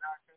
Doctor.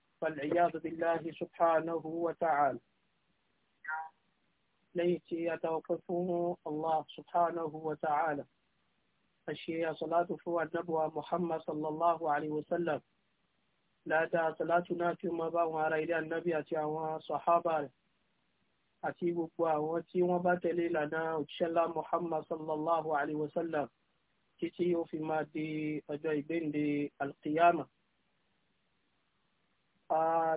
فالعياذ بالله سبحانه وتعالى ليت يتوقفه الله سبحانه وتعالى أشياء صلاة فوى النبوة محمد صلى الله عليه وسلم لا دا صلاة ناكي مبا وعلى إلى النبي أتي صحابة أتي بقوة وأتي وباتل لنا وتشلى محمد صلى الله عليه وسلم تتيو في مادي أجايبين دي القيامة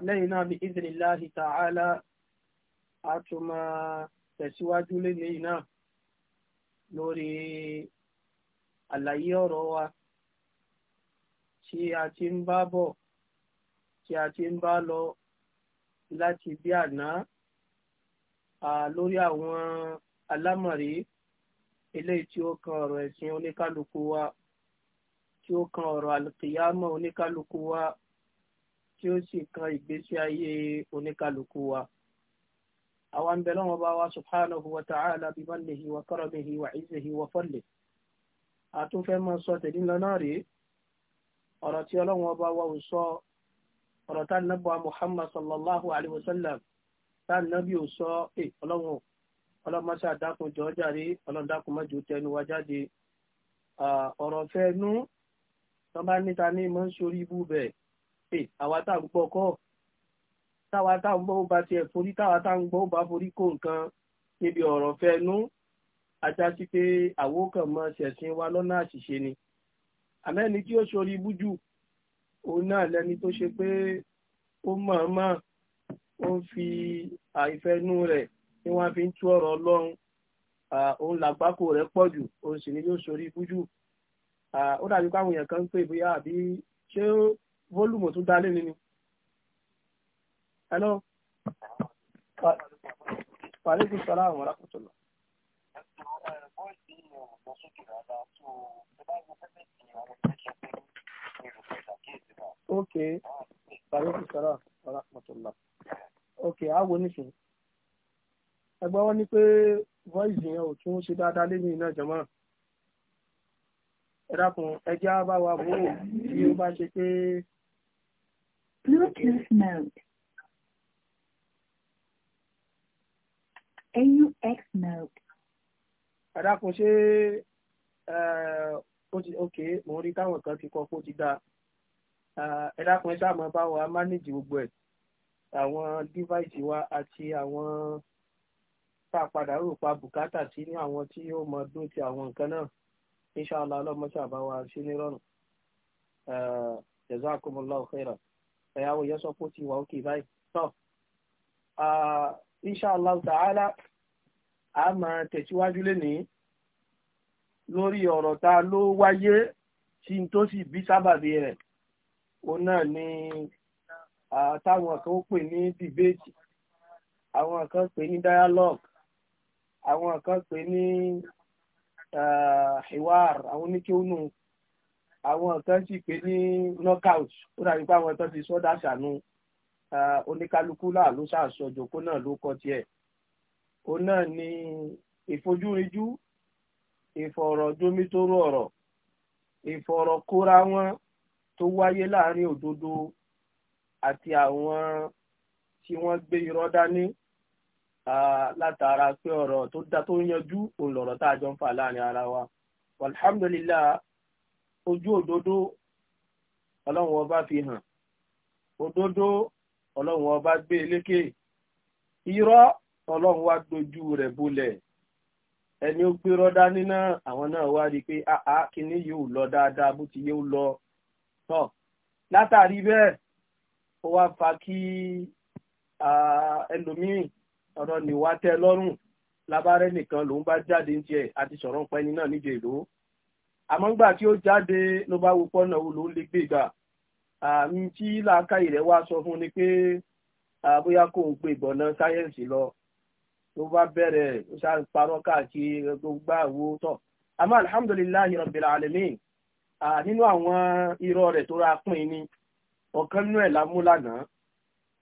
lẹ́yìn náà bí iznillahi ta'ala a tún máa tẹ̀síwájú lẹ́yìn náà lórí àlàyé ọ̀rọ̀ wa tí a ti ń bá bọ̀ tí a ti ń bá lọ láti bí àná lórí àwọn alámọ̀rí eléyìí tí ó kan ọ̀rọ̀ ẹ̀sìn oníkálukú wa tí ó kan ọ̀rọ̀ àlùkìyámọ̀ oníkálukú wa tí ó sì kan ìgbésí ayé oníkálukú wa àwa ń bẹ lọ́wọ́ bá wa subhanahu wa ta'ala bi mannihi wa karamihi wa izzihi wa fadlihi àtúnfẹ́ máa sọ tẹ̀lé lọ́nà rèé ọ̀rọ̀ tí ọlọ́run ọba wa ò sọ ọ̀rọ̀ tá nàbọ̀ muhammad sallallahu alayhi wa sallam tá nàbí ò sọ ẹ eh, ọlọ́run ọlọ́mọṣẹ́ àdákùn jọ jáde ọlọ́run dákun mọ́jú tẹnu wa jáde ọ̀rọ̀ fẹ́ nú tó bá níta ní mọ́ ibú bẹ́ẹ̀ àwa tá à ń gbọ́ kọ́ táwa tá à ń gbọ́ ó bá tiẹ̀ forí táwa tá à ń gbọ́ ó bá forí kó nǹkan níbi ọ̀rọ̀ fẹnu ajá sí pé àwo kan mọ ṣẹ̀sìn wa lọ́nà àṣìṣe ni àmẹ́ni tí ó ṣorí ibú jù òun náà lẹni tó ṣe pé ó mọ̀ọ́mọ̀ ó ń fi àìfẹ́nú rẹ̀ tí wọ́n fi ń tú ọ̀rọ̀ ọlọ́run òun làgbákò rẹ̀ pọ̀ jù òun sì ni yóò ṣorí ibú ó dàbí pé èèyàn kan ń pè bóyá àbí ṣé fólùmù tó dálé nínú. hello pàlẹ́kùn sọ́lá àwọn arákùnrin ok pàlẹ́kùn sọ́lá àwọn arákùnrin ok àwọn oníṣẹ́ ẹgbẹ́ wọn ní pé voice yẹn ò tún ṣe dáadáa lẹ́yìn iná jẹ́mọ́ràn ẹ dákun ẹjẹ́ á bá wa bò ó tí ó bá ṣe pé. Bluetooth mode. AUX mode. Ẹ dákun ṣé ó ti ok mo rí táwọn kan ti kọ pé ó ti dáa ẹ dákun ẹ sáà máa bá wa manage gbogbo ẹ̀ àwọn díváìsì wa àti àwọn tá a padà rò pa bùkátà sí ní àwọn tí ó mọ dó ti àwọn nǹkan náà inṣàlá ọlọ́mọṣẹ́ àbáwá sí ní rọrùn eh, jazakumullahu جزاكم الله خيرا يا ويا ó ti wà òkè báyìí tọ́ inṣàlá ta'ala a máa tẹ̀síwájú lénìí lórí ọ̀rọ̀ ta ló wáyé tí n tó sì bí sábàbí rẹ̀ òun náà ni táwọn kan pè ní debate àwọn kan pè ní dialogue àwọn kan pè ní. Ah, hiwar àwọn oníkéwúnú àwọn kan sì pé ní knockout ó dàbí pé àwọn kan ti sọ́dà sànú ah, oníkálukú náà ló ṣàṣọ jòkó náà ló kọ tiẹ̀ òun náà ni ìfojúrinjú ìfọ̀rọ̀jomitoro ọ̀rọ̀ ìfọ̀rọ̀kóra wọn tó wáyé láàrin òdodo àti àwọn tí wọ́n gbé irọ́ dání látara pé ọ̀rọ̀ tó dá tó yanjú òun tá a jọ ń fà láàrin ara wa alhamdulillah ojú òdodo ọlọ́run ọba fi hàn òdodo ọlọ́run ọba gbé e lékè irọ́ ọlọ́run wá dojú rẹ̀ bolẹ̀ ẹni ó gbérọ́ dání náà àwọn náà wá rí i a ah, àá ah, kíní yóò lọ dáadáa bó ti yóò lọ tọ́ látàrí bẹ́ẹ̀ ó wá fa kí ẹlòmíràn ọ̀rọ̀ nìwà tẹ lọ́rùn labarẹ́ nìkan lòun bá jáde ní tiẹ̀ àti sọ̀rọ̀ ń pẹ́ni náà níjẹ̀ ìlú àmọ́ ńgbà tí ó jáde ló bá wo pọ́nà wo lòun lè gbé ìgbà àmì tí làákàyè rẹ̀ wá sọ fún ni pé bóyá kò ń gbé ìbọ̀nà sáyẹ́ǹsì lọ ló bá bẹ̀rẹ̀ ó sá parọ́ káàkiri gbogbo àwo tọ̀ àmọ́ alhamdulillahi rabbil alamin nínú àwọn irọ́ rẹ̀ tó ra pín in ni ọ̀kan nínú ẹ̀ lámúlànà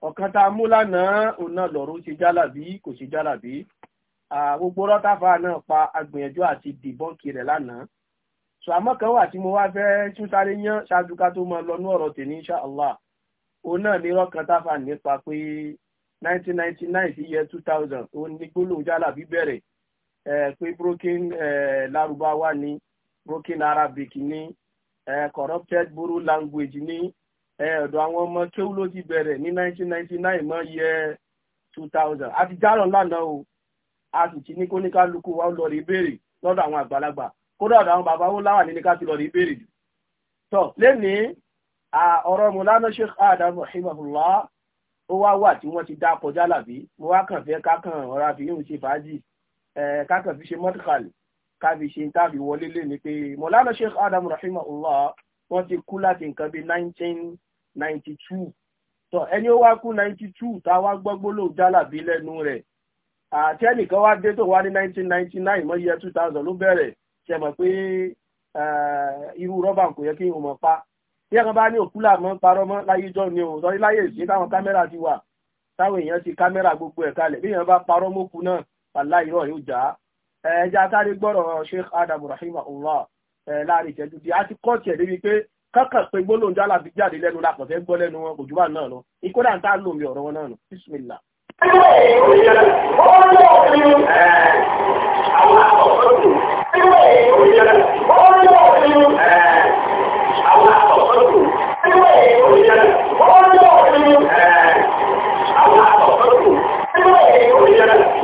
ọ̀kan tá a mú lánàá òun náà lọ̀rọ̀ ṣe jálàbí kò ṣe jálàbí gbogbo rọ́tàfà náà pa agbìyànjú àti dìbọ́ǹkì rẹ̀ lánàá sọ àmọ́ kan wà tí mo wá fẹ́ tún sáré yán ṣáájú ká tó máa lọ ọ̀rọ̀ tèmi insha Allah òun náà ní rọ́kan táfà nípa pé 1999 sí year 2000 òun ní gbólóhùn jálàbí bẹ̀rẹ̀ pé broken larubawa ni broken arabic ni corrupted buru language ni ọ̀dọ̀ àwọn ọmọ kéwú ló ti bẹ̀rẹ̀ ní 1999 mọ́ yẹ 2000 àti jálọ̀ lánàá o a sì ti ní kóníkálukú wa lọ rí béèrè lọ́dọ̀ àwọn àgbàlagbà kódà ọ̀dọ̀ àwọn bàbá wo láwà ní ká ti lọ rí béèrè jù. tọ́ lẹ́nìí ọ̀rọ̀ mọ̀lánà Sheikh Adam rahimahullah ó wá wà tí wọ́n ti dá kọjá làbí mo wá kàn fẹ́ kákan ọ̀rọ̀ àfihàn ṣe fàájì kákan fi ṣe mọ́tíkàlì ká fi ṣe táàbì wọlé lé pé mọ̀lánà Sheikh Adam rahimahullah wọ́n ti kú láti nǹkan bíi nineteen ninety two tọ ẹni ó wá kú ninety two tá a wá gbọ́gbó ló jálàbí lẹ́nu rẹ̀ àti ẹnìkan wá dé tó wá ní nineteen ninety nine mọ́ iye two thousand ló bẹ̀rẹ̀ ṣe mọ̀ pé irú rọ́bà kò yẹ kí n ò mọ̀ pa bí ẹ̀kan bá ní òkú làmọ́ parọ́ mọ́ láyé jọ ni o sọ láyé ìsìn táwọn kámẹ́rà ti wà táwọn èèyàn ti kámẹ́rà gbogbo ẹ̀ kalẹ̀ bí èèyàn bá parọ́ mọ́kù náà wàláhì yóò jà á ẹ̀ẹ́dì atari gbọ́rọ̀ Sheikh Adam rahimahullah láàrin ìṣẹ́jú di àti kọ́ọ̀tì ẹ̀ débi pé kankan pé gbólóhùn jálá fi jáde lẹ́nu lápọ̀ fẹ́ gbọ́ lẹ́nu wọn kò jù bá náà lọ ìkórè àǹtá lò mí ọ̀rọ̀ wọn náà nù bísímìlà. Thank you.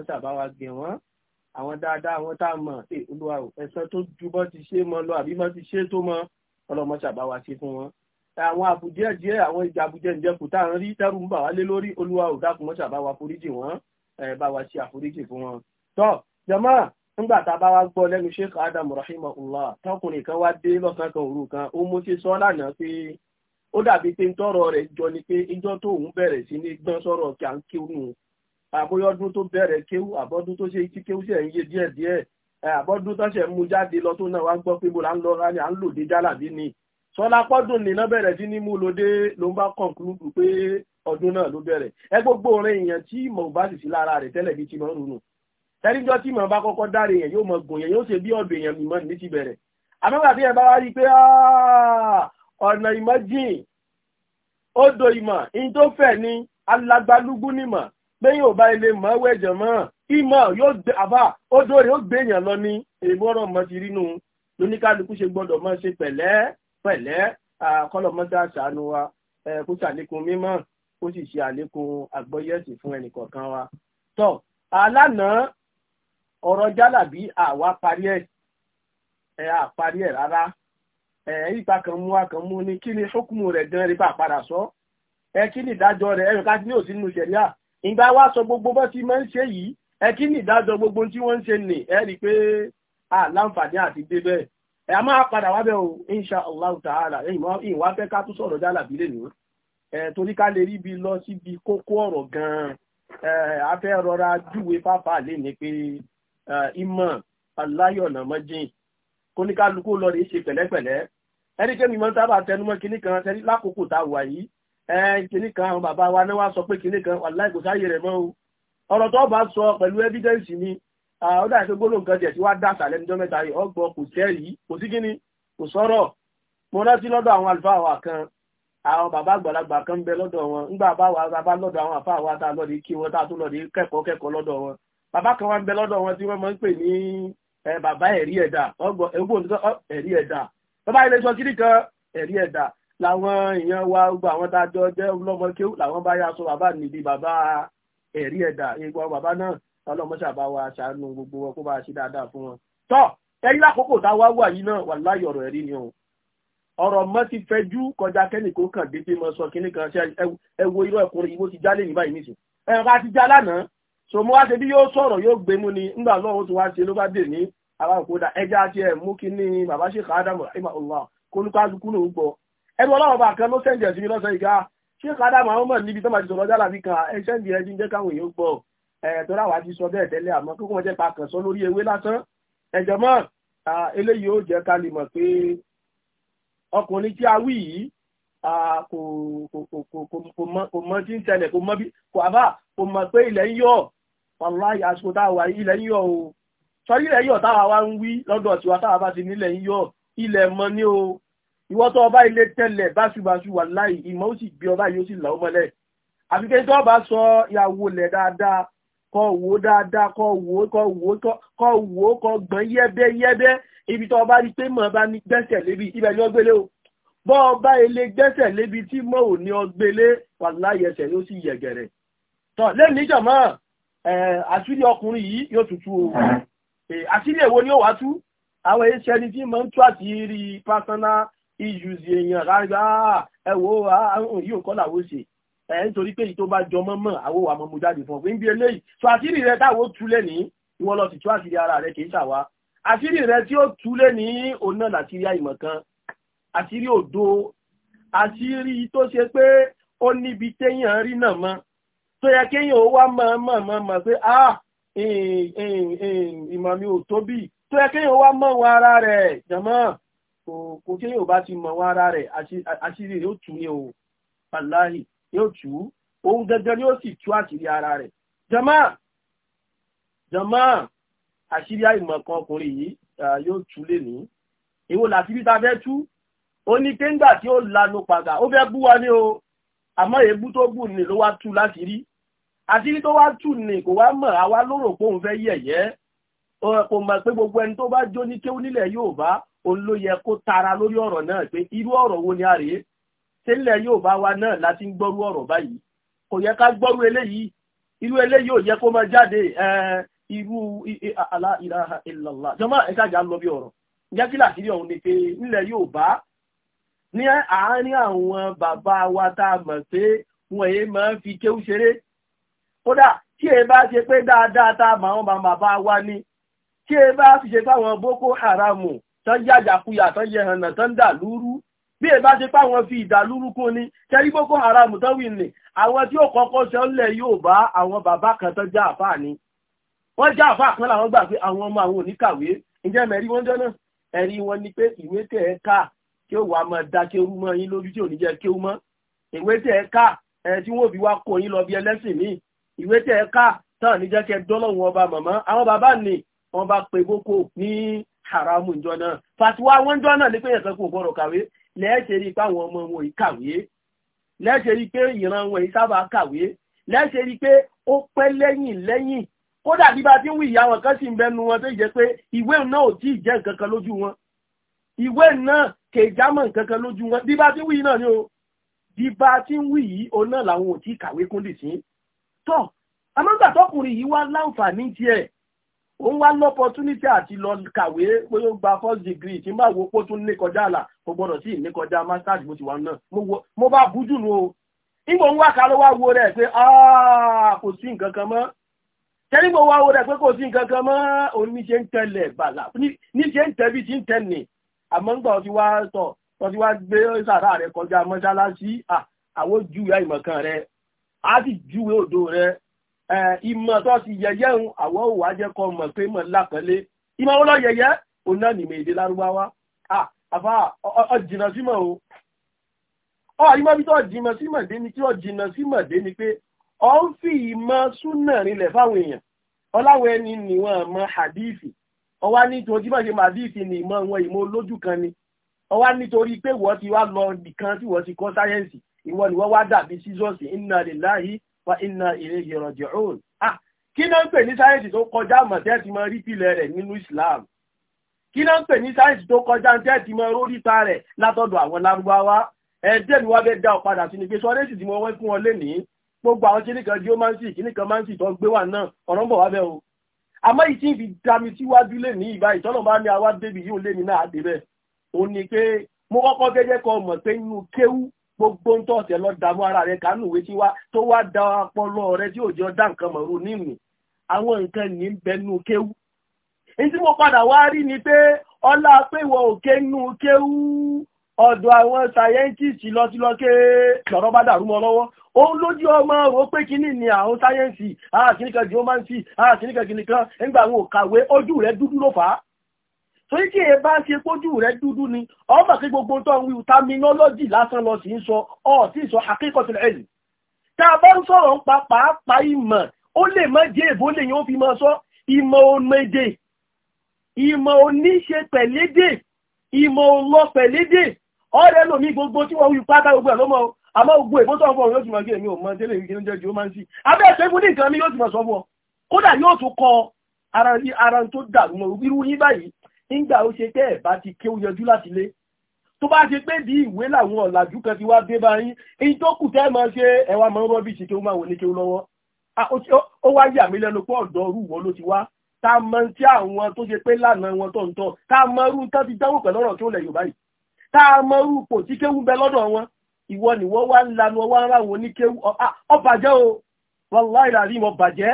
mọ́tà bá wa gbẹ̀ wọ́n àwọn dáadáa àwọn tá a mọ̀ ṣe olúwa ò ẹ̀sán tó ju bọ́ ti ṣe mọ́ lọ àbí bọ́ ti ṣe tó mọ́ ọlọ́mọṣà bá wa ṣe fún wọn àwọn àbùjẹ́ díẹ̀ àwọn ìjà àbùjẹ́ ìjẹkù tá à ń rí tẹ́rù ń bà wá lé lórí olúwa ò dákun mọ́ṣà bá wa foríjì wọ́n bá wa ṣe àforíjì fún wọn. tọ́ jàmá nígbà tá a bá wá gbọ́ lẹ́nu sheikh adam rahimahullah tọkùnrin kan wá dé lọ́sàn kan òru kan ó mú sí sọ lánàá pé ó dàbí pé ń tọrọ rẹ̀ jọ ni pé ìjọ tó òun bẹ̀rẹ̀ sí ní àbóyọ́dún tó bẹ̀rẹ̀ kéwú àbọ́dún tó ṣe tí kéwú ṣe ń yé díẹ̀ díẹ̀ àbọ́dún tó ṣe ń mú jáde lọ tó náà wá gbọ́ pé mo là ń lọ ra ni à ń lò dé jálàbí ni sọlá pọ́dún nìna bẹ̀rẹ̀ sí ní mú lóde ló ń bá kọ̀ǹkúlùkù pé ọdún náà ló bẹ̀rẹ̀ ẹ gbogbo orin èèyàn tí ìmọ̀ ò bá sì sí lára rẹ̀ tẹ́lẹ̀ bí ti mọ̀ ń runù tẹ́lifíjọ́ tí ìmọ̀ bá kọ́kọ́ dáre èèyàn yóò mọ̀ gùn yẹn yóò ṣe bí ọ̀dọ̀ èèyàn mìíràn ní ti bẹ̀rẹ̀ àmọ́gbà tí ẹ bá wá rí i pé ọ̀nà ìmọ̀ jìn odò ìmọ̀ in ni alágbálúgbú nímọ̀ bẹ́yìn ò bá ilé mọ́ wẹ̀jẹ̀ mọ́ ìmọ̀ yóò gbé àbá odò rẹ̀ yóò gbé èèyàn lọ ní èmi ọ̀rọ̀ mọ́ ti rínú lóníkálukú ṣe gbọ́dọ̀ máa ṣe pẹ̀lẹ́ pẹ̀lẹ́ kọ́lọ̀mọ́sá àṣàánú wa kó ṣàlékún mímọ́ kó sì ṣe àlékún àgbọ́yẹ̀sì fún ẹnìkọ̀ọ̀kan wa. tọ́ alánà ọ̀rọ̀ jálàbí àwa parí ẹ̀ ẹ̀ àparí ẹ̀ rárá ẹ̀ ìta kan mú wa kan mú ni kí ni ṣókùmù rẹ̀ gan-an rí bá a padà sọ ẹ kí ni ìdájọ́ rẹ̀ ẹ̀rọ ká ní òsínú ṣẹ̀ríà ìgbà wa sọ gbogbo bá ti máa ń ṣe yìí ẹ kí ni ìdájọ́ gbogbo tí wọ́n ń ṣe nì ẹ rí i pé a láǹfààní àti dé bẹ́ẹ̀ ẹ a máa padà wá bẹ́ẹ̀ o insha allah ta'ala ìwà fẹ́ ká tún sọ̀rọ̀ jálà bí lẹ́nu ẹ torí ká lè rí ibi lọ síbi kókó ọ̀rọ̀ gan ẹ a fẹ́ rọra júwe fáfá lè ní pé ìmọ̀ aláyọ̀nà mọ́jìn kóníkálukú lọ rí ṣe pẹ̀lẹ́pẹ̀lẹ́ ẹnikẹ́ni mọ́ sábà tẹnumọ́ kinní kan lákòókò tá a wà yìí kìnní kan àwọn bàbá wa náà wá sọ pé kìnní kan wàláì kò sáyè rẹ̀ mọ́ o ọ̀rọ̀ tó bá sọ pẹ̀lú evidence ni ó dà pé gbólóhùn kan tiẹ̀ tí wàá dà sàlẹ̀ níjọ́ mẹ́ta yìí ọgbọ́n kò tẹ́rì kò sí kíni kò sọ̀rọ̀ mo rántí lọ́dọ̀ àwọn àlùfáà wa kan àwọn bàbá àgbàlagbà kan ń bẹ lọ́dọ̀ wọn nígbà bá wa bàbá lọ́dọ̀ àwọn àfáà wa tá a lọ́dọ̀ kí wọn tá a tún lọ́dọ̀ kẹ́kọ̀ọ́ kẹ́kọ̀ọ́ lọ́dọ̀ wọn bàbá kan wá ń bẹ lọ́dọ̀ wọn tí wọ́n máa ń pè ní bàbá ẹ̀rí ẹ̀dà ọgbọ̀n ẹ̀rí ẹ̀dà bàbá ilé iṣọ́ kiri kan ẹ̀rí ẹ̀dà làwọn èèyàn wa gbogbo àwọn dájọ́ jẹ́ ọlọ́mọ kí làwọn bá yá sọ bàbá níbi bàbá ẹ̀rí ẹ̀dà egbò bàbá náà ọlọ́mọ ṣàbá wa ṣàánú gbogbo wọn kó bá ṣe dáadáa fún wọn. tọ́ ẹ̀rí lákòókò tá a wá wà yìí náà wà láyé ọ̀rọ̀ ẹ̀rí ni o ọ̀rọ̀ mọ́ ti fẹjú kọjá kẹ́nìkó kàn dédé mọ́ sọ kínní kan ṣe ẹ wo irú ẹ̀kúnrin ìwó ti jálè ní báyìí nísìnyí ẹ̀rọ bá ti já lánàá so mo wá ṣe bí yóò sọ̀rọ̀ yóò gbé mú ni ńgbà lọ́wọ́ tó wá ṣe ló bá dè ní àwọn òkúta ẹja àti ẹ̀ mú kí ní bàbá ṣe kà á dàmọ̀ ìmọ̀ ọ̀la kólúkálukú ẹnu ọlọ́wọ́ bá kan ló sẹ́ǹdì ẹ̀sìn mi lọ́sọ̀ ìgbà ṣé kádà máa ń mọ̀ níbi tó máa ti sọ̀rọ̀ jálà bí kan ẹ sẹ́ǹdì ẹ̀sìn jẹ́ káwọn èèyàn gbọ́ ẹ̀ tó ti sọ bẹ́ẹ̀ tẹ́lẹ̀ àmọ́ kókó wọn jẹ́ pa kàn sọ lórí ewé lásán ẹ̀jọ̀ eléyìí ó jẹ́ ká lè mọ̀ pé ọkùnrin tí a wí yìí kò mọ tí ń tẹ̀lẹ̀ kò mọ bí kò àbá kò mọ̀ pé ilẹ̀ ń yọ̀ wàláì àsìkò ìwọ́ tó ọba ilé tẹ́lẹ̀ báṣubàṣu wà láì ìmọ̀ ó sì gbé ọba yóò sì là ó mọ́lẹ̀ àfikẹ́ tó ọba sọ ìyàwó lẹ̀ dáadáa kọ wò dáadáa kọ wò kọ wò kọ wò kọ gbọ́n yẹ́bẹ́ yẹ́bẹ́ ibi tó ọba rí pé mọ̀ bá ní gbẹ́sẹ̀ lébi ibẹ̀ ni ọgbélé o bọ́ ọba ilé gbẹ́sẹ̀ lébi tí mọ̀ ò ní ọgbélé wà láì ẹsẹ̀ yóò sì yẹ̀gẹ̀rẹ̀ tọ́ lẹ́nu ìjọ̀mọ́ àṣírí ọkùnrin yìí yóò tutù o àṣírí èwo ni ó wá tú àwọn èyí ṣẹni tí mọ̀ ń tú àṣírí personal issues èèyàn rárá ẹ̀wọ́ àrùn yìí ò kọ́ làwọ́ ṣe ẹ̀ nítorí pé ìtò bá jọmọ́ mọ̀ àwọ̀ wà mọ́mú jáde fún ọ pé ń bí eléyìí tó àṣírí rẹ táwọn túlẹ̀ ní ìwọ lọ sì tú àṣírí ara rẹ kì í ṣàwá àṣírí rẹ tí ó túlẹ̀ ní òun náà làṣírí àìmọ̀ kan àṣírí òdo àṣírí tó ṣe pé ó níbi téèyàn rí náà mọ́ tó yẹ kéèyàn ó wá mọ̀ mọ̀ mọ̀ mọ̀ pé ah ìmọ̀ mi ò tóbi tó yẹ kéèyàn ó wá mọ̀ wọn ara rẹ̀ jọ̀mọ́ so kò tí yóò bá ti mọ̀ wá ara rẹ̀ àṣírí yóò tú ní o pàláhì yóò tú ohun gẹ́gẹ́ ni ó sì tú àṣírí ara rẹ̀ jama jama àṣírí àìmọ̀kan ọkùnrin yìí yóò tú lè ní èwo láti bí ta fẹ́ tú ó ní kéńgbà tí ó lanu padà ó fẹ́ bú wa ní o àmọ́ èébú tó bù ní ló wá tú láti rí àṣírí tó wá tú ní kò wá mọ̀ àwa lórò pé òun fẹ́ yẹ̀yẹ́ kò mọ̀ pé gbogbo ẹni tó bá jó ní kéwú nílẹ̀ Yorùbá òun ló yẹ kó tara lórí ọ̀rọ̀ náà pé irú ọ̀rọ̀ wo ni a rèé tẹ́lẹ̀ yóò bá wa náà láti ń gbọ́rú ọ̀rọ̀ báyìí kò yẹ ká gbọ́rú eléyìí irú eléyìí ò yẹ kó máa jáde irú ala ilaha illallah jọmọ ẹ̀ka jà ń lọ bí ọ̀rọ̀ ǹjẹ́ kí làkìrí ọ̀hún ni pé nílẹ̀ yóò bá ní àárín àwọn bàbá wa tá a mọ̀ pé wọ́n èé máa ń fi kéwú ṣeré kódà tí ẹ bá ṣe pé dáadáa tá a mọ̀ àwọn bàbá wa ni tí ẹ bá fi ṣe fáwọn boko haramu tán yàyàkuyà tán yẹ hànà tán dà lúrú bí ẹ bá ṣe pá wọn fi ìdà lúrú kó ni kẹrí boko haram tán wì ní àwọn tí ó kọ́kọ́ ṣe ńlẹ̀ yóò bá àwọn bàbá kan tán já àfáà ni wọ́n já àfáà kan làwọn gbà pé àwọn ọmọ àwọn oníkàwé ǹjẹ́ mẹ́rí wọ́n jọ náà ẹ̀rí wọn ni pé ìwé tẹ̀ ẹ́ ká kí ó wàá máa da kéwú mọ́ yín lójú tí ò ní jẹ́ kéwú mọ́ ìwé tẹ̀ ẹ́ ká ẹ̀ tí wọ́n fi wá kó yín lọ bí ẹlẹ́sìn míì ìwé tẹ̀ ẹ́ ká tán ní jẹ́ kẹ́ dọ́lọ́hun ọba màmá àwọn bàbá ni wọ́n bá pe boko ní haramu ìjọ náà fàtiwá wọn jọ náà ní pé ẹ̀sán kò gbọ́dọ̀ kàwé lẹ́ẹ̀ṣẹ̀ rí pé àwọn ọmọ wọn yìí kàwé lẹ́ẹ̀ṣẹ̀ rí pé ìran wọn yìí sábà kàwé lẹ́ẹ̀ṣẹ̀ rí pé ó pẹ́ lẹ́yìn lẹ́yìn kódà bí bá ti ń wù ìyá wọn kan sì ń bẹnu wọn tó jẹ́ pé ìwé náà ò tí ì jẹ́ nǹkan kan lójú wọn ìwé náà kèjámọ̀ nǹkan kan lójú wọn bí bá ti ń wù náà ni o bí bá ti ń wù yìí òun náà làwọn ò tí ì kàwé kúndì sí. tọ́ àmọ́gbà tọkùnrin yìí wá láǹfààní tiẹ̀ ó ń wá lọ́pọ̀túnítì àti lọ kàwé pé ó gba first degree tí máa wo pó tún ní kọjá àlà kò gbọdọ̀ sí ní kọjá masters bó ti wà náà mo bá bújú nu o nígbà òun wá ká ló ah, wá wo rẹ̀ pé kò sí nǹkan kan mọ́ tẹ́lígbò wá wo rẹ̀ pé kò sí nǹkan kan mọ́ òun ní ṣe ń tẹ̀lẹ̀ bàlà ní ṣe ń tẹ̀bi tí ń tẹ̀ nì àmọ́ ńgbà ọtí wá sọ ọtí wá gbé sàrà rẹ̀ kọjá mọ́ṣáláṣí àwọn ojú ìyá ìmọ̀kan rẹ̀ á sì júwe òdo rẹ̀ ìmọ̀ tó ti yẹyẹ ń àwọn òwò ajẹ́kọ̀ mọ̀ pé mọ̀ lápẹ̀lé ìmọ̀ wọn lọ yẹyẹ òun náà nìmọ̀ èdè lárúbáwá àfà ọ̀jìnà símọ̀ o ọ ìmọ̀ bí tó ọ̀jìnà ni tí ọ̀jìnà símọ̀ dé ni pé ọ hadithi ọwá nítorí bá ṣe hadithi ni ìmọ̀ wọn ìmọ̀ olójú ni ọwá nítorí pé wọ́n ti wá lọ nìkan tí wọ́n ti kọ́ sáyẹ́ǹsì ìwọ ni wọ́n wá dàbí sísọ́ọ̀sì inna lillahi fa inna ilayhi raji'un ah kí náà ń pè ní sáyẹ́ǹsì tó kọjá mọ̀tẹ́ẹ̀tì mọ rípìlẹ̀ rẹ̀ nínú Islam kí náà ń pè ní sáyẹ́ǹsì tó kọjá mọ̀tẹ́ẹ̀tì mọ róríta rẹ̀ látọ̀dọ̀ àwọn lárúbáwá ẹ̀ẹ́dẹ́ ni wọ́n fẹ́ dá ọ̀padà sí ni pé sọ́ọ́rẹ́sì tí wọ́n wẹ́ fún ọ lénìí gbogbo àwọn kíní kan geomancy kíní kan mancy tó ń gbé wà náà ọ̀rọ̀ ń bọ̀ wá bẹ́ẹ̀ o àmọ́ ìtí ìfi dami síwájú lénìí ìbá ìtọ́nà bá ní àwa débi yóò lénìí náà débẹ̀ ó ní pé mo kọ́kọ́ gẹ́gẹ́ kọ mọ̀ pé inú kéwú gbogbo ń tọ̀sẹ̀ lọ dààmú ara rẹ̀ kánú ìwé tí wá tó wá da ọpọlọ rẹ tí òjò dá nǹkan mọ̀rú nínú àwọn nǹkan ní bẹnu kéwú. ní tí mo padà wá rí ni pé ọlá pé ìwọ òkè nú kéwú ọ̀dọ̀ àwọn sáyẹ́ǹtìsì lọ́tílọ́ké lọ́rọ̀ bá dàrú mọ́ lọ́wọ́ òun lójú ọmọ rò pé kíní ni àwọn sáyẹ́ǹsì àkíníkan ah, geomancy àkíníkan ah, kìnìkan nígbà àwọn òkàwé ojú rẹ̀ dúdú ló fà á torí kí èyí bá ṣe kójú rẹ dúdú ni ọmọ kí gbogbo tó ń wíwú terminology lásán lọ sí ń sọ ọ sí sọ haqiqatul ilm tá a bá ń sọ̀rọ̀ ń pa pàápàá ìmọ̀ ó lè má jẹ́ èbó lè yẹn ó fi máa sọ ìmọ̀ omédè ìmọ̀ oníṣe pẹ̀lédè ìmọ̀ òǹlọ pẹ̀lédè ọ̀rẹ́ lómi gbogbo tí wọ́n wí pátá gbogbo ẹ̀ lọ́mọ àmọ́ gbogbo èbó tó ń fọ yóò ti mọ̀ sí èmi ò mọ délé ìgbìyànjú jẹ́ jù ó máa ń sí abẹ́ ìṣẹ́gun ní nǹkan mi yóò ti mọ̀ sọ fún ọ kódà yóò tún kọ ara tó dàrú mọ̀ irú yín báyìí nígbà ó ṣe tẹ́ ẹ̀ bá ti kéwú yanjú láti lé tó bá ṣe pé di ìwé làwọn ọ̀làjú kan ti wá dé bá yín èyí tó kù tẹ́ máa ṣe ẹwà máa ń rọ́bì sí kéwú máa wò ní kéwú lọ́wọ́ ó wá yà mí lẹ́nu pé ọ̀dọ́ rú wọ́n ló ti wá tá a mọ tí àwọn tó ṣe pé lánàá wọn tó ń tọ tá a mọ irú tán ti dánwò pẹ̀lú ọ̀rọ̀ kí ó lẹ̀ Yorùbá yìí tá a mọ irú ipò tí kéwú bẹ lọ́dọ̀ wọn ìwọ nìwọ wá ń lanu ọwọ́ ara wọn ní kéwú ọbàjẹ́ o wàláì làrí wọn bàjẹ́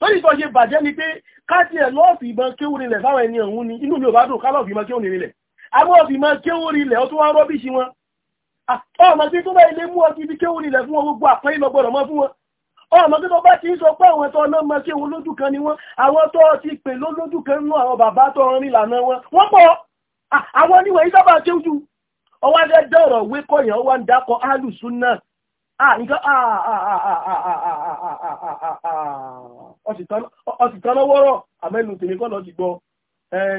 torí tó ṣe bàjẹ́ ni pé káàtì ẹ̀ lọ́ọ̀fì ìbọn kéwòn ilẹ̀ fáwọn ẹni ọ̀hún ni inú mi ò bá dùn ká lọ́ọ̀fì ìbọn kéwòn ilẹ̀ àwọn ọ̀fì ìbọn kéwòn ilẹ̀ ó tún wá rọ́bìṣì wọn ọmọ tó bá ilé mú ọtí ibi kéwòn ilẹ̀ fún wọn gbogbo àpẹ́ ìlọgbọ̀dọ̀ mọ́ fún wọn ọmọ tó bá ti sọ pé àwọn ẹ̀tọ́ náà mọ kéwòn lójú kan ni wọn àwọn tó ti pè lójú kan nú àwọn bàbá tó ń rìn lànà wọn wọn pọ̀ àwọn oníwẹ̀ yìí sábà kéwù ju ọwọ́ adé dọ̀rọ̀ wé kọ̀yàn wá ń dákọ̀ alùsùn náà ọ̀sìtàn lọ́wọ́rọ̀ àmẹ́nu tèmi kọ́ lọ ti gbọ́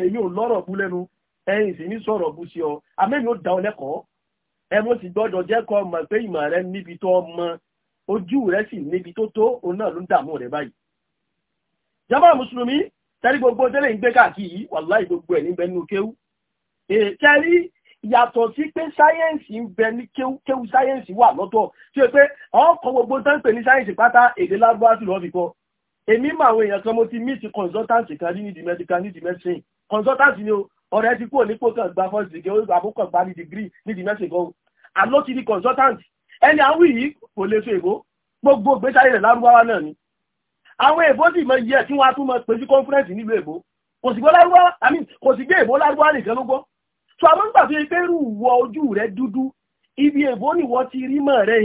èmi ò lọ́rọ̀ bú lẹ́nu ẹ̀yìn sì ní sọ̀rọ̀ bú sí ọ àmẹ́nu ó dá ọ lẹ́kọ̀ọ́ ẹ mo sì gbọ́dọ̀ jẹ́ kọ́ mọ̀ pé ìmọ̀ rẹ níbi tó mọ ojú rẹ sì níbi tó tó òun náà ló ń dààmú rẹ báyìí. jábọ̀ mùsùlùmí tẹ́rí gbogbo tẹ́lẹ̀ ń gbé káàkiri wàláì gbogbo ẹ̀ níbẹ̀ nínú kéwú. tẹ́rí yàtọ̀ sí pé sáyẹ́ǹsì ń bẹ ní kéwú sáyẹ́ǹsì wà lọ́tọ̀ tí o pé ọkọ̀ gbogbo tó ń pè ní sáyẹ́ǹsì pátá èdè lágbára sí lọ́ọ́ fi kọ́ èmi mọ àwọn èèyàn kan mo ti meet consultant kan ní ìdí medical ní ìdí medicine consultant ni o ọ̀rẹ́ ti kúrò nípò kan gba first degree àbúkọ̀ gba ní degree ní ìdí medicine kan àló ti di consultant ẹni àwọn yìí kò lè so èbó gbogbo gbésáyé rẹ̀ lárúbáwá náà ni àwọn èbó sì mọ iye tí wọ́n á tún mọ pèsè conference nílùú èbó kò sì gbọ́ lárúbáwá i mean kò sì gbé èbó lárúbáwá nìkan ló gbọ́ so àwọn ń gbà fi pé irú wọ ojú rẹ dúdú ibi èbó nìwọ ti rí mọ̀ rẹ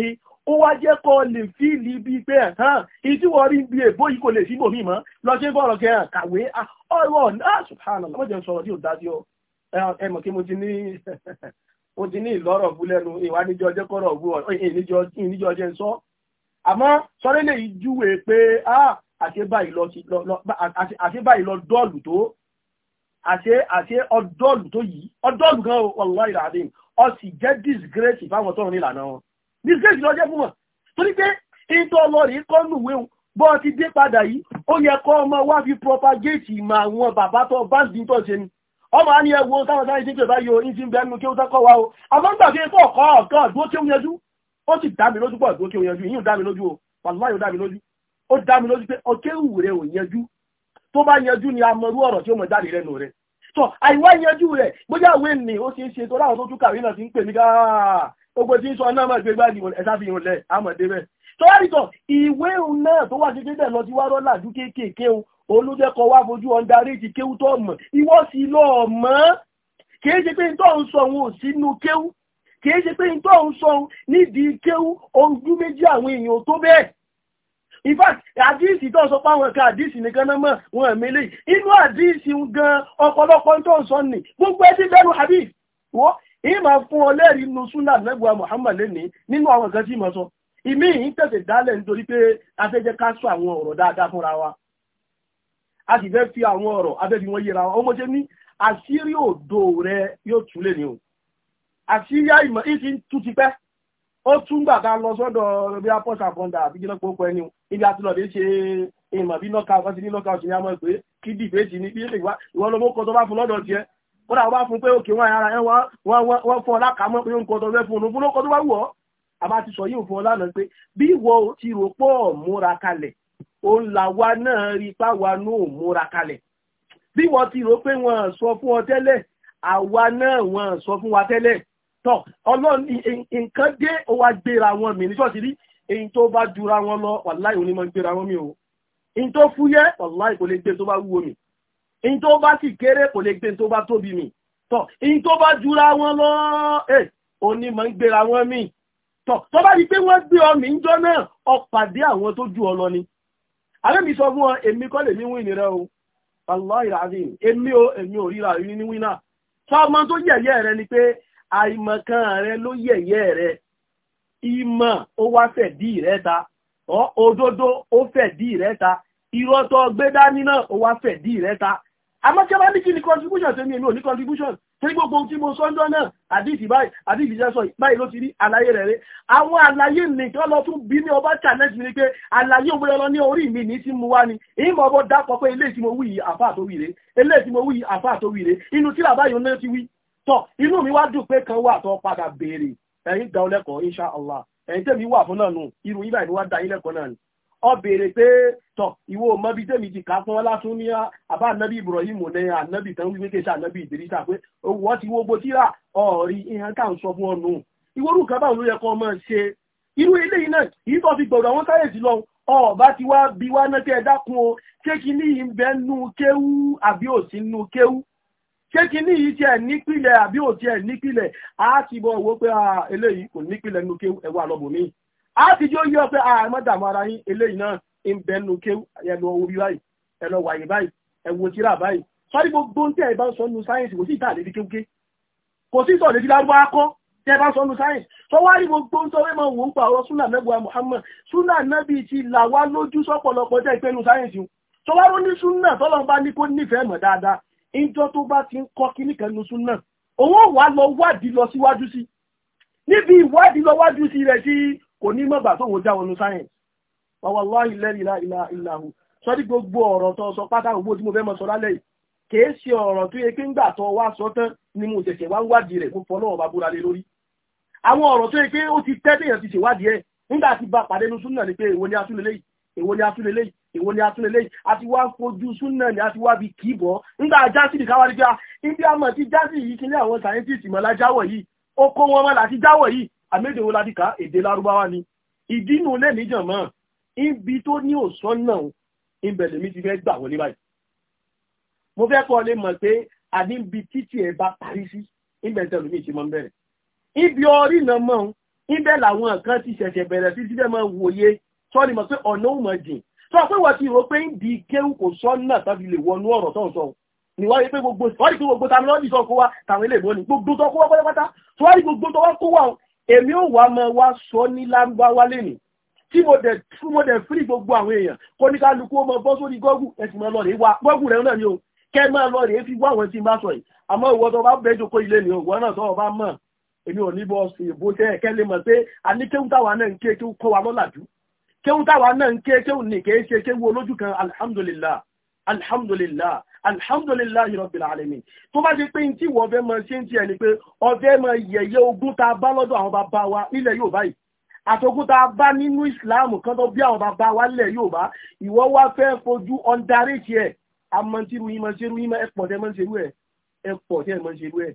ó wá jẹ́ kọ́ lè fíìlì bíi pé ẹ̀hán ìdíwọ̀ rí bí èbó yìí kò lè sí bòmí mọ́ lọ ṣe fọ́ọ̀rọ̀ kẹ́ kàwé ọ̀rọ̀ náà subhanahu lọ́mọdé sọ̀rọ̀ tí ò dájú ẹ mọ̀ kí mo ti ní mo ti ní ìlọ́rọ̀ bú lẹ́nu ìwà níjọ jẹ́ kọ́rọ̀ bú ọ̀ ìníjọ jẹ́ sọ àmọ́ sọ́rẹ́ lè júwe pé àṣebáyìí lọ dọ́ọ̀lù tó àṣe àṣe ọdọ́ọ̀lù tó yìí ọdọ́ọ̀lù gan wallahi ìràdín ó sì jẹ́ disgrace fáwọn tọ́run nílànà wọn disgrace lọ jẹ́ fún wọn torí pé ìtọ́ ọlọ́rin kọ́ nùwé bọ́ ti dé padà yìí ó yẹ kọ́ ọmọ wá fi propagate ìmọ̀ àwọn bàbá tó báńkì tó ṣe ni ọmọ á ní ẹwọ táwọn sáré títí ìbáyọ ìsì ń bẹnu kí ó tẹ́kọ̀ wá o àbọ́gbà fi pọ̀ kọ́ ọ̀kan àdúró kí ó yanjú ó sì dá mi lójú pọ̀ àdúró kí ó yanjú yìí ò dá mi lójú o wàlúwàyò dá mi lójú ó dá mi lójú pé ọkéwù rẹ ò yanjú tó bá yanjú ni amọrú ọ̀rọ̀ tí ó mọ̀ jáde lẹ́nu rẹ̀ sọ àìwá yanjú rẹ̀ bóyá àwẹ̀ ni ó ṣeé ṣe tó láwọn tó tún kàwé náà ti ń pè mí gáà ogun tí ń sọ náà máa gbé gbáàgì ẹ̀sá fi hàn lẹ̀ àmọ̀dé bẹ́ẹ̀. tó wá nìkan ìwé náà tó wà kékeré bẹ́ẹ̀ lọ sí wá rọ́là ju kéékèèké o olùdẹ́kọ wá fojú ọ̀ndarí ti kéwú tó mọ̀ ìwọ sì lọ mọ́ kìí ṣe pé nítorí ń sọ òun ò sínú kéwú kìí ṣe pé nítorí ń sọ òun nídìí kéwú ojú méjì àwọn èèyàn tó bẹ́ẹ̀ in fact àdíìsì tó sọ páwọn ẹ̀ka àdíìsì nìkan náà mọ̀ wọn ẹ̀mí lè inú àdíìsì gan ọ̀pọ̀lọpọ̀ tó sọ nì gbogbo ẹtí bẹ́nu àbí wọ́n yìí fún ọ lẹ́rìí súnà lẹ́gbọ̀ọ́ Muhammad lẹ́ni nínú àwọn nǹkan tí mo sọ ìmí yìí tẹ̀sẹ̀ dálẹ̀ nítorí pé a ká sọ àwọn ọ̀rọ̀ wa a sì fẹ́ fi àwọn ọ̀rọ̀ a fẹ́ fi wa ọmọ asiri ní àṣírí òdo rẹ yóò tún o àṣírí tún ti pẹ́ ó tún gbà ká lọ sọ́dọ̀ bí a pọ́sà bọ́ndà àbí jẹ́ lọ́pọ̀ ọkọ̀ ẹni ibi àtúnlọ̀dé ṣe ìmọ̀ bí nọ́ka sí ní nọ́ka kódà wọ́n bá fún pé òkè wọn ara ẹ wọ́n fọ́ lákàmọ́ pé nǹkan tó fẹ́ fún un fún lóko tó bá wù ọ́ àbá ti sọ yìí fún ọ lánàá pé bí ìwọ ti rò pọ̀ múra kalẹ̀ òun làwa náà rí páwa náà múra kalẹ̀ bí ìwọ ti rò pé wọ́n sọ fún ọ tẹ́lẹ̀ àwa náà wọ́n sọ fún wa tẹ́lẹ̀ tọ́ ọlọ́run nǹkan dé ó wá gbéra wọn mi ní sọ́ọ̀tì rí èyí tó bá jura wọn lọ wàláì onímọ̀ gbéra wọn mi o èyí tó fúyẹ́ wàláì kò lè gbé tó bá wúwo mi in tó bá sì kéré kò lè gbé in tó bá tóbi mi tọ́ in tó bá jura wọn lọ ẹ̀ òní mọ̀ ń gbéra wọn mì tọ́ tó bá di pé wọ́n gbé ọmọ ìjọ náà ọ̀pàdé àwọn tó ju ọ lọ ni àbẹ́mi sọ fún wọn èmi kọ́ lèmi wí nìrẹ́ o wallahi alazim èmi ò èmi ò ríra rí ní wínà sọ ọmọ tó yẹ̀yẹ́ rẹ ni pé àìmọ̀kan rẹ ló yẹ̀yẹ́ rẹ ìmọ̀ ó wá fẹ̀dí rẹ ta òdodo ó fẹ̀dí rẹ ta irọ́ gbé dání náà ó wá fẹ̀dí rẹ ta àmọ́ tí a bá ní kí ni contribution ṣe èmi ò ní contribution tí gbogbo tí mo sọ́njọ́ náà àdìsí báyìí àdìsí jẹ́ sọ báyìí ló ti rí àlàyé rẹ̀ rẹ̀ àwọn àlàyé nìkan lọ tún bí ní ọba challenge ni pé àlàyé òun lọ ní orí mi ní tí mo wá ni ìmọ̀ ọbọ̀ dápọ̀ pé eléyìí tí mo wí yìí àfáà tó wí rè eléyìí tí mo wí yìí àfáà tó wí rè inú tí làbáyò náà ti wí tọ̀ inú mi wá dùn pé kan wà tó padà béèrè ẹ̀yin dá ọ lẹ́kọ̀ọ́ insha tẹ̀mí wà fún náà nù irú yìí báyìí wá dá yín náà ni ọ béèrè pé tọ̀ ìwọ mọ́bí tèmi ti kà fún ọ lásán ní àbá ànábì Ibrahim ní ànábì tán wípé kéṣe ànábì Ìdírísà pé owó ti wo gbó tíra ọ̀rí ìhàn ká ń sọ fún ọ nù ìwọ́rù kan báwọn ló yẹ kó máa ṣe irú eléyìí náà yìí tó fi gbọ̀dọ̀ àwọn sáyẹ̀nsì lọ ọba ti wá bí wá náà tẹ́ ẹ dákun o ṣé kí ní yìí ń bẹ nú kéwú àbí òsì nú kéwú ṣé ní yìí tiẹ̀ nípìlẹ̀ àbí òsì ẹ̀ nípìlẹ̀ á ti bọ̀ wò pé ah, eléyìí kò nípìlẹ̀ nú kéwú ẹ̀ wà a ti jó yí ọ pé àmọ́dàmọ́ ara yín eléyìí náà ń bẹnu kéwù ẹlọ orí báyìí ẹlọ wàyí báyìí ẹwọ tíra báyìí sọ́rí gbogbo ń tẹ́ ẹ bá ń sọ nu sáyẹ́nsì kò sí ìta àlejò kéwùké kò sí sọ̀rọ̀ èdè lárúbá kọ́ tẹ́ ẹ bá ń sọ nu sáyẹ́nsì sọ wá rí gbogbo ń sọ̀rọ̀ mọ̀ wọ́n pa ọ̀rọ̀ súnà mẹ́wàá Muhammad súnà nábì ti là wá lójú sọ́pọ̀lọpọ̀ tẹ́ ìpẹ́nu sáyẹ́nsì sọ wá rọ́ ní súnà tọ́lọ́ bá ní kó nífẹ̀ẹ́ mọ̀ dáadáa ìjọ tó bá ti ń kọ́ kíníkan nu súnà òun wà lọ wádìí lọ síwájú sí níbi ìwádìí lọ wájú sí rẹ̀ sí kò ní mọ̀gbà tó wọ́n jáwọn ní sáyẹ̀nsì wallahi la ilaha illahu sọ́dí gbogbo ọ̀rọ̀ tó sọ pátá ògbó tí mo fẹ́ mọ̀ sọ lálẹ́ yìí kìí ṣe ọ̀rọ̀ tó yẹ kí ń gbà tó wá sọ tán ni mo ṣẹ̀ṣẹ̀ wá ń wádìí rẹ̀ fún fọlọ́wọ́ bá búra lé lórí àwọn ọ̀rọ̀ tó yẹ pé ó ti tẹ́ téèyàn ti ṣèwádìí ẹ̀ nígbà tí bá pàdé ní súnà ni pé èwo ni atúnlélé yìí èwo ni atúnlélé yìí èwo ni atúnlélé yìí àti wá fojú súnà ni àti wá bi kì í bọ́ nígbà jásì ní káwá ní pé ah, ibi àmọ̀ tí jásì yìí kí ní àwọn sàyẹ́ntìsì mọ̀lá jáwọ̀ yìí ó kó wọn mọ̀lá ti jáwọ̀ yìí amédèwò ládìkà èdè lárúbáwá ni ìdínú lẹ́nìjàmọ́ ibi tó ní òṣọ́nà ìbẹ̀lẹ̀ mi ti fẹ́ gbà wọlé báyìí mo fẹ́ kọ́ lè mọ̀ pé àní ibi títí ẹ̀ bá parí sí ìbẹ̀tẹ̀ lómi ti mọ́ ń bẹ̀rẹ̀ ibi orí náà mọ́ ibẹ̀ làwọn kan ti ṣẹ̀ṣẹ̀ bẹ̀rẹ̀ sí síbẹ̀ máa wòye sọ́ni mọ̀ pé ọ̀nà ò mọ̀ jìn sọ pé wọ́n ti rò pé ń di kéwù kò sọ́nà tàbí lè wọnú ọ̀rọ̀ tọ̀ọ̀tọ̀ọ̀ ni wọ́n rí wọ́n rí pé gbogbo tàbí lọ́dì sọ kó wá tàwọn ilé ìbọn ni gbogbo tó kó wá pátápátá tó wá rí gbogbo tó wá kó wá èmi ò wá mọ wá sọ ní lárúbáwá lẹ́nìí tí mo dẹ̀ tú mo dẹ̀ fírí gbogbo àwọn èèyàn kó ní kálukú ọmọ bọ́ sórí gọ́gù ẹ̀sìn máa lọ rèé wá gọ́gù rẹ̀ náà ni o kẹ́ máa lọ rèé fi wá àwọn tí n bá sọ yìí àmọ́ ìwọ tó bá bẹ́ẹ̀ jókòó ilé ni òwò náà tó o bá mọ̀ èmi ò ní bọ́ sí ìbò tẹ́ ẹ̀kẹ́ lè mọ̀ pé a ní kéwù táwa náà ń ké kéwù kọ́ wa lọ́làjú kéwù táwa náà ń ké kéwù ní kéé ṣe kéwù olójú kan alhamdulillah alhamdulillah alhamdulillah rabbil alamin tó bá ṣe pé n tí wọ́n fẹ́ mọ ṣe ń tiẹ̀ ni pé ọ̀fẹ́ mọ yẹ̀yẹ́ ogún tá a bá lọ́dọ̀ àwọn bàbá wa nílẹ̀ Yorùbá yìí àtogún tá a bá nínú ìsìláàmù kan tó bí àwọn bàbá wa nílẹ̀ Yorùbá ìwọ wá fẹ́ fojú ọ̀ndarí tiẹ̀ àmọ́ tí ru ìmọ̀ ṣerú ìmọ̀ ẹ̀pọ̀ tẹ́ mọ́ ṣerú ẹ̀ ẹ̀pọ̀ tẹ́ mọ́ ṣerú ẹ̀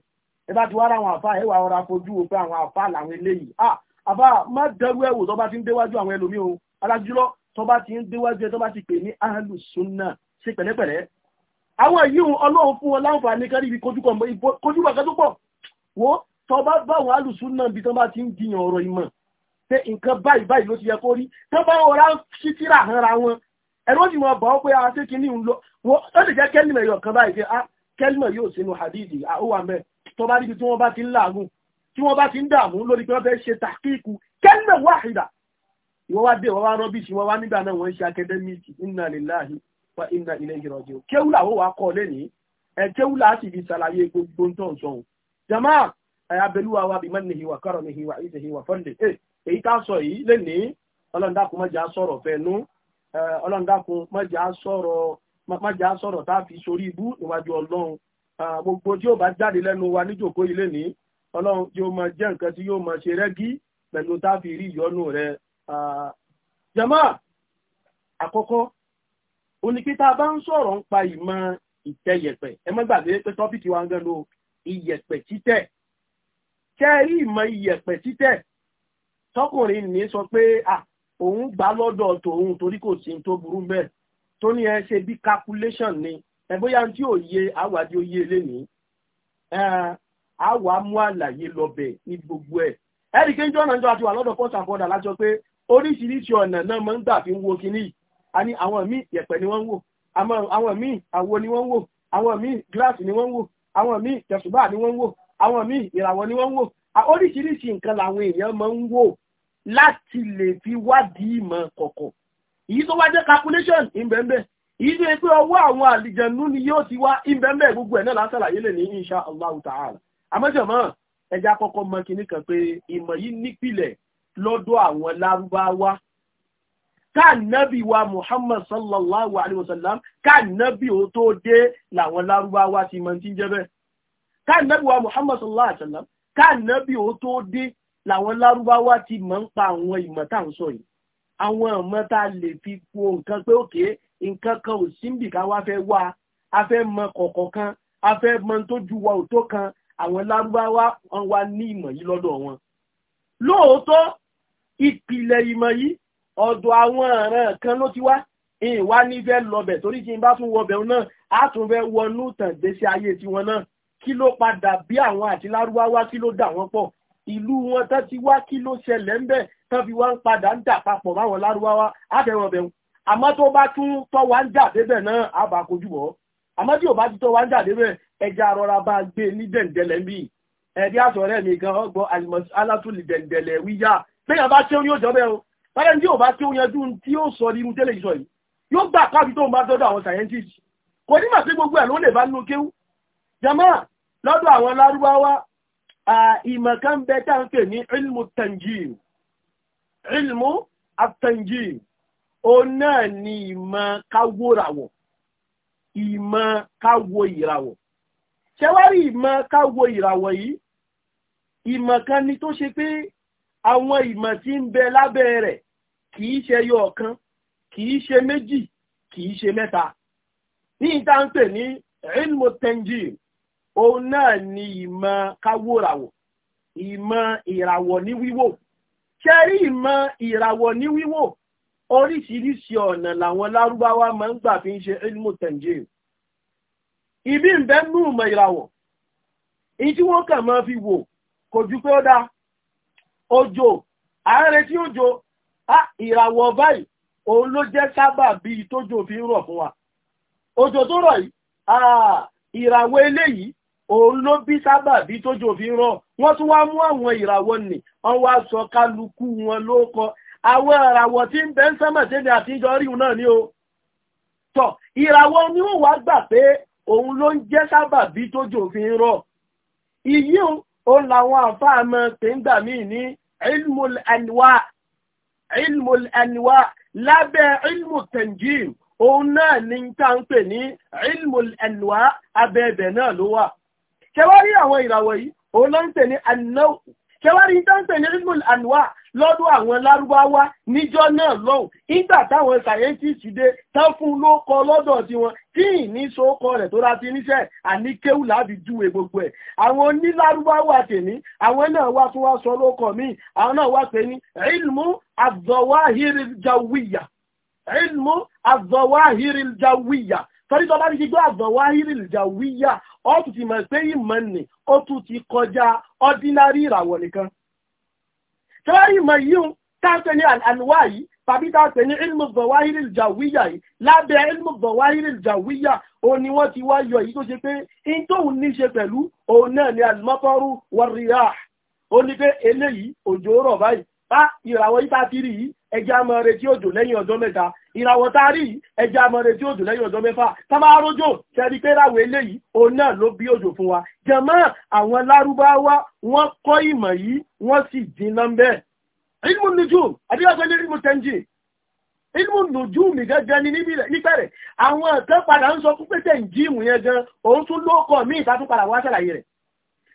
ẹ bá ti wá ráwọn àfa ẹ̀wà ọ̀rá fojú o pé àwọn àfa làwọn eléyìí ah àfa má dẹrú ẹ̀wò tó bá ti ń déwájú àwọn ẹlòmíì o alájúlọ tó bá ti ń déwájú ẹ tó ti pè ní ahlus sunnah ṣe pẹ̀lẹ́pẹ̀lẹ́ àwọn yíò ọlọ́run fún wọn láǹfààní kárí ibi kojúbà kan tó pọ̀ wo tọ́ bá báwọn alùsùn náà bí tán bá ti ń jiyàn ọ̀rọ̀ ìmọ̀ pé nǹkan báyìí báyìí ló ti yẹ kó rí tán bá ọ̀rá sí tíra hanra wọn ẹ̀rọ sì mọ̀ bọ́ pé aṣé kí ní ń lọ wọ́n ó lè jẹ́ kẹ́lìmọ̀ yọ̀ kan báyìí pé a kẹ́lìmọ̀ yóò sínú hadidi àhúwà mẹ́ tọ́ bá níbi tí wọ́n bá ti ń làágùn tí wọ́n bá ti ń dààmú lórí pé wọ́n fẹ́ ṣe tàkíkù kẹ́lìmọ̀ wáhìdà ìwọ́n wá dé wọ́n wá rọ́bìṣì wọ́n wá nígbà náà wọ́n ń ṣe academic inna lillahi fa inna ilayhi raji'un kéwù làwọn wà kọ́ lẹ́nìí ẹ kéwù là á sì gbogbo ń tọ̀ ń sọ̀hún jama abẹ́lúwa wa bí mannihi wa karamihi wa izzihi wa fọ́ndé ẹ eh, èyí tá a sọ yìí lẹ́nìí ọlọ́ndàkùn mọ́jà sọ̀rọ̀ fẹ́nu ọlọ́ndàkùn mọ́jà sọ̀rọ̀ mọ́jà sọ̀rọ̀ tá a fi sórí ibú níwájú ọlọ́run gbogbo tí yóò bá jáde lẹ́nu wa níjòkó ilé ní ọlọ́run yóò máa jẹ́ nǹkan tí yóò máa ṣe rẹ́gí pẹ̀lú tá a fi rí ìyọ́nú rẹ̀ jama akoko ó ní pé tá a bá ń sọ̀rọ̀ ń pa ìmọ̀ ìtẹ́ yẹ̀pẹ̀ ẹ má gbàgbé pé tọ́pìkì wa ń gan lo ìyẹ̀pẹ̀ títẹ̀ kẹ́ rí ìmọ̀ ìyẹ̀pẹ̀ títẹ̀ tọkùnrin ní sọ pé òun gbà lọ́dọ̀ tòun torí kò sí tó burú bẹ́ẹ̀ tó ní ẹ ṣe bí calculation ni ẹ bóyá tí ò yé àwàdí ó yé lénìí àwa mú àlàyé lọ́bẹ̀ ní gbogbo ẹ̀ ẹ̀rí kéńjọ́ náà jọ àti wà lọ́dọ̀ pọ́sàbọ́dà lájọ pé oríṣiríṣi ọ̀nà náà máa ń gbà fi ń wo kinní yìí a ní àwọn míì yẹ̀pẹ̀ ni wọ́n ń wò àwọn míì àwo ni wọ́n ń wò àwọn míì gíláàsì ni wọ́n ń wò àwọn míì tẹ̀sùbà ni wọ́n ń wò àwọn míì ìràwọ̀ ni wọ́n ń wò oríṣiríṣi nǹkan làwọn èèyàn máa ń wò láti lè fi wádìí ìmọ̀ kọ̀kọ̀ èyí tó wá jẹ́ calculation ìbẹ̀m̀bẹ̀ èyí tó yẹ pé ọwọ́ àwọn àlìjẹ̀nú ni yóò ti wá ìbẹ̀m̀bẹ̀ gbogbo ẹ̀ náà lásàlàyé lè ní insha Allah ta'ala àmọ́jọ̀mọ́ ẹja kọ́kọ́ mọ kinní kan pé ìmọ̀ yìí nípìlẹ̀ lọ́dọ̀ àwọn lárúbáwá káànábì wa muhammad sallallahu alayhi wa sallam káànábì ó tó dé làwọn lárúbáwá ti mọ̀ tí ń jẹ́ bẹ́ẹ̀ káànábì wa muhammad sallallahu alayhi wa sallam káànábì ó tó dé làwọn lárúbáwá ti mọ̀ ń pa àwọn ìmọ̀ tá à ń sọ yìí àwọn ìmọ̀ tá a lè fi po nǹkan pé òkè nǹkan kan ò síbì ká wá fẹ́ wá a fẹ́ mọ kọ̀kọ̀ kan a fẹ́ mọ tó ju wa ò tó kan àwọn lárúbáwá wọn wá ní ìmọ̀ yìí lọ́dọ̀ wọn lóòótọ́ ìpìlẹ̀ ìmọ̀ yìí ọ̀dọ̀ àwọn ọ̀ràn kan ló ti wá ìwá nífẹ̀ lọ́bẹ̀ torí kí n bá tún wọbẹ̀ náà á tún fẹ́ wọnú tàn gbèsè ayé tiwọn náà kí ló padà bí àwọn àti lárúbáwá kí ló dà wọ́n pọ̀ ìlú wọn tán ti wá kí ló ṣẹlẹ̀ ń bẹ̀ tán fi wá ń padà ń dà papọ̀ báwọn lárúbáwá àtẹ̀wọ̀n bẹ̀rù àmọ́ tó bá tún tọ́ wá ń jà débẹ̀ náà á bá kojú wọ́ àmọ́ tí ò bá ti tọ́ wá ń jà débẹ̀ ẹja rọra bá gbé ní dẹ̀ǹdẹ̀lẹ̀ ń bì ẹ̀dí àtọ̀rẹ́ mi gan ọgbọ́n alátùlì dẹ̀ǹdẹ̀lẹ̀ wíyá bẹ́ẹ̀ bá ṣe ó ní òjọ́ bẹ́ẹ̀ o fẹ́rẹ́ tí ò bá kí ó yanjú tí ó sọ ní mutẹ́lẹ̀ ìsọ yìí yóò gbà káàbí tó ń bá dọ́dọ̀ àwọn scientist kò ní mà pé gbogbo ẹ̀ ló lè bá nínú kéwú jama lọ́dọ̀ àwọn lárúbáwá ìmọ̀ kan bẹ tá ń pè ní ilmu tanjim ilmu atanjim ó náà ni ìmọ̀ káwóràwọ̀ ìmọ̀ káwo ìràwọ̀ ṣẹwárí ìmọ̀ káwo ìràwọ̀ yìí ìmọ̀ kan ni tó ṣe pé àwọn ìmọ̀ tí ń bẹ lábẹ́ rẹ̀ kì í ṣe ẹyọ ọ̀kan kì ṣe méjì kì ṣe mẹ́ta ní ìta ń pè ní ilmu tanjim òun náà ni ìmọ̀ káwòràwọ̀ ìmọ̀ ìràwọ̀ ní wíwò ṣe rí ìmọ̀ ìràwọ̀ ní wíwò oríṣiríṣi ọ̀nà làwọn lárúbáwá máa ń gbà fi ń ṣe ilmu tanjim ibi ń bẹ nú ìmọ̀ ìràwọ̀ èyí tí wọ́n kàn máa fi wò kò ju pé ó dá òjò à ń òjò ìràwọ̀ báyìí òun ló jẹ́ sábà bí tójò fi ń rọ̀ fún wa òjò tó rọ̀ yìí ìràwọ̀ eléyìí òun ló bí sábà bí tójò fi ń rọ̀ wọ́n tún wá mú àwọn ìràwọ̀ nì wọ́n wá sọ kálukú wọn ló kọ àwọn ìràwọ̀ tí ń bẹ ń sánmà tẹ́lẹ̀ àti ìjọ ríhun náà ni o tọ̀ ìràwọ̀ ni ó wá gbà pé òun ló ń jẹ́ sábà bí tójò fi ń rọ̀ ìyí òun làwọn àfáà mọ̀ pé ń gbà míì ní ilmul anwa' ilmu anwa lábẹ́ ilmu tanjim òun náà ní tá ń pè ní ilmu anwa abẹ́ẹ̀bẹ̀ náà ló wà. ṣé wá rí àwọn ìràwọ̀ yìí òun ló ń pè ní anáwó ṣé wá rí ń pè ní ilmu anwa lọ́dọ̀ àwọn lárúbáwá níjọ́ náà lọ́hùn nígbà táwọn sàyẹ́ntìsì dé tán fún ló kọ lọ́dọ̀ tiwọn tí ìní sókọ rẹ̀ tó ra ti níṣẹ́ àní kéwù láàbí júwe gbogbo ẹ̀ àwọn onílárúbáwá tèmi àwọn náà wá tún wá sọ lóko míì àwọn náà wá pè ní ilmu azọwáhírí jawiya ilmu azọwáhírí jawiya torí tó bá ti gbọ́ azọwáhírí jawiya ó tún ti mọ̀ pé ìmọ̀ nì ó tún ti kọjá ordinary ìràwọ̀ nìkan tẹ́wárí ìmọ̀ yìí ń táǹpẹ̀ ní àlùwá yìí tàbí táǹpẹ̀ ní ilmu zawahiri jawiya yìí lábẹ́ ilmu zawahiri jawiya o ni wọ́n ti wá yọ èyí tó ṣe pé in tóun ní ṣe pẹ̀lú òun náà ni alimọ́tọ́rù wọ́ríyá o ní pé eléyìí òjò rọ̀ báyìí bá ìràwọ̀ yìí bá ti rí yìí ẹjẹ́ àmọ́ rẹ̀ tí òjò lẹ́yìn ọjọ́ mẹ́ta ìràwọ̀ tá a rí yìí ẹjẹ́ àmọ́ rẹ̀ tí òjò lẹ́yìn ọjọ́ mẹ́fà tá a máa rójò sẹ́ni pé ráwọ̀ eléyìí òun náà ló bí òjò fún wa jẹ̀mọ́ àwọn lárúbáwá wọ́n kọ́ ìmọ̀ yìí wọ́n sì dín náà bẹ́ẹ̀. ilmu nujum adéyàgbé ní ilmu tẹ́ńjì ilmu nujum mi gẹ́gẹ́ ni níbẹ̀rẹ̀ àwọn kan padà ń sọ pé tẹ́ǹjì yẹn gan òun tún lóko míì tá tún padà wá ṣàlàyé rẹ̀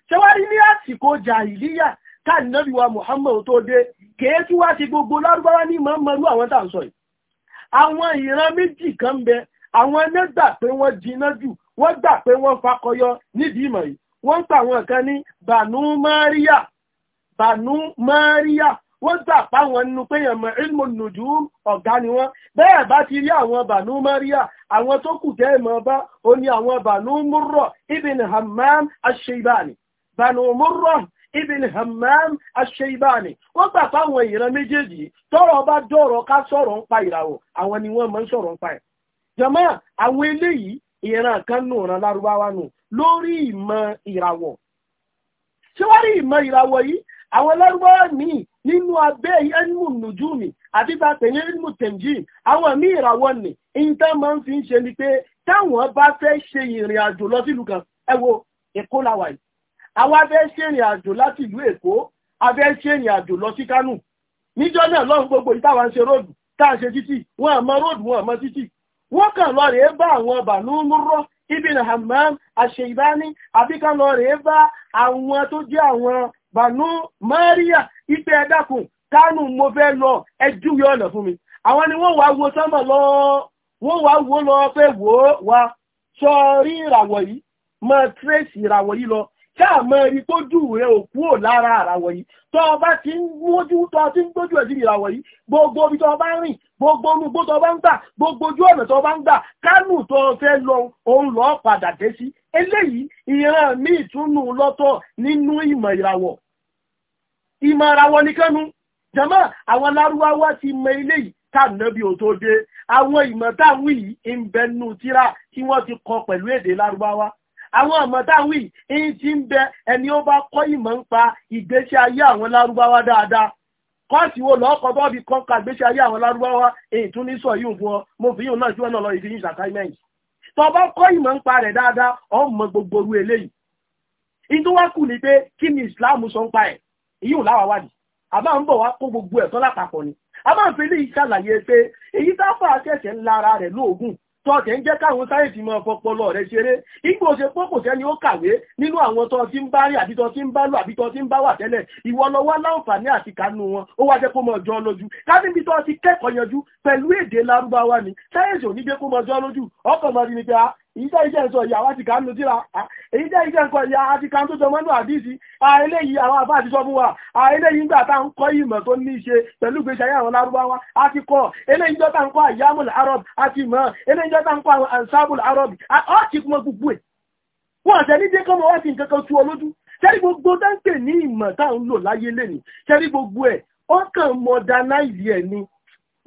ṣẹ́wárí ní àsìkò jàìlíyà káàdínàbí wa Muhammad tó dé kèé tí wá sí gbogbo lárúbáwá ní mọ́mọ́rú àwọn tà ń sọ yìí àwọn ìran méjì kan bẹ àwọn ẹni gbà pé wọ́n jiná jù wọ́n gbà pé wọ́n fakọyọ nídìí ìmọ̀ yìí wọ́n pa àwọn kan ní bànú Maria Banu Maria wọ́n gbà páwọn nínú pé ẹ̀mọ̀ ilmu nùjúm ọ̀gá ni wọ́n bẹ́ẹ̀ bá ti rí àwọn bànú Maria àwọn tó kù jẹ́ ìmọ̀ ọba ó ní àwọn bànú Murra ibn Hammam ash-Shaybani bànú Murra ibn Hammam aṣeibani wọ́n gbà fáwọn ìran méjèèjì tọ́rọ̀ bá dọ̀rọ̀ ká sọ̀rọ̀ ń pa ìràwọ̀ àwọn ni wọ́n máa ń sọ̀rọ̀ ń pa ẹ̀. jọ̀mọ́ àwọn eléyìí ìran kan nù ran lárúbáwá nù lórí ìmọ̀ ìràwọ̀. ṣé wọ́n rí ìmọ̀ ìràwọ̀ yìí àwọn lárúbáwá míì nínú abẹ́ ẹnmú nùjúmi àti bàtẹ̀ ní ẹnmú tẹ̀m̀jì àwọn míì ìràwọ̀ nì ìta máa ń fi ń ṣe ni pé táwọn bá fẹ́ ṣe ìrìn àjò lọ sílùú kan ẹ wo Èkó làwà yìí àwa abẹ́ ṣe ìrìn àjò láti ìlú èkó abẹ́ ṣe ìrìn àjò lọ sí kánò níjọ́ náà lọ́run gbogbo ìtawà ń ṣe róòdù tá a ṣe títì wọn àmọ́ róòdù wọn àmọ́ títì wọ́n kàn lọ rèé bá àwọn bànú múrọ́ ibn hammam àṣeyìbáni àbí kàn lọ rèé bá àwọn tó jẹ́ àwọn bànú maria ipe ẹ̀dàkùn kánò mo fẹ́ lọ ẹjúwe ọ̀nà fún mi àwọn ni wọ́n wá wo sọ́mọ̀ lọ wọ́n wá wo lọ pé wò ó wa sọ rí ìràwọ̀ yìí máa tírèsì ìràwọ̀ yìí lọ káàmọ́ ẹni tó jù rẹ òkú ò lára àràwọ̀ yìí tó ọba ti ń mójú tó ọtí ń gbójú ẹ̀sìn ìràwọ̀ yìí gbogbo ibi tó ọba ń rìn gbogbo olúgbó tó ọba ń gbà gbogbo ojú ọ̀nà tó ọba ń gbà kánù tó fẹ́ lọ òun lọ padà dé sí eléyìí ìran mi ìtúnú lọ́tọ̀ nínú ìmọ̀ ìràwọ̀ ìmọ̀ ìràwọ̀ nìkanu jama àwọn lárúbáwá ti mọ eléyìí káànàbí ò tó dé àwọn ìmọ̀ táwọn yìí ń bẹnu tíra tí wọ́n ti kọ pẹ̀lú èdè lárúbáwá àwọn àmọ̀táwì ń ti ń bẹ ẹni ó bá kọ́ ìmọ̀ ń pa ìgbésí ayé àwọn lárúbáwá dáadáa kọ́ọ̀sì wo lọ́ọ̀kọ́ bọ́ bí kọ́ńkà ìgbésí ayé àwọn lárúbáwá èyí tún ní sọ yìí fún ọ mo fi yìí náà sí ọ̀nà lọ ìfi yìí sàkáìmẹ́ǹtì tó bá kọ́ ìmọ̀ ń pa rẹ̀ dáadáa ọ mọ gbogbo orú eléyìí ìdí wá kù ni pé kí ni Islam sọ ń pa ẹ̀ ìyí ò láwa wádìí àbá ń bọ̀ wá kó gbogbo ẹ̀ tán lápapọ̀ ni àbá ń fi ilé ìṣàlàyé pé èyí tá fà á ṣẹ̀ṣẹ̀ ńlára rẹ̀ lóògùn tọ́ọ̀tẹ̀ ń jẹ́ káwọn sáyẹ̀tì máa fọpọlọ rẹ̀ ṣeré ipò ṣe pọ́pọ̀ sẹ́ni ó kàwé nínú àwọn tọ́ tí ń bá rí àbí tọ́ tí ń bá lò àbí tọ́ tí ń bá wà tẹ́lẹ̀ ìwọ lọ wá láǹfààní àti kanú wọn ó wá jẹ́ kó mọ̀ jọ lójú káfí bí tọ́ ti kẹ́kọ̀ọ́ yanjú pẹ̀lú èdè lárúbáwá ni sáyẹ̀tì ò ní jẹ́ kó mọ̀ jọ lójú ọkọ̀ mọ̀ rí ni pé ah, èyí tẹ́ iṣẹ́ sọ ìyàwó àti kánú tíra èyí tẹ́ iṣẹ́ sọ ìyà àti kánú tó jọmọ́nú àdísí eléyìí àwọn àbá àti sọ fún wa eléyìí gbà tá ń kọ́ ìmọ̀ tó ní ṣe pẹ̀lú gbèsè ayé àwọn lárúbáwá àti kọ́ eléyìí jọ́ta ń kọ́ àyàmùl arab àti mọ́ eléyìí jọ́ta ń kọ́ àwọn ansabul arab ọ́ ti kúmọ́ gbogbo ẹ̀ wọ́n àtẹ ní dékọ́ mọ́ wá sí nǹkan kan tú olójú sẹ́rí gbogbo tá ń pè ní ìmọ̀ tá ń lò láyé lẹ́nu sẹ́rí gbogbo ẹ̀ ó kàn modernize ẹ̀ ni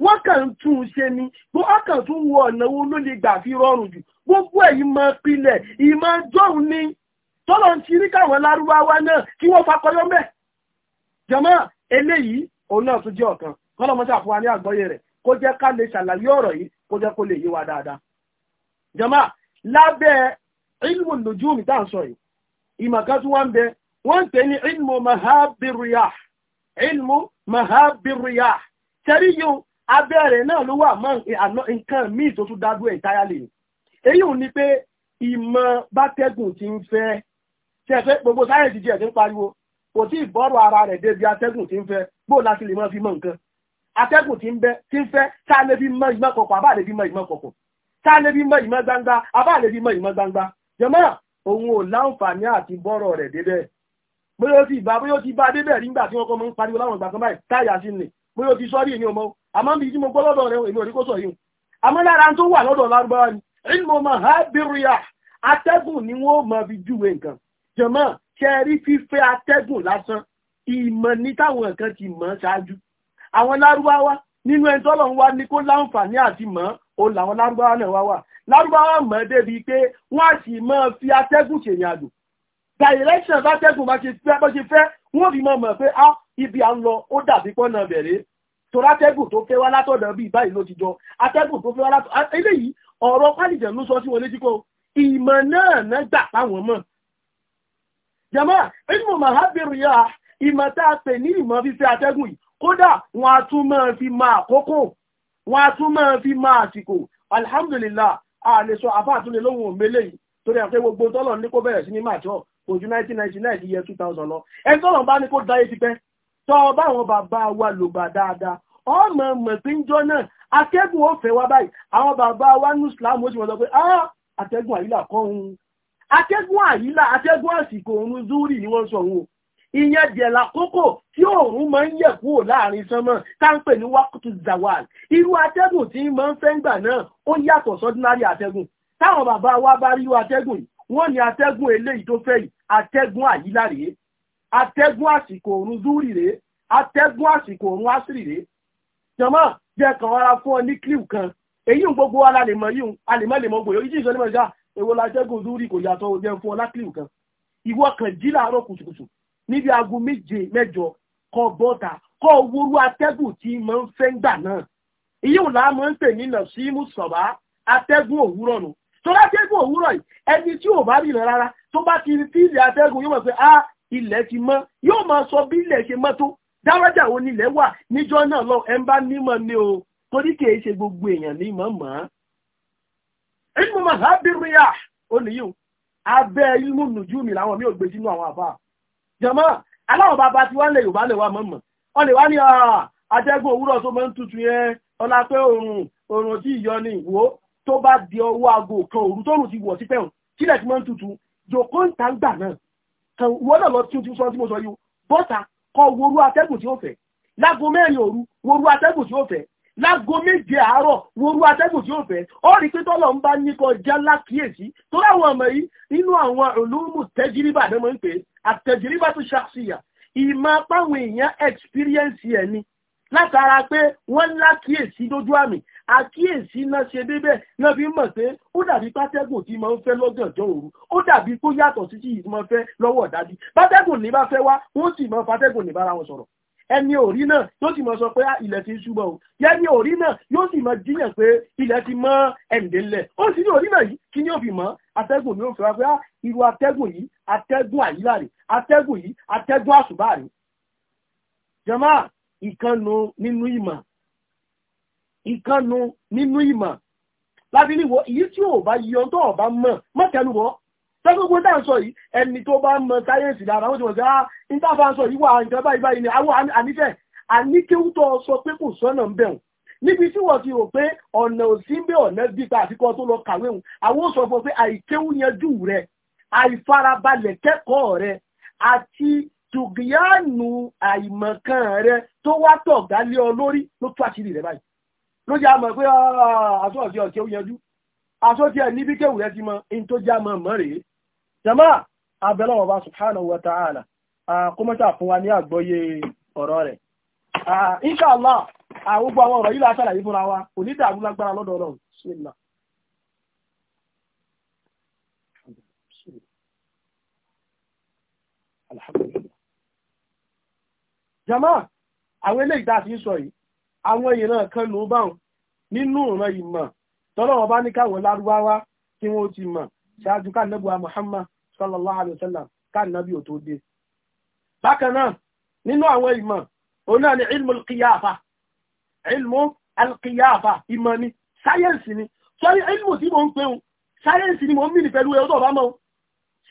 wọ́n kàn tún un ṣe ni wọ́n kàn tún wọ ọ̀nà wo ló lè gbà fi rọrùn jù gbogbo eyi mọ pilẹ̀ ìmọ̀ jọ́hun ni tọ́lọ̀ ti rí káwọn lárúbáwá náà kí wọ́n fakọyọ́ mẹ́ jọmọ́ eléyìí òun náà tún jẹ́ ọ̀kan kọ́lọ́mọ́sá fún wa ní àgbọ́yé rẹ̀ kó jẹ́ ká lè ṣàlàyé ọ̀rọ̀ yìí kó jẹ́ kó lè yé wa dáadáa jọmọ́ lábẹ́ kan tún wá ń bẹ ilmu ilmu tẹ́rí náà ló wà mọ́ nǹkan míì tó tún ẹ̀ táyà èyí ò ní pé ìmọ̀ bátẹ́gùn ti ń fẹ́ tí ẹ fẹ́ gbogbo sáyẹ̀nsì jẹ́ ti ń pariwo kò tí ì bọ́rọ̀ ara rẹ̀ débi atẹ́gùn ti ń fẹ́ bóò láti lè máa fi mọ̀ nǹkan atẹ́gùn ti ń bẹ ti ń fẹ́ tá a lè fi mọ ìmọ̀ kọ̀kọ̀ àbá lè fi mọ ìmọ̀ kọ̀kọ̀ tá a lè fi mọ ìmọ̀ gbangba àbá lè fi mọ ìmọ̀ gbangba jọmọ́ òun ò láǹfààní àti bọ́rọ̀ rẹ̀ débẹ̀ bóyá ó ti bá bóyá ó ti bá débẹ̀ nígbà tí wọ́n kọ́ mọ́ ń pariwo láwọn ìgbà kan báyìí táyà sí ni bóyá ó ti sọ́rí èmi ọmọ àmọ́ bí tí mo gbọ́ lọ́dọ̀ rẹ̀ èmi ò rí kó sọ yìí àmọ́ lára ilmu mahabiriya atẹ́gùn ni wọ́n mọ̀ fi júwe nǹkan jọmọ́ ṣẹ́rí fífẹ́ atẹ́gùn lásán ìmọ̀ ní táwọn nǹkan ti mọ̀ ṣáájú àwọn lárúbáwá nínú ẹni tọ́lọ̀ ń wá ní kó láǹfààní àti mọ̀ ó làwọn lárúbáwá náà wá wà lárúbáwá mọ̀ débi pé wọ́n á sì mọ̀ fi atẹ́gùn ṣèyìn àjò direction bátẹ́gùn bá ṣe fẹ́ bó ṣe fẹ́ wọ́n fi mọ̀ mọ̀ pé á ah, ibi à ń lọ ó dàbí pọ́nà bẹ̀rẹ̀ torátẹ́gùn tó fẹ́ wá látọ̀dọ̀ bíi báyìí ló ti jọ atẹ́gùn tó fẹ́ wá látọ̀dọ̀ eléyìí ọ̀rọ̀ pálíjẹ̀ ló sọ sí wọn létí kó ìmọ̀ náà náà gbà páwọn mọ̀ jama ìmọ̀ mahabiru ya ìmọ̀ tá a pè ní ìmọ̀ fífẹ́ atẹ́gùn yìí kódà wọn tún máa fi máa àkókò wọn tún máa fi máa àsìkò alhamdulillah a lè sọ àbá àtúnlẹ̀ lóhun òmélé yìí torí àpé gbogbo tọ́lọ̀ ní kó bẹ̀rẹ̀ sí ní màjọ́ ojú 1999 iye 2000 lọ ẹni tọ́lọ̀ bá ní kó dáyé ti pẹ́ tọ́ báwọn bàbá wa lògbà dáadáa ọmọ mọ̀ pé ń jọ náà atẹ́gùn ó fẹ́ wá báyìí àwọn bàbá wa ní islam ó sì wọ́n sọ pé ah atẹ́gùn àyílà kọ́ òun atẹ́gùn àyílà atẹ́gùn àsìkò òun zúrì ni wọ́n sọ òun ìyẹn jẹ́ lákòókò tí òòrùn máa ń yẹ̀ kúrò láàrin sánmọ̀ tá ń pè ní wákùtù zawal irú atẹ́gùn tí máa ń fẹ́ ń gbà náà ó yàtọ̀ sọ́dínárì atẹ́gùn táwọn bàbá wa bá rí irú atẹ́gùn yìí wọ́n ní atẹ́gùn eléyìí tó fẹ́ yìí atẹ́gùn àyílà rèé atẹ́gùn àsìkò òun zúrì rèé atẹ́gùn àsìkò òun ásírì rèé jọmọ́ jẹ́ kàn wá fún ọ ní clip kan èyí ń gbogbo wa lálẹ́ mọ̀ yìí àlèmọ́ lè mọ̀ gbòòrò yìí ìsọ̀lẹ́ mọ̀ṣá èwo la jẹ́gùn lórí kò yàtọ̀ jẹ́ fún ọ lá clip kan ìwọ kan jí làárọ̀ kùtùkùtù níbi aago méje mẹ́jọ kọ bọ́ta kọ wúrú atẹ́gùn tí mọ̀ ń fẹ́ gbà náà ìyí ò láàmú ń pè nínà sí mùsọ̀bá atẹ́gùn òwúrọ̀ nù tó látẹ́gùn òwúrọ̀ yìí ẹni tí ò bá rìnà rárá tó bá ti rí tíìlì atẹ́gùn yóò mọ̀ ah, sọ bí ilẹ̀ ṣe mọ́ tó dáwájà wo nílẹ̀ wà níjọ́ náà lọ ẹ̀ ń bá nímọ̀ ni o torí kì í ṣe gbogbo èèyàn ní mọ̀ mọ́. ilmu mahabiriya oníyù abẹ́ ilmu nùjú mi làwọn mi ò gbé sínú àwọn àbá. jọ̀mọ́ aláwọ̀ bàbá tí wọ́n lè yorùbá lè wà mọ̀ mọ̀ wọ́n lè wá ní atẹ́gùn òwúrọ̀ tó máa ń tutù yẹn ọlá pé oòrùn oòrùn tí ìyọ ni ìwò tó bá di ọwọ́ aago kan òru tó rùn ti wọ̀ sí pẹ̀hùn kílẹ̀ tí máa ń tutù jòkó ń ta ń gbà náà kan wọ́n náà lọ o ti sọ tí mo sọ yìí bọ́ta kọ worú atẹ́gùn tí ó fẹ́ lágo mẹ́rin òru worú atẹ́gùn tí ó fẹ́ lágo méje àárọ̀ worú atẹ́gùn tí ó fẹ́ ó rí pé tọ́lọ̀ ń bá ní kọjá lákìyèsí tó láwọn ọmọ yìí nínú àwọn olóòmù tẹ́jìrìbà náà mọ̀ ń pè àtẹ̀jìrìbà tó ṣàṣìyà ìmọ̀ apáwọn èèyàn experience ẹ̀ ni látara pé wọ́n lákíyèsí lójú àmì àkíyèsí náà ṣe bíbẹ̀ náà fi mọ̀ pé ó dàbí pátẹ́gùn tí máa ń fẹ́ lọ́gànjọ́ òru ó dàbí kó yàtọ̀ sí tí máa ń fẹ́ lọ́wọ́ ọ̀dájú pátẹ́gùn ní bá fẹ́ wá wọ́n sì máa fatẹ́gùn ní bára wọn sọ̀rọ̀ ẹni òrí náà yóò sì máa sọ pé ah, ilẹ̀ ti ń ṣúbọ̀ o yẹni òrí náà yóò sì máa jiyàn pé ilẹ̀ ti mọ́ ẹ̀ǹdẹ́lẹ̀ ó sì ní òrí náà yìí kí ni ó fi mọ́ atẹ́gùn ni ó fi wá pé ah, irú atẹ́gùn yìí atẹ́gùn àyílà atẹ́gùn yìí atẹ́gùn àṣùbà rè ìkànnù nínú ìmọ̀ ìkànnù nínú ìmọ̀ láti níwọ̀ èyí tí ò bá yọ tó ọ̀bá mọ̀ mọ́tẹnubọ̀ tẹ́gbogbo tá ń sọ yìí ẹni tó bá mọ sáyẹ́ǹsì lára wọ́n ti wọ̀n sí ah níta bá ń sọ yìí wà nǹkan báyìí báyìí ni àwọn ànífẹ́ àníkéwútọ́ sọ pé kò sọ́nà ń bẹ̀rùn níbi tí wọ́n ti rò pé ọ̀nà òsì ń bẹ̀ ọ̀nà gbígba àfikọ́ tó lọ kàwé òun àwọn ò sọ fún ọ pé àìkéwú yanjú rẹ àìfarabalẹ̀ kẹ́kọ̀ọ́ rẹ àti tùgìyànù àìmọ̀kan rẹ tó wá tọ̀gá lé ọ lórí ló tú àṣírí rẹ báyìí ló jẹ́ àmọ̀ pé àtúnṣe ah, ọ̀kẹ́ ó yanjú àtúnṣe ẹ̀ níbi kéwù rẹ ti mọ in tó jẹ́ àmọ̀ mọ́ rèé jama abẹ́lẹ́ ọba subhanahu wa ta'ala kọ́mọ́tà fún wa ní àgbọ́yé ọ̀rọ̀ rẹ̀ inṣàlá àwọn gbogbo àwọn ọ̀rọ̀ yìí la ṣàlàyé fúnra wa kò ní dàrú lágbára lọ́dọ̀ ọlọ́run sílá alhamdulillah jama àwọn eléyìí tá a ti ń sọ yìí àwọn ìran kan ló bá wọn nínú ìran ìmọ̀ tọ́lọ́wọ́ bá ní káwọn lárúbáwá tí wọ́n ti mọ̀ ṣáájú káàdínlẹ́bùwà Muhammad sallallahu alayhi wa sallam káàdínlẹ́bì ò tó dé bákan náà nínú àwọn ìmọ̀ òun náà ni ilmu alqiyafa ilmu alqiyafa ìmọ̀ ni sáyẹ́ǹsì ni ilmu tí mo ń pè sayensi sáyẹ́ǹsì ni mo ń mìíràn pẹ̀lú ẹ̀ ọdọ̀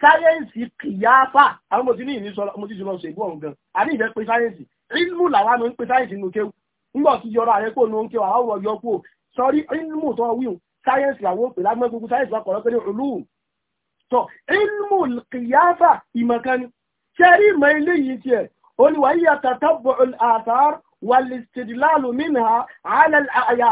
sáyẹ́ǹsì kìyáfà àwọn mo ti ní ìní sọlọ mo ti sọlọ ṣègbú ọ̀hún gan àní ìfẹ́ pé sáyẹ́ǹsì ilmu làwọn àmì ń pè sáyẹ́ǹsì nínú kéwù ńgbọ̀ ti yọrọ àrẹ kó nu kéwù àwọn ọ̀yọ́ kó sọrí ilmu tó wíwù sáyẹ́ǹsì làwọn ò pè lágbọ́n gbogbo sáyẹ́ǹsì wa kọ̀ọ̀rọ̀ pé ní òlù tó ilmu kìyáfà ìmọ̀kan ni ṣẹ́rí ìmọ̀ ilé yìí tiẹ̀ oníwàyí àtàtàbọ̀ àtàr wàlìsìdìláàlù mìíràn àyà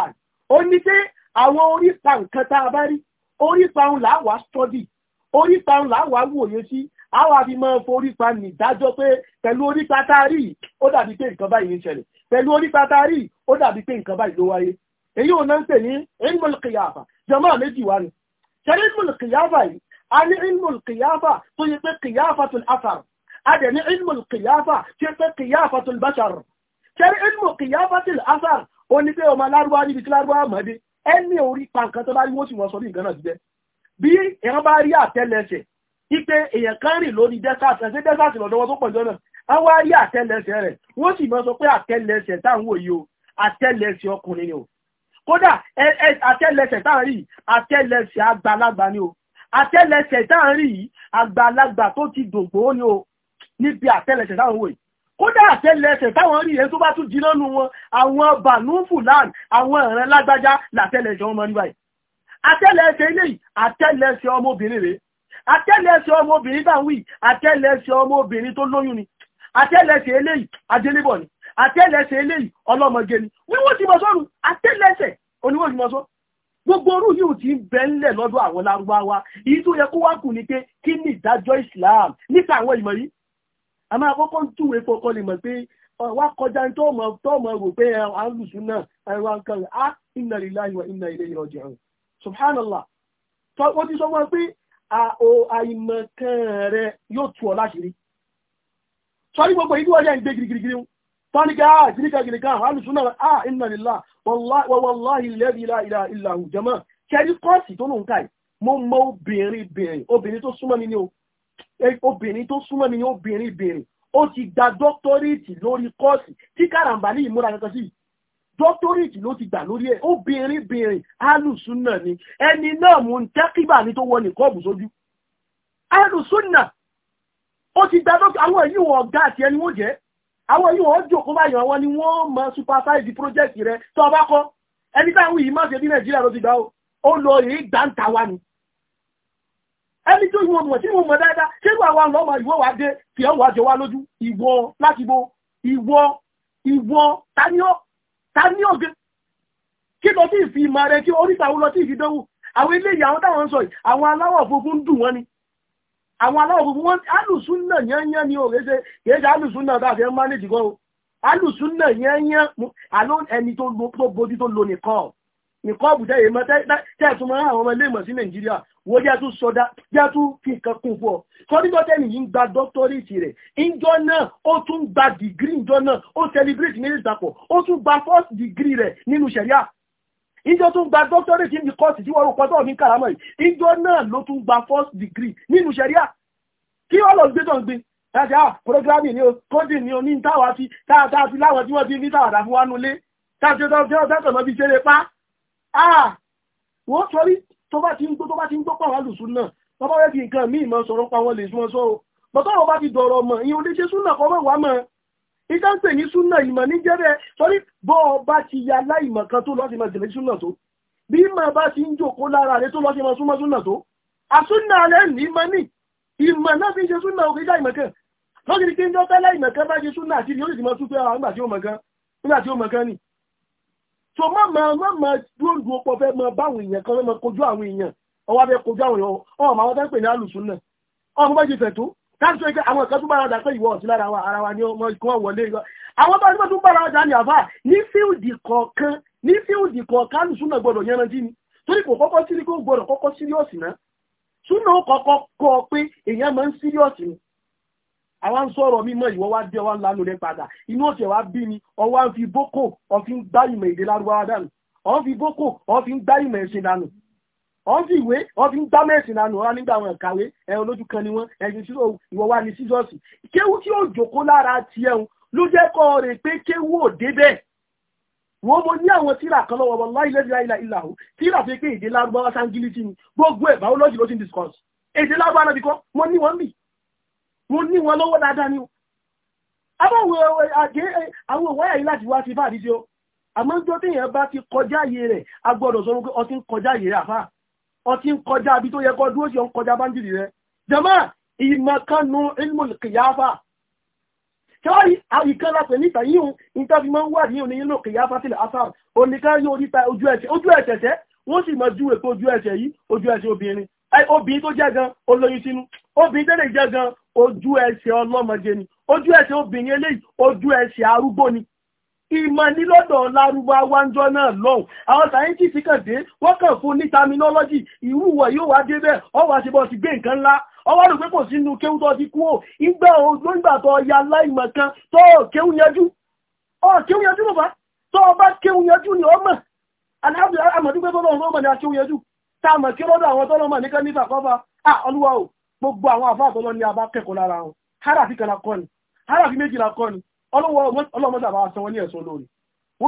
ó ní orípa ńlá wà wòye sí àwọn àfi máa forípa nìdájọ́ pé pẹ̀lú orípa táàrí ó dàbí pé nǹkan báyìí ń ṣẹlẹ̀ pẹ̀lú orípa táàrí ó dàbí pé nǹkan báyìí ló wáyé èyí ò náà ń pè ní ilmul qiyafa jọmọ́ méjì wá ni ṣẹlẹ̀ ilmul qiyafa yìí a ní ilmul qiyafa tó yẹ pé qiyafatul athar a dẹ̀ ní ilmul tó yẹ pé qiyafatul bashar ṣẹlẹ̀ ilmul bí èèyàn bá rí àtẹ́lẹsẹ̀ wípé èèyàn kan rìn lórí desert ẹ̀sẹ̀ desert lọ́dọ̀ wọn tó pọ̀ jọ́nà wọ́n wá rí àtẹ́lẹsẹ̀ rẹ̀ wọ́n sì mọ́ sọ pé àtẹ́lẹsẹ̀ táwọn òye o àtẹ́lẹsẹ̀ ọkùnrin ni o kódà àtẹ́lẹsẹ̀ táwọn rí àtẹ́lẹsẹ̀ àgbàlagbà ni o àtẹ́lẹsẹ̀ táwọn rí àgbàlagbà tó ti dògbò ni o níbi àtẹ́lẹsẹ̀ táwọn wòye kódà àtẹ́lẹsẹ̀ táwọn rí yẹn tó bá tún jiná nu wọn àwọn bànúfùlàn àwọn ìran lágbájá làtẹ́lẹsẹ̀ wọn mọ níbàyìí atẹ́lẹsẹ̀ eléyìí atẹ́lẹsẹ̀ ọmọbìnrin rẹ̀ atẹ́lẹsẹ̀ ọmọbìnrin bá wí atẹ́lẹsẹ̀ ọmọbìnrin tó lóyún ni atẹ́lẹsẹ̀ eléyìí adélébọ̀ ni atẹ́lẹsẹ̀ eléyìí ọlọ́mọge ni wíwọ́n ti mọ sọ́run atẹ́lẹsẹ̀ oníwọ́n ti mọ sọ́ gbogbo orú yìí ò ti ń bẹ ńlẹ̀ lọ́dọ̀ àwọn lárúbáwá èyí tó yẹ kó wá kù ni pé kí ni ìdájọ́ Islam nípa àwọn ìmọ̀ yìí a máa kọ́kọ́ ń túwèé fọkọ lè mọ̀ pé wá kọjá tó mọ̀ rò pé àlùsùn náà ẹ̀rọ nǹkan á inna lillahi wa inna ilayhi raji'un subhanallah wọ́n ti sọ wọ́n pé àìmọ̀kan rẹ̀ yóò tú ọ láṣìírí sọ́rí gbogbo ìdí ọjọ́ ìgbé gírígírí tọ́níkà gíríkà gíríkà alùsùnà ah, àà ah, inna lillahi wallahi alladhi la ilaha illa hu jama kẹrí kọ́ọ̀sì tó lóun káì mo mọ obìnrin bìnrin obìnrin tó súnmọ́ mi ni obìnrin tó súnmọ́ mi ni obìnrin bìnrin ó ti gba dọ́kítọ́rẹ́ẹ̀tì lórí kọ́ọ̀sì tí kàràǹbà ní ìmúra kankan sí dọ́tọ́rìtì ló ti gbà lórí ẹ̀ ó bèèrè bèèrè alùsùnà ni ẹni náà mú ń tẹ́kíbà ní tó wọ nìkọ́ọ̀bù sójú alùsùnà ó ti gba dọ́tọ́ àwọn èyí wọn ọ̀gá àti ẹni wọ́n jẹ́ àwọn èyí wọn jòkó báyọ̀ àwọn ni wọ́n mọ supervise project rẹ tó ọba kọ́ ẹni táwọn yìí máa ṣe bí nàìjíríà ló ti gbà ó lọ èyí gbàǹtà wa ni ẹni tó ìwọ̀n mọ̀ tí mo mọ̀ dáadáa ṣé ìwà wa lọ́mọ ìwọ wa dé fi wa lójú ìwọ láti bo ìwọ ìwọ ta ni ta ní ọ̀gẹ́ kí lọ sí ìfi ìmọ̀ rẹ kí oríta wo lọ sí ìfidánwò àwọn eléyìí àwọn táwọn sọ àwọn aláwọ̀ funfun ń dùn wọ́n ni àwọn aláwọ̀ funfun wọn alùsúnnà yányán ni ò rẹ́sẹ̀ kìí ṣe alùsúnnà tá a fi ń mánéjì gan o alùsúnnà yányán àló ẹni tó bójú tó lo nìkan nìkan ọ̀bù tẹ́yẹ mọ́ tẹ́ẹ̀tún àwọn ọmọ ilé ìmọ̀ sí Nàìjíríà wo jẹ́ tún sọdá jẹ́ tún fi nǹkan kún fún ọ kọ́dígbọ́tẹ́ nìyí ń gba dọ́kítọ́rìtì rẹ̀ ìjọ náà ó tún gba dìgírì ìjọ náà ó celebrate méjì papọ̀ ó tún gba first degree rẹ̀ nínú sẹ̀ríà ìjọ tún gba dọ́kítọ́rìtì ní kọ́ọ̀sì tí wọ́n rò pọ́tọ́ ní kàrámọ́ yìí ìjọ náà ló tún gba first degree nínú sẹ̀ríà kí ọlọ́ gbé tó ń gbé láti ah ni o coding ni o ní táwa fi táwa fi láwọn tí wọ́n ti ní táwa dà wa nulẹ̀ táwa ti tọ́ fi ọ́ tẹ́tọ̀ lọ bí ṣeré pa ah wọ́n sọrí tó bá ti ń gbó tó bá ti ń gbó pàwọn àlùsùn náà bàbá rẹ̀ kì nǹkan míì mọ́ sọ̀rọ̀ pa wọn lè sún ọsọ́ o bàbá wọn bá ti dọ̀rọ̀ mọ̀ ìyẹn olè ṣe súnà kọ́ mọ̀wá mọ̀ ìjà ń tèyí súnà ìmọ̀ ní jẹ́rẹ̀ sọ́rí bọ́ ọba ti ya láìmọ̀ kan tó lọ́ọ́ ti mọ̀ tẹ̀lé súnà tó bí mọ̀ bá ti ń jòkó lára rẹ̀ tó lọ́ọ́ ti mọ̀ súnmọ́ súnà tó àsúnà rẹ̀ ní mọ̀ ní ìmọ̀ náà fi ń ṣe súnà òkè ìjà ìmọ̀ kan lọ́sí ni kí ń jọ́ fẹ́ láìmọ̀ kan bá ṣe súnà àti ìyóòsì mọ̀ súnfẹ́ àwọn àgbà tí ó mọ̀ kan ni so má máa má máa dúró dúró pọ̀ fẹ́ máa báwọn èèyàn kan máa kojú àwọn èèyàn ọwọ́ abẹ́ kojú àwọn èèyàn ọmọ àwọn tẹ́pẹ̀ ní alùsùn náà ọmọ bá jẹ fẹ̀tó káàkiri sọ pé àwọn ìkan tó bára dà pé ìwọ ọ̀sí lára wa ara wa ni ọmọ ikú wọn wọlé yọ àwọn bá nígbà tó bára dà ní àfà ní fíìdì kọ̀ọ̀kan ní fíìdì kọ̀ọ̀kan alùsùn náà gbọdọ̀ yanranjí ni torí kò kọ́kọ́ sírí kó gbọdọ̀ kọ́kọ́ sírí ọ̀sìn náà súnà ó kọ́kọ́ kọ́ pé èèyàn máa ń sírí ọ̀sìn ni àwa ń sọ̀rọ̀ mímọ́ ìwọ wá dé ọwá ńlá lórí padà inú ọ̀sẹ̀ wá bí ni ọwá ń fi bókò ọ̀fi ń gbá ìmọ̀ èdè lárúbáwá dànù ọ̀n fi bókò ọ̀fi ń gbá ìmọ̀ ẹ̀sìn dànù ọ̀n fi ìwé ọ̀fi ń gbá mẹ́sìn dànù ọ̀rá nígbà àwọn ìkàwé ẹ̀rọ lójú kan ni wọ́n ẹ̀sìn sí ìwọ wá ní sísọ́ọ̀sì kéwú tí ó jòkó lára ti ẹ̀hún ló jẹ́ kọ́ rẹ̀ pé kéwú ò débẹ̀ wọ́n mo ní àwọn tíra kan lọ́wọ́ ọmọ láì lẹ́dí láìla ìlà ò tíra fi pé èdè lárúbáwá sángílítì ni gbogbo ẹ̀ báwọ́lọ́jì ló ti ń discuss èdè lárúbáwá náà ti kọ́ wọ́n ní wọ́n mì mo ní wọn lọ́wọ́ dáadáa ni o abáwo eh, eh, eh, àwọn òwò ẹ̀yìn láti wá sí bá àdíjẹ́ o àmọ́ jọ tí èèyàn bá ti kọjá àyè rẹ̀ a gbọ́dọ̀ sọ pé ọtí ń kọjá àyè rẹ̀ àfà ọtí ń kọjá àbí tó yẹ kọ dúró sí ọ ń kọjá báńdìrì rẹ̀ jàmá ìmọ̀kánu ilmu kìyàfà tíwárí ìkan lápẹ̀ níta yíhun ìtàbí máa ń wà ní òní ilmu kìyàfà sílẹ̀ afar oníkan yóò ríta ojú ẹsẹ̀ ojú ẹsẹ̀ tẹ́ ojú ẹsẹ̀ ọlọ́mọdé ni ojú ẹsẹ̀ obìnrin eléyìí ojú ẹsẹ̀ arúgbó ni ìmọ̀ nílọ́dọ̀ lárúbáwá ń jọ náà lọ́hùn àwọn sáyẹ́ntìsì kàn dé wọ́n kàn fún ní terminology ìwúwọ̀ yóò wá dé bẹ́ẹ̀ ọ wá ṣe bọ́ ti gbé nǹkan ńlá ọwọ́ rò pé kò sínú kéwú tó ti kú ò ìgbà ògbóǹgbà tó ya láìmọ̀ kan tó kéwú yanjú ọ kéwú yanjú ló bá tó o bá kéwú yanjú ni ọmọ aláàbò àmọ̀dúgbẹ́ tó lọ́wọ́ ọmọ ni a kéwú yanjú tá a mọ̀ kí lọ́dọ̀ àwọn tó lọ́mọ nìkan ní ìfàkọ́fà ah olúwa o gbogbo àwọn àfáà tó lọ ní abá kẹ́kọ̀ọ́ lára wọn harafi kan lakọ́ ni harafi méjì lakọ́ ni ọlọ́mọdé àbá ní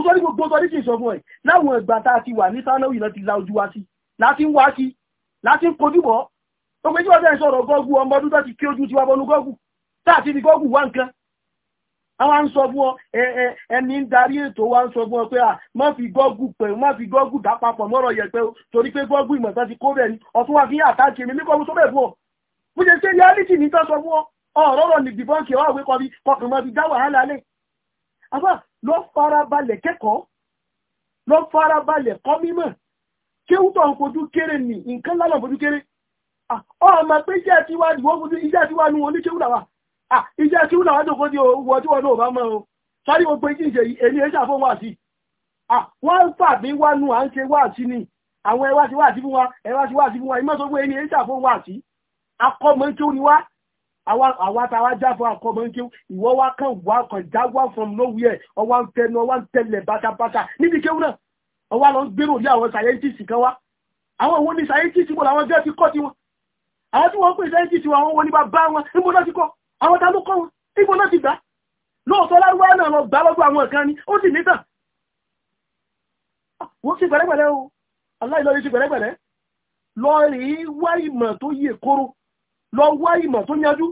wọ́n ní gbogbo ní kí n sọ fún ẹ̀ láwọn tá a ti wà ní sánáwì náà ti la ojú wa sí láti ń wá sí láti ń kojú bọ́ ó pé jíwọ́n bẹ́ẹ̀ sọ̀rọ̀ gọ́gù ọmọ ọdún tó ti kí ojú ti wá a ti wa ń sọ fún ọ pé à má fi gọ́gù pẹ̀ má fi gọ́gù dá papọ̀ mọ́rọ̀ torí pé gọ́gù bó ṣe ṣe reality ní tọ́sọ fún ọ̀rọ̀rọ̀ ní dìbọ́ǹkì ọ̀rọ̀ àwé kọrí kọkàn mọ́ fi dá wàhálà lẹ̀ àbá lọ farabalẹ̀ kẹ́kọ̀ọ́ lọ farabalẹ̀ kọ́ mímọ̀ kéwútọ̀ ń fojú kéré ní nǹkan lálọ́ fojú kéré ọmọ pé iṣẹ́ àti wá ní wọ́n fojú iṣẹ́ àti wá ní wọn oníṣẹ́ wúlà wa iṣẹ́ àti wúlà wa tó fojú owó ọtí wọn náà bá mọ́ o sáré gbogbo iṣẹ́ ìṣe èmi ẹ̀ṣà fún wa sí wọ́n ń fà mí wá nu à ń ṣe wá sí ni àwọn ẹwà ti wá sí fún wa ẹwà ti wá sí fún wa ìmọ̀ sọ pé èmi ẹ̀ṣà fún wa sí akọ́mọ́kíw ni wá àwa àtàwà jáfọ́ akọ́mọ́kíw ìwọ wá kàn wá kàn jáwá from nowhere ọwá ń tẹnu ọwá ń tẹlẹ̀ bátabáta níbi kéwù náà ọwá lọ ń gbèrò lé àwọn sàyẹ́ntìsì kan wá àwọn òwò ní sàyẹ́ntìsì bò làwọn jẹ́ fi kọ́ tiwọn àwọn tí wọ́n pè sàyẹ́ntìsì wọn àwọn òwò ní bá bá wọn níbo náà ti kọ́ àwọn ta ló kọ́ wọn níbo náà ti gbà lóòótọ́ lárúbáwá náà lọ gbà lọ́gbọ́ àwọn kan ni ó sì nítàn wọ́n sì pẹ̀lẹ́pẹ̀lẹ́ o aláìlọ́rí sí pẹ̀lẹ́pẹ̀lẹ́ lọ rí wá ìmọ̀ tó yẹ kóró lọ wá ìmọ̀ tó yanjú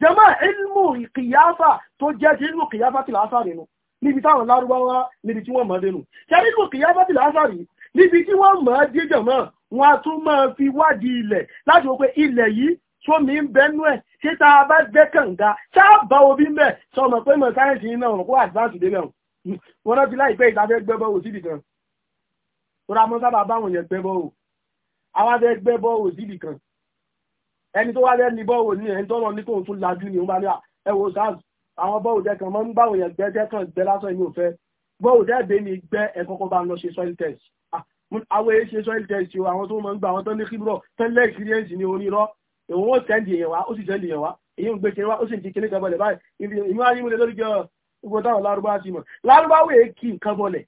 jẹ́mọ́ ilmù ìkìyáfà tó jẹ́ ti ilmù kìyáfà ti lásàrì nù níbi táwọn lárúbáwá níbi tí wọ́n mọ̀ dénú ṣe ilmù kìyáfà ti lásàrì níbi tí wọ́n mọ̀ dé jẹ̀mọ́ wọn a tún máa fi wádìí ilẹ̀ láti wọ́n pé ilẹ̀ yìí sómi ń bẹnú ẹ̀ ṣé tá a bá gbẹ́ kànga tá a bá sọmọ pé mọ̀ sáyẹ́ǹsì yìí náà kó àdìbáǹsì dé náà wọn rántí láìpẹ́ ìtafẹ́ gbẹ́bọ́ wò síbì kan wọn mọ́ sábà báwọn yẹn gbẹ́bọ́ wò àwọn kan ẹni tó wá lẹ́ni bọ́ọ̀wò ní ẹni tó lọ ní kóhun tún lajú ni ó bá ní ah, ẹwọ sars àwọn bọ́ọ̀wò jẹ́ kan máa ń báwọn èèyàn gbẹ́ jẹ́ kan gbẹ́ lásán ìmú òfẹ́ bọ́ọ̀wò jẹ́ ẹ̀bẹ́ mi gbẹ́ ẹ̀kọ́kọ́ bá ń lọ ṣe soil test ah, àwọn èyí ṣe soil test o àwọn tó máa ń gba àwọn tó ní kíbrọ̀ tó lẹ́ experience ní onírọ́ òun ó tẹ́ndì èèyàn wá ó sì tẹ́ndì èèyàn wá èyí ń gbé kiri wá ó sì ti kiri kan bọ̀lẹ̀ báyìí ìmú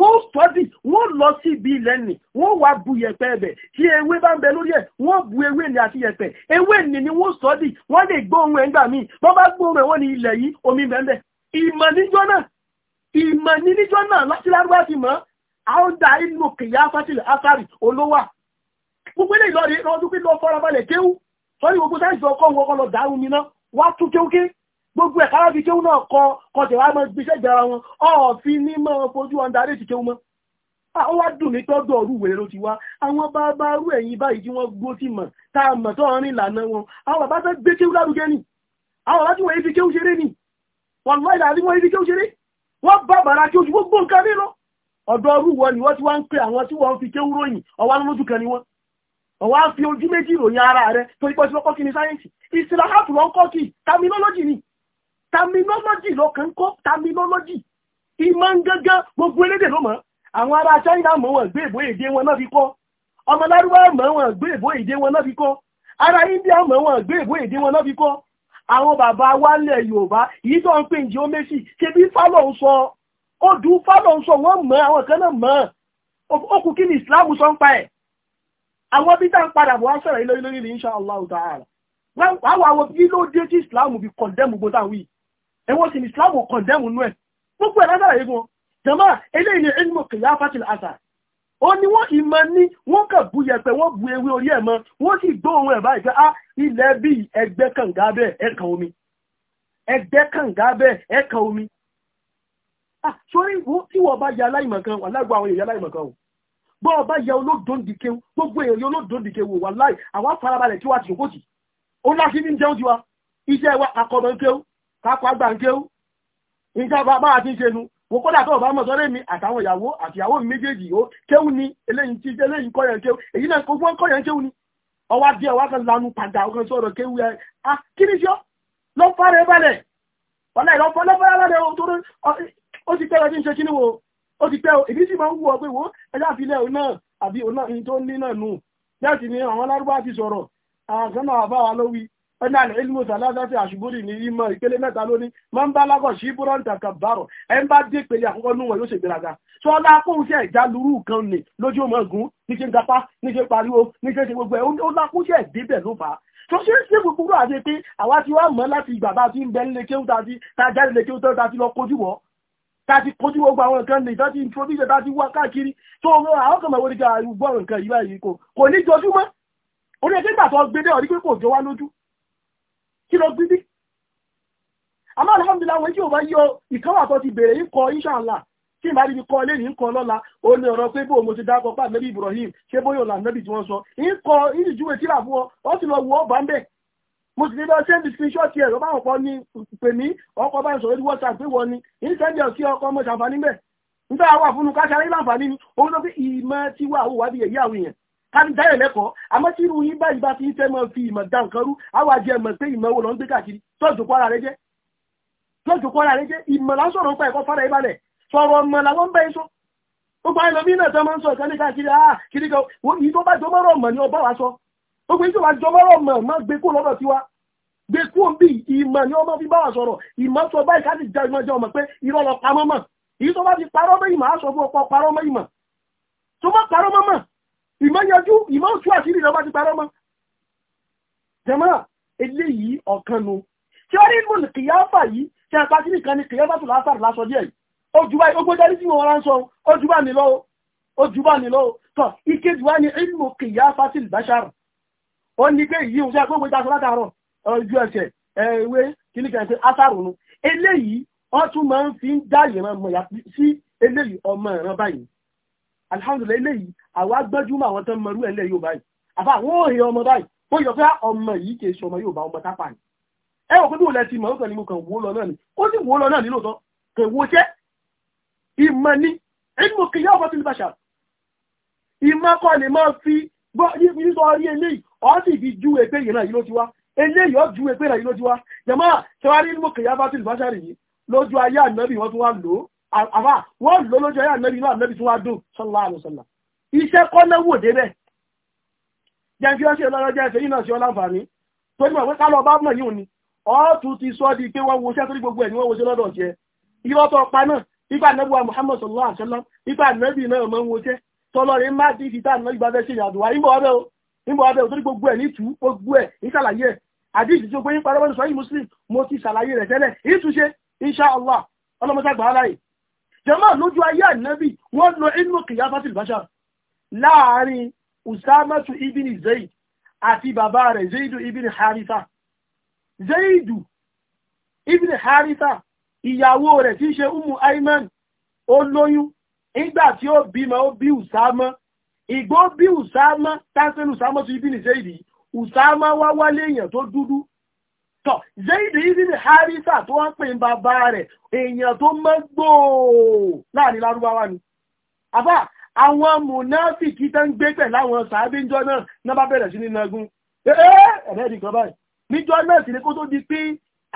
wọ́n tọ́dì wọ́n lọ sí ibi ilẹ̀ nì wọ́n wá bu yẹ̀pẹ̀ ẹ̀bẹ̀ tí ewé bá ń bẹ lórí ẹ̀ wọ́n bu ewé ni àti yẹ̀pẹ̀ ewé nì ni wọ́n tọ́dì wọ́n lè gbọ́ ohun ẹ̀ ńgbà míì wọ́n bá gbọ́ ohun ẹ̀ wọ́n ní ilẹ̀ yìí omi bẹ́ẹ̀ ìmọ̀ níjọ́ náà ìmọ̀ ní níjọ́ náà láti lárúbá ti mọ̀ àwọn dà inú kìyà fásitì afárì olówà gbogbo ilé ìlọrin lọ́dún pé lọ́ fọ́ra balẹ̀ kéwú sọ́rí gbogbo sáyẹ̀nsì ọkọ̀ wọn kọ́ lọ dàrú mi ná wá tún kéwú gbogbo ẹ̀ka wá fi kéwú náà kọ kọtẹ̀ wá mọ́ gbéṣẹ́ ìjọra wọn ọ̀ọ́fin ní mọ́ fojú ọ̀ndà àdé ti kéwú mọ́ àwọn wá dùn ní tọ́dọ̀ ọ̀rú wèrè ló ti wá àwọn bàbá rú ẹ̀yìn báyìí tí wọ́n gbó sí mọ̀ tá a mọ̀ tó ọ̀rin ìlànà wọn àwọn bàbá fẹ́ gbé kéwú lárugẹ ni àwọn bàbá tí wọ́n yí fi kéwú ṣeré ni wọ́n lọ ìlànà wọ́n yí fi kéwú ṣeré wọ́n bá bàrà kí oṣù gbogbo nǹkan nílọ ọ̀dọ̀ ọrú wọn ni wọ́n ti wá ń pe àwọn tí wọ́n fi kéwú ròyìn ọwá lójú kan ni wọ́n ọwá fi ojú méjì ròyìn ara rẹ torí pọ́ sí wọ́n kọ́ kí ni sáyẹ́ǹsì ìsìlá háàpù lọ́n kọ́ kí terminology ni terminology ló kàn kó terminology ìmọ̀ ń gángan gbogbo elédè ló mọ̀ àwọn ará China mọ̀ wọn gbé ìbò èdè wọn náà fi kọ́ ọmọ lárúbá mọ̀ wọn gbé ìbò èdè wọn náà fi kọ́ ará India mọ̀ wọn gbé ìbò èdè wọn náà fi kọ́ àwọn bàbá wálẹ̀ Yorùbá yìí tó ń pè ní omeṣi ṣe fálọ̀ ń sọ odù fálọ̀ ń sọ wọ́n mọ̀ àwọn kan náà mọ̀ okù ni Islam sọ ń pa ẹ̀ àwọn bí táà ń padà bọ̀ wá sọ̀rọ̀ ilé lórí ní insha Allah ta'ala wọ́n àwọn àwọn bí ló dé tí Islam fi condemn gbogbo táwọn yìí ẹwọ́ sí islam kọ̀ndẹ́mù nú ẹ̀ gbogbo ẹ̀ lásàrà yìí gan jama eléyìí ni ilmu kìláfàtì àṣà ó ní wọ́n ìmọ̀ ní wọ́n kàn bu yẹ̀pẹ̀ wọ́n bu ewé orí ẹ̀ mọ́ wọ́n sì gbọ́ ohun ẹ̀ báyìí pé á ah, ilẹ̀ bí ẹgbẹ́ kànga bẹ́ẹ̀ ẹ̀ kan omi ẹgbẹ́ kànga bẹ́ẹ̀ ẹ̀ kan omi ah, sórí tí wọ́n bá ya aláìmọ̀ kan wà lágbó àwọn èèyàn aláìmọ̀ kan o bọ́ ọba ya olódòǹdìke gbogbo èèyàn olódòǹdìke wò wà láì àwọn afárabalẹ̀ tí wàá ti sòkòtì ó láti ní jẹun tiwa iṣẹ́ wa akọ̀dọ̀ ń kéwù kápá gbàǹkéwú ìjọba bá àti ṣe nu wo kódà tó bá mọ̀ sọ́rẹ́ mi àtàwọn ìyàwó àti ìyàwó mi méjèèjì yóò kéwú ni eléyìí ti eléyìí kọ́yàn kéwú èyí náà gbogbo ń kọ́yàn kéwú ni ọwá díẹ̀ wá kan lanu pàǹdà ọkàn sọ̀rọ̀ kéwú ẹ ah kí ni ṣọ́ lọ fárẹ̀ balẹ̀ ọ̀lẹ́ ìlọ́fọ́ lọ́fọ́lá lọ́dẹ òtòrò ó ti tẹ́wọ́ tí wo ó ti tẹ́wọ́ ìdí sì máa ń wù ọ pé wo ẹjá àfilẹ̀ òun náà àbí òun náà ní tó ní náà nù ẹni àlẹ́ ilmu sàlásà ti àṣùgbórì ní ìmọ̀ ìpele mẹ́ta lónìí máa ń bá lágọ̀ sí búrọ́ǹtì àkàbárọ̀ ẹ ń bá dé ìpele àkọ́kọ́ nù wọn yóò ṣe gbéraga tí wọ́n lákòóṣẹ́ ìjà lurú kan nì lójú ọmọ ẹ̀gún níṣẹ́ gapá níṣẹ́ pariwo níṣẹ́ ṣe gbogbo ẹ̀ ó lákòóṣẹ́ ìdíbẹ̀ ló fà á tó ṣe é ṣe gbogbo àti pé àwa ti wá mọ́ láti ìgbà bá ti ń bẹ nílé kéwú tàbí tájá nílé kéwú tàbí tàbí lọ kojú wọ́ tàbí kojú gbogbo àwọn nǹkan lè tàbí introduce tàbí wá káàkiri tó àwọn kan mọ̀ wọ́n ká gbọ́ nǹkan yìí báyìí kò ní jọjú mọ́ orí ẹgbẹ́ gbà tó gbé dé ọ̀rí pé kò jọ wá lójú kí ló bí bí àmọ́ alhamdulillah àwọn tí ò bá yọ ìkọ́wà tó ti bèèrè ń kọ inṣàlá tí ìbá níbi kọ lé ní ń kọ lọ́la ó ní ọ̀rọ̀ pé bó ti dákọ̀ pa nẹ́bí Ibrahim ṣé bóyá ọ̀la nẹ́bí tí wọ́n sọ ń kọ ìdíjúwe tíra ọ ó sì lọ wọ ọba ń bẹ̀ mo sì ní lọ sẹ́ndì screenshot ẹ̀ lọ́ba ọ̀pọ̀ ni pè mí ọkọ̀ bá ń WhatsApp pé wọ́n ni ń ọkọ̀ kárí dáyẹ̀ lẹ́kọ̀ọ́ àmọ́ tí irú yín báyìí bá ti ń fẹ́ máa fi ìmọ̀ dá nǹkan rú àwọn àjẹ mọ̀ pé ìmọ̀ wo lọ ń gbé káàkiri tọ́jú kọ́ra rẹ jẹ́ tọ́jú kọ́ra rẹ jẹ́ ìmọ̀ lásọ̀rọ̀ ń pa ẹ̀kọ́ fara ìbalẹ̀ sọ̀rọ̀ ọmọ làwọn ń bẹ́ sọ gbogbo àwọn ẹlòmíín náà tó máa ń sọ ìkànnì káàkiri àá kiri kan yìí tó bá jọmọ́ rọ̀ mọ̀ ni ọba wa sọ gbogbo yìí tó bá jọmọ́ rọ̀ mọ̀ má gbé kó lọ́dọ̀ ọmọ fi bá sọ̀rọ̀ ìmọ̀ sọ báyìí ká jẹ́ ìmọ̀ ọmọ pé irọ́ lọ pamọ́ tó bá ti parọ́ ìmọ̀ á fún ọ̀pọ̀ parọ́ ìmọ̀ tó mọ́ mọ̀ ìmọ̀yẹjú ìmọ̀ tú àṣírí ìjọba ti parọ́ mọ́ jẹ́mọ́ eléyìí ọ̀kan nu tí ó rí mú ní kìyàfà yìí tí a pàṣírí kan ní kìyàfà tó lásàrì lásọ díẹ̀ yìí ojúbá ogbójárí sí wọn ránṣọ ojúbá ní lọ́wọ́ ojúbá ní lọ́wọ́ tọ́ ìkejì wá ní ìlú kìyàfà sí ìbáṣàrù ó ní pé ìyí oúnjẹ gbogbo ìjà sọ́lá dàrọ̀ ojú ẹsẹ̀ ewé kìíní kan ṣe ásàrù nu eléyìí wọ́n máa ń fi ń dá ìran mọ̀ sí eléyìí ọmọ ìran báyìí alhamdulillah eléyìí àwa gbọ́júmọ̀ àwọn tó ń mọrú ẹ̀lẹ́ yóò báyìí àfa àwọn òhè ọmọ báyìí ó yọ pé ah, ọmọ yìí kì í ṣe ọmọ yóò bá ọmọ tápà ni ẹ wò pé bí wò lẹ ti mọ̀ ó kàn ní mo kàn wò lọ náà ni ó sì wò lọ náà nílò tán kàn wò jẹ́ ìmọ̀ ni ẹni mo kìí ọmọ tìlú bàṣà ìmọ̀ kọ́ ni máa fi gbọ́ nítorí eléyìí ọ́ sì fi ju ẹgbẹ́ yìí náà yìí ló ti wá eléyìí ọ́ ju ẹgbẹ́ náà yìí ló ti wá jẹ̀mọ́ ṣẹ́wárí ni mo kìí ọmọ tìlú bàṣà rèé lójú ayé ànábì wọ́n tún wá lò ó àbá wọ́n lò lójú ayé ànábì náà ànábì tó wá dùn sọ́lá àlùsọ́lá iṣẹ́ kọ́ náà wò débẹ̀ jẹ́ kí wọ́n ṣe lọ́rọ́ jẹ́ ìṣẹ́yìn náà sí ọláǹfààní tó ní mọ̀ kálọ̀ bá mọ̀ yìí ni ọ́ọ̀tù ti sọ di pé wọ́n wo iṣẹ́ tó ní gbogbo ẹ̀ ni wọ́n wo iṣẹ́ lọ́dọ̀ jẹ́ irọ́ tó pa náà ibà nẹ́bùwà Muhammad sọ̀lá àṣẹlá ibà nẹ́bì náà mọ̀ ń wo iṣẹ́ tọ́lọ́rin má dì í ta ìgbà fẹ́ ṣe ìyàdùwà ìmọ̀ ọbẹ̀ o ìmọ̀ ọbẹ̀ o tó ní gbogbo ẹ̀ ní ìtú gbogbo ẹ̀ ní ṣàlàyé ẹ̀ àdìsí tí ó gbé yín parọ́ mọ́ ní sọ́yìn Muslim mo ti ṣàlàyé rẹ̀ tẹ́lẹ̀ ìtúnṣe insha Allah ọlọ́mọṣẹ́ gbàhálà yìí jẹ́mọ́ lójú ayé ànábì wọ́n lọ inú kìyà fatil basha láàrin usamatu ibn zaid àti bàbá rẹ̀ zaidu ibn haritha zaidu ibn haritha ìyàwó rẹ̀ tí í ṣe umu aiman ó lóyún ìgbà tí ó bímọ ó bí usama ìgbó bí usama tásẹ́lù usama ibn zaid usama wá wálé èèyàn tó dúdú tọ̀ Zaid ibn Harisa tó wá ń pè ń bàbá rẹ̀ èèyàn tó mọ́ gbòò láàrin lárúbáwá ni àbá àwọn mùnáfìkì tó ń gbé pẹ̀ láwọn sàábíjọ́ náà náà bá bẹ̀rẹ̀ sí ní nagun ẹ̀rẹ́ nìkan báyìí níjọ́ náà sì ni kó tó di pé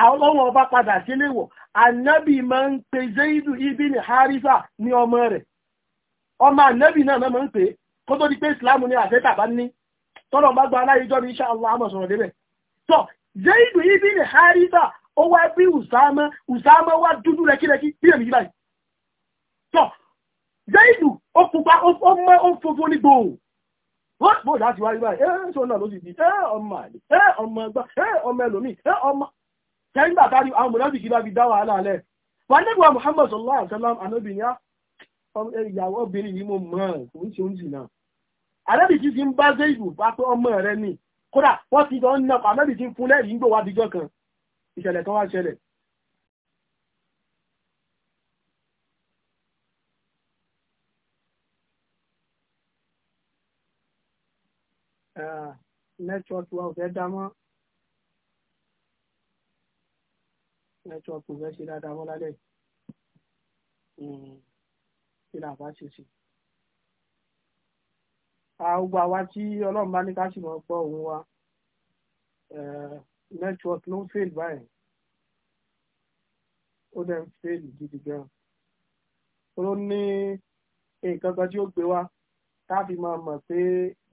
àwọn ọmọ ọba padà sílé wọ̀ ànábì máa ń pe Zaid ibn Harisa ní ọmọ rẹ̀ ọmọ ànábì náà náà máa ń pè kó tó di pé ìsìlámù ni àfẹ́tàbá ní tọ́lọ̀ bá gba aláyéjọ́ ní insha Allah àmọ̀ sọ̀rọ̀ débẹ̀ tọ́ Zaidu ibn Haritha ó wá bí Usama Usama wá dúdú rẹ̀kírẹ̀kí bí èmi báyìí tọ́ Zaidu ó pupa ó mọ́ ó fofó ní gbòò wọ́n bò láti wáyé báyìí ẹ́ tó náà ló sì di ẹ́ ọmọ àlè ẹ́ ọmọ ẹgbà ẹ́ ọmọ ẹlòmíì ẹ́ ọmọ tẹ́ńgbà kárí àwọn mọ̀lẹ́bí kí bá fi dá wàhálà alẹ́ wà nígbà Muhammad sallallahu alaihi wasallam anobìnrin ìyàwó obìnrin yìí mo mọ̀ ọ́n kò ń ṣe oúnjẹ náà àrẹ́bì kí fi ń bá Zaidu bá pé ọmọ rẹ nìí kódà wọ́n ti jọ ń nà pàmẹ́bì tí ń fún lẹ́rìí ń gbòwà díjọ́ kan ìṣẹ̀lẹ̀ kan wá ṣẹlẹ̀ ah, nẹ́tíwọ́kì wa ò fẹ́ dá mọ́ nẹ́tíwọ́kì ò fẹ́ ṣe dáadáa mọ́ lálẹ́ hmm, kí gbogbo àwa tí ọlọ́run bá ní ká sì máa gbọ́ òun wa network ló ń fail báyìí ó dẹ̀ ń fail gidi gan ó ní nǹkan kan tí ó gbé wa ká fi máa mọ̀ pé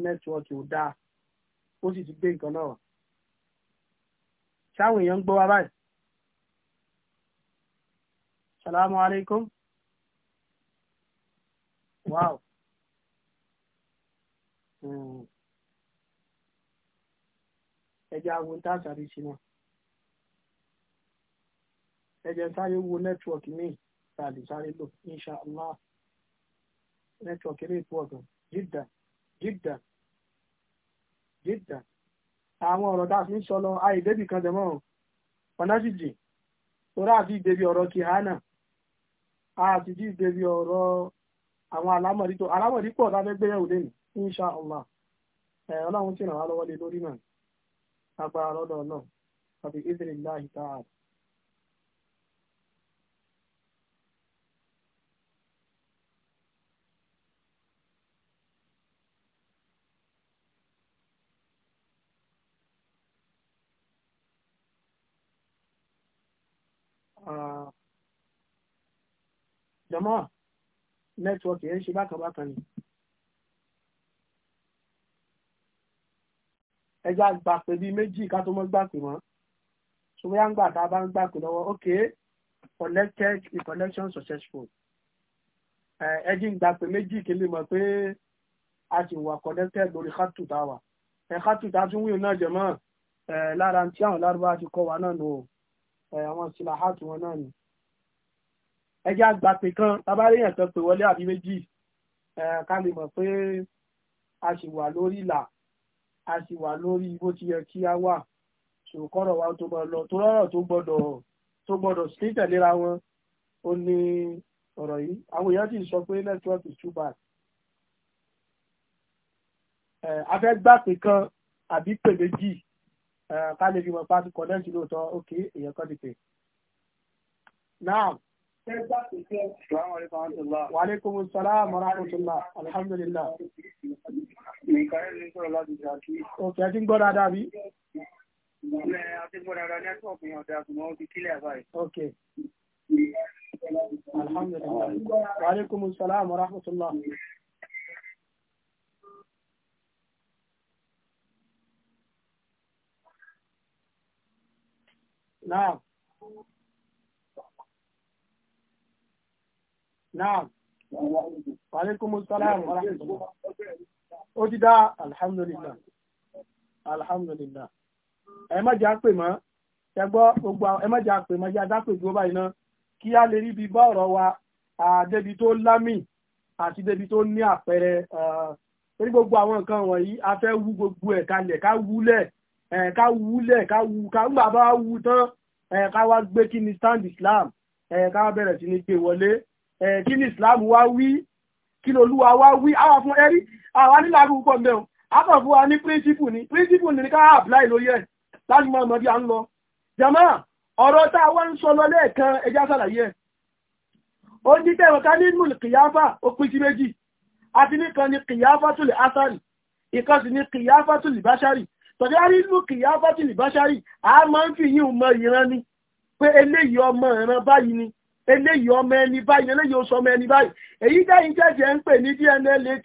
network ò dáa ó sì ti gbé nǹkan náà ṣáwọn èèyàn ń gbọ́ wa báyìí. Salamu alaikum. Wow. ẹjẹ́ àwọn tá a sáré sí náà ẹjẹ́ sáré wo nẹ́tíwọ̀kì míì tá lè sáré lò insha allah nẹ́tíwọ̀kì àwọn ọ̀rọ̀ tá a fi ń sọ lọ ayé kan jẹmọ́ torí àti ìdèbí ọ̀rọ̀ kìhánà àti ìdèbí ọ̀rọ̀ àwọn tó pọ̀ insha allah ẹ ọlọ́run tí ràn wá lọ́wọ́ lé lórí náà agbára lọ́dọ̀ náà àbí iznillahi ta'ala. jọmọ ń ṣe bákan ni ẹja gbà pé bíi méjì ká tó mọ́ gbà pé wọ́n so bóyá ń gbà tá a bá ń gbà pé ok collected a collection successful ẹjí ń gbà pé méjì kí lè mọ̀ pé a sì wà collected lórí kátù tá a wà ẹ kátù tá a tún wíwò náà jẹ̀mọ́ ẹ lára tí àwọn lárúbá ti kọ́ wa náà nù o àwọn sílàhátù wọn náà nù ẹjá gbà pé kan tábàárẹ̀ yẹn kan pè wọlé àbí méjì ká lè mọ̀ pé a sì wà lórí ìlà a sì wà lórí bó ti yẹ kí a wà ṣòkọ́rọ̀ wa tó máa lọ tó rọ̀rọ̀ tó gbọ́dọ̀ tó gbọ́dọ̀ sí tẹ̀léra wọn ó ní ọ̀rọ̀ yìí àwọn èèyàn sì sọ pé network is too bad. a fẹ́ gbà pé kan àbí pè méjì ká lè fi mọ̀ pé ti connect lóòótọ́ ok èèyàn kan ti pè. now Wàlékùn sọ́lá mọ́rákùtùlá, alhamdulillah. Nìkan ní sọ̀rọ̀ láti ṣàkí. Òkè tí ń gbọ́ dáadáa bí? Ilẹ̀ àti gbọ́ dáadáa ní ẹ̀kọ́ ọ̀pìn ọ̀dà ṣùgbọ́n ó ti kílẹ̀ báyìí. Òkè. Alhamdulillah. Wàlékùn sọ́lá mọ́rákùtùlá. Náà. Naam. Wa alaikumus salam wa rahmatullah. Ó ti dá alhamdulillah. Alhamdulillah. Ẹ má jẹ́ àpè mọ́. Ẹ gbọ́ gbogbo ẹ má jẹ́ àpè mọ́ jẹ́ adápè dúró báyìí náà. Kí á lè rí ibi bá ọ̀rọ̀ wa débi tó lámì àti débi tó ní àpẹẹrẹ. Torí gbogbo àwọn nǹkan wọ̀nyí, a fẹ́ wú gbogbo ẹ̀ kalẹ̀ ká wúlẹ̀ ká wúlẹ̀ ká wú ká ń bàbá wú tán ká wá gbé kí ni stand Islam ká wá bẹ̀rẹ̀ sí ní gbé wọlé kí ni islam wá wí kí ni olúwa wá wí àwọn fún ẹrí àwọn nílàágùn pọ̀ mẹ́ o àpọ̀ fún wa ní píríncípù ni píríncípù ni ká àpláì lórí ẹ̀ láti mọ ọmọdé à ń lọ jama ọ̀rọ̀ tá a wá ń sọ lọ lẹ́ẹ̀kan ẹja sàlàyé ẹ̀ ó ní tẹ̀wọ̀n ká ní mùlù kìyáfà ó pín sí méjì àti nìkan ni kìyáfà tó lè ásàrì ìkan sì ni kìyáfà tó lè báṣárì tọ̀dẹ́ á rí kìyáfà tó lè báṣárì a máa ń fi yín mọ ìran ni pé eléyìí ọmọ ìran báyìí ni eléyìí ọmọ ẹni báyìí eléyìí oṣù ọmọ ẹni báyìí èyí dẹ́yìn jẹ́jẹ́ ń pè ní dna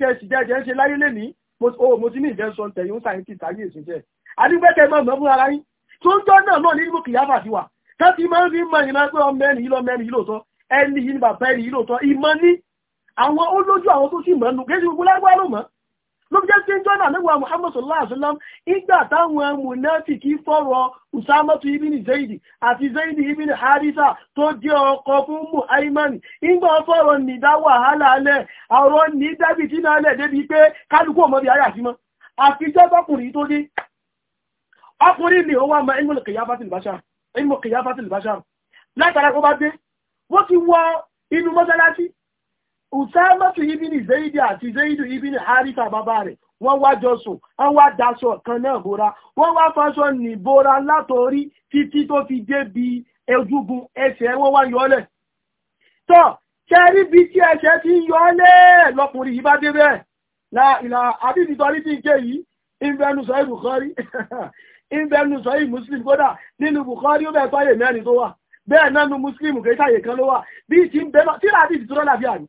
test jẹ́jẹ́ ń ṣe láyé lẹ́ni mo ti oh, ní ìjẹ́ sọ tẹ̀yìn ń scientist ayé èsì jẹ́ adigbẹ́kẹ̀ mọ̀ mọ́ fún ara yín tó ń jọ náà náà nínú kìyàfà ti wà tó ti máa ń fi mọ ìmọ̀ pé ọmọ ẹni yìí lọ́mọ ẹni yìí lóòótọ́ ẹni yìí bàbá ẹni yìí lóòótọ́ ìmọ̀ ní àwọn olójú àwọn tó sì mọ̀ nù kéjì gbogbo lágbára ló mọ̀ ló fi jẹ́ sí jọ́nà níwà Muhammad sallallahu alaihi wasallam ìgbà táwọn mùnáfìkì fọ̀rọ̀ usamatu ibn zaidi àti zaidi ibn harisa tó jẹ́ ọkọ fún muhaimani ìgbà fọ̀rọ̀ nìdá wàhálà alẹ́ àwọn nìdábì tí náà lẹ̀ débi pé kálukú ọmọdé ayà mọ́ àti tó dé ọkùnrin ni wà látara kó inú mọ́sálásí Usamatu ibini Zaidi àti Zaidu ibini Harita bàbá rẹ̀, wọ́n wá jọ sùn, wọ́n wá daṣọ kan náà bora, wọ́n wá faṣọ nìbora látorí títí tó fi dé bi ojúgun ẹsẹ̀ wọ́n wá yọlẹ̀. Tọ́ kẹrí bí tí ẹsẹ̀ ti ń yọlẹ̀ lọkùnrin yìí bá dé bẹ́ẹ̀. La ìlà àbíbi tọ́lí ti ń ké yìí, ìbẹnu sọ ìbùkọ́rí, ìbẹnu sọ ìmùsùlùmí kódà nínú ìbùkọ́rí ó bẹ̀ sọ́yè mẹ́rin tó wà. Bẹ́ẹ̀ náà nu Mùsùlùmí kì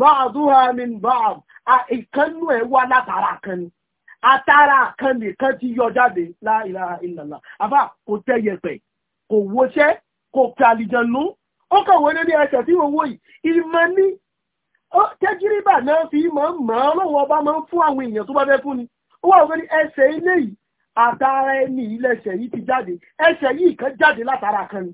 ba'duha min ba'd ìkànnù ẹ̀ wá látara kan ni atara kan nìkan ti yọ jáde la ilaha illallah àbá kò tẹ́ yẹpẹ̀ kò wọṣẹ́ kò kàlìjànú ó kàn wọlé ní ẹsẹ̀ tí wọ́n yìí ìmọ̀ ní tẹ́jírìbà náà fi mọ̀ mọ́ lọ́wọ́ ọba máa ń fún àwọn èèyàn tó bá fẹ́ fún ni ó wà wọ́n ní ẹsẹ̀ ilé yìí àtara ẹni ilẹ̀ṣẹ̀ yìí ti jáde ẹsẹ̀ yìí kan jáde látara kan ni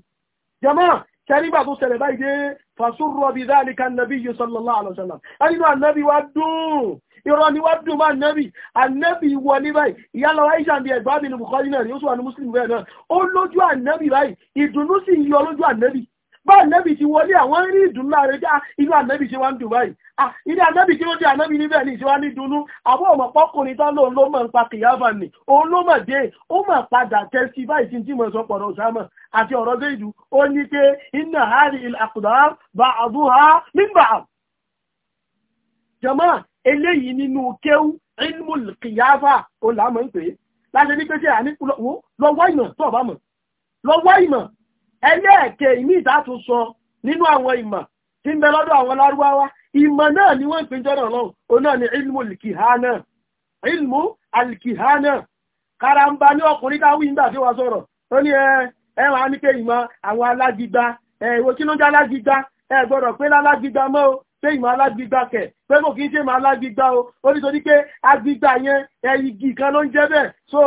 jẹ́mọ́ kẹ́rígbà tó ṣẹlẹ̀ báyìí dé fàṣúrọ̀ bí dáàlìkà nàbí yìí sallallahu alaihi wasallam ẹnìyàn ànábì wá dùn ìrọ̀ ni wá dùn máa ànábì ànábì wọ ní báyìí ìyá lọ aisha bí ẹgbẹ́ àbínú Bukhari náà ni ó sọ àwọn muslim bẹ́ẹ̀ náà ó lójú ànábì báyìí ìdùnnú sì yọ lójú ànábì bá ànábì ti wọlé àwọn rí ìdùnnú láàrin dá inú ànábì ṣe wá ń dùn báyìí Ah, ilé anábì kí ló dé anábì níbẹ̀ ní ìṣẹ́wá ní dunú àwọn ọmọ pọ́kùnrin tán lòun ló mọ̀ ń pa kìyàfà ni òun ló mọ̀ dé ó mọ̀ padà tẹ́sí báyìí tí ń tìmọ̀ sọ pọ̀rọ̀ Usama àti ọ̀rọ̀ Zaidu ó ní pé iná hàrí àkùdá bá àbúhá nígbà jọmọ́ eléyìí nínú kéwú ilmul kìyàfà ó là mọ̀ ń pè é láti ní pé ṣe àníkùlọ́wọ́ lọ́wọ́ ìmọ̀ ẹlẹ́ẹ̀kẹ́ ìmí ìdátún ìmọ̀ náà ni wọ́n ń pè jọ́nà ọlọ́run náà ni ilmu alkihana ilmu alkihana karamba ní ọkùnrin ká wí nígbà tí wọ́n sọ̀rọ̀ ó ní ẹ ní pé ìmọ̀ àwọn alágbígba ẹ kí ló ń ẹ pé kò kí ṣe máa lágbígbá o ó ní torí pé agbígbá yẹn igi kan ló ń jẹ́ bẹ́ẹ̀ so